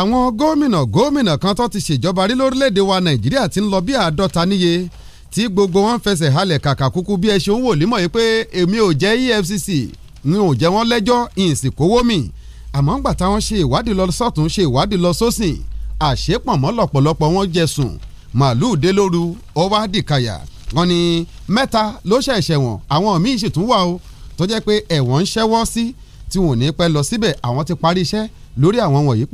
àwọn gómìnà gómìnà kan tó ti ṣèjọba rí lórílẹ̀‐èdè wa Nàìjíríà ti ń lọ bí àádọ́ta níye tí gbogbo wọn fẹsẹ̀ halẹ̀ kàkà kúkú bí ẹ ṣe ń wò límọ̀ yìí pé èmi ò jẹ́ EFCC n ò jẹ́ wọ́n lẹ́jọ́ ìsìnkówó mi àmọ́ ńgbà táwọn ṣe ìwádìí lọ sọ́tún ṣe ìwádìí lọ sósìn àṣepọ̀mọ́ lọ́pọ̀lọpọ̀ wọn jẹ̀sùn màálùú dé lóru ó wá dìkàyà wọ́n mẹ́ta ló ṣẹ̀ṣẹ̀ wọ̀n àwọn míì sì tún wà o tó jẹ́ pé ẹ̀wọ̀n ń ṣẹ́wọ́ sí tí wọn ò ní pẹ́ lọ síbẹ̀ àwọn ti parí iṣẹ́ lórí àwọn wọ̀nyí pé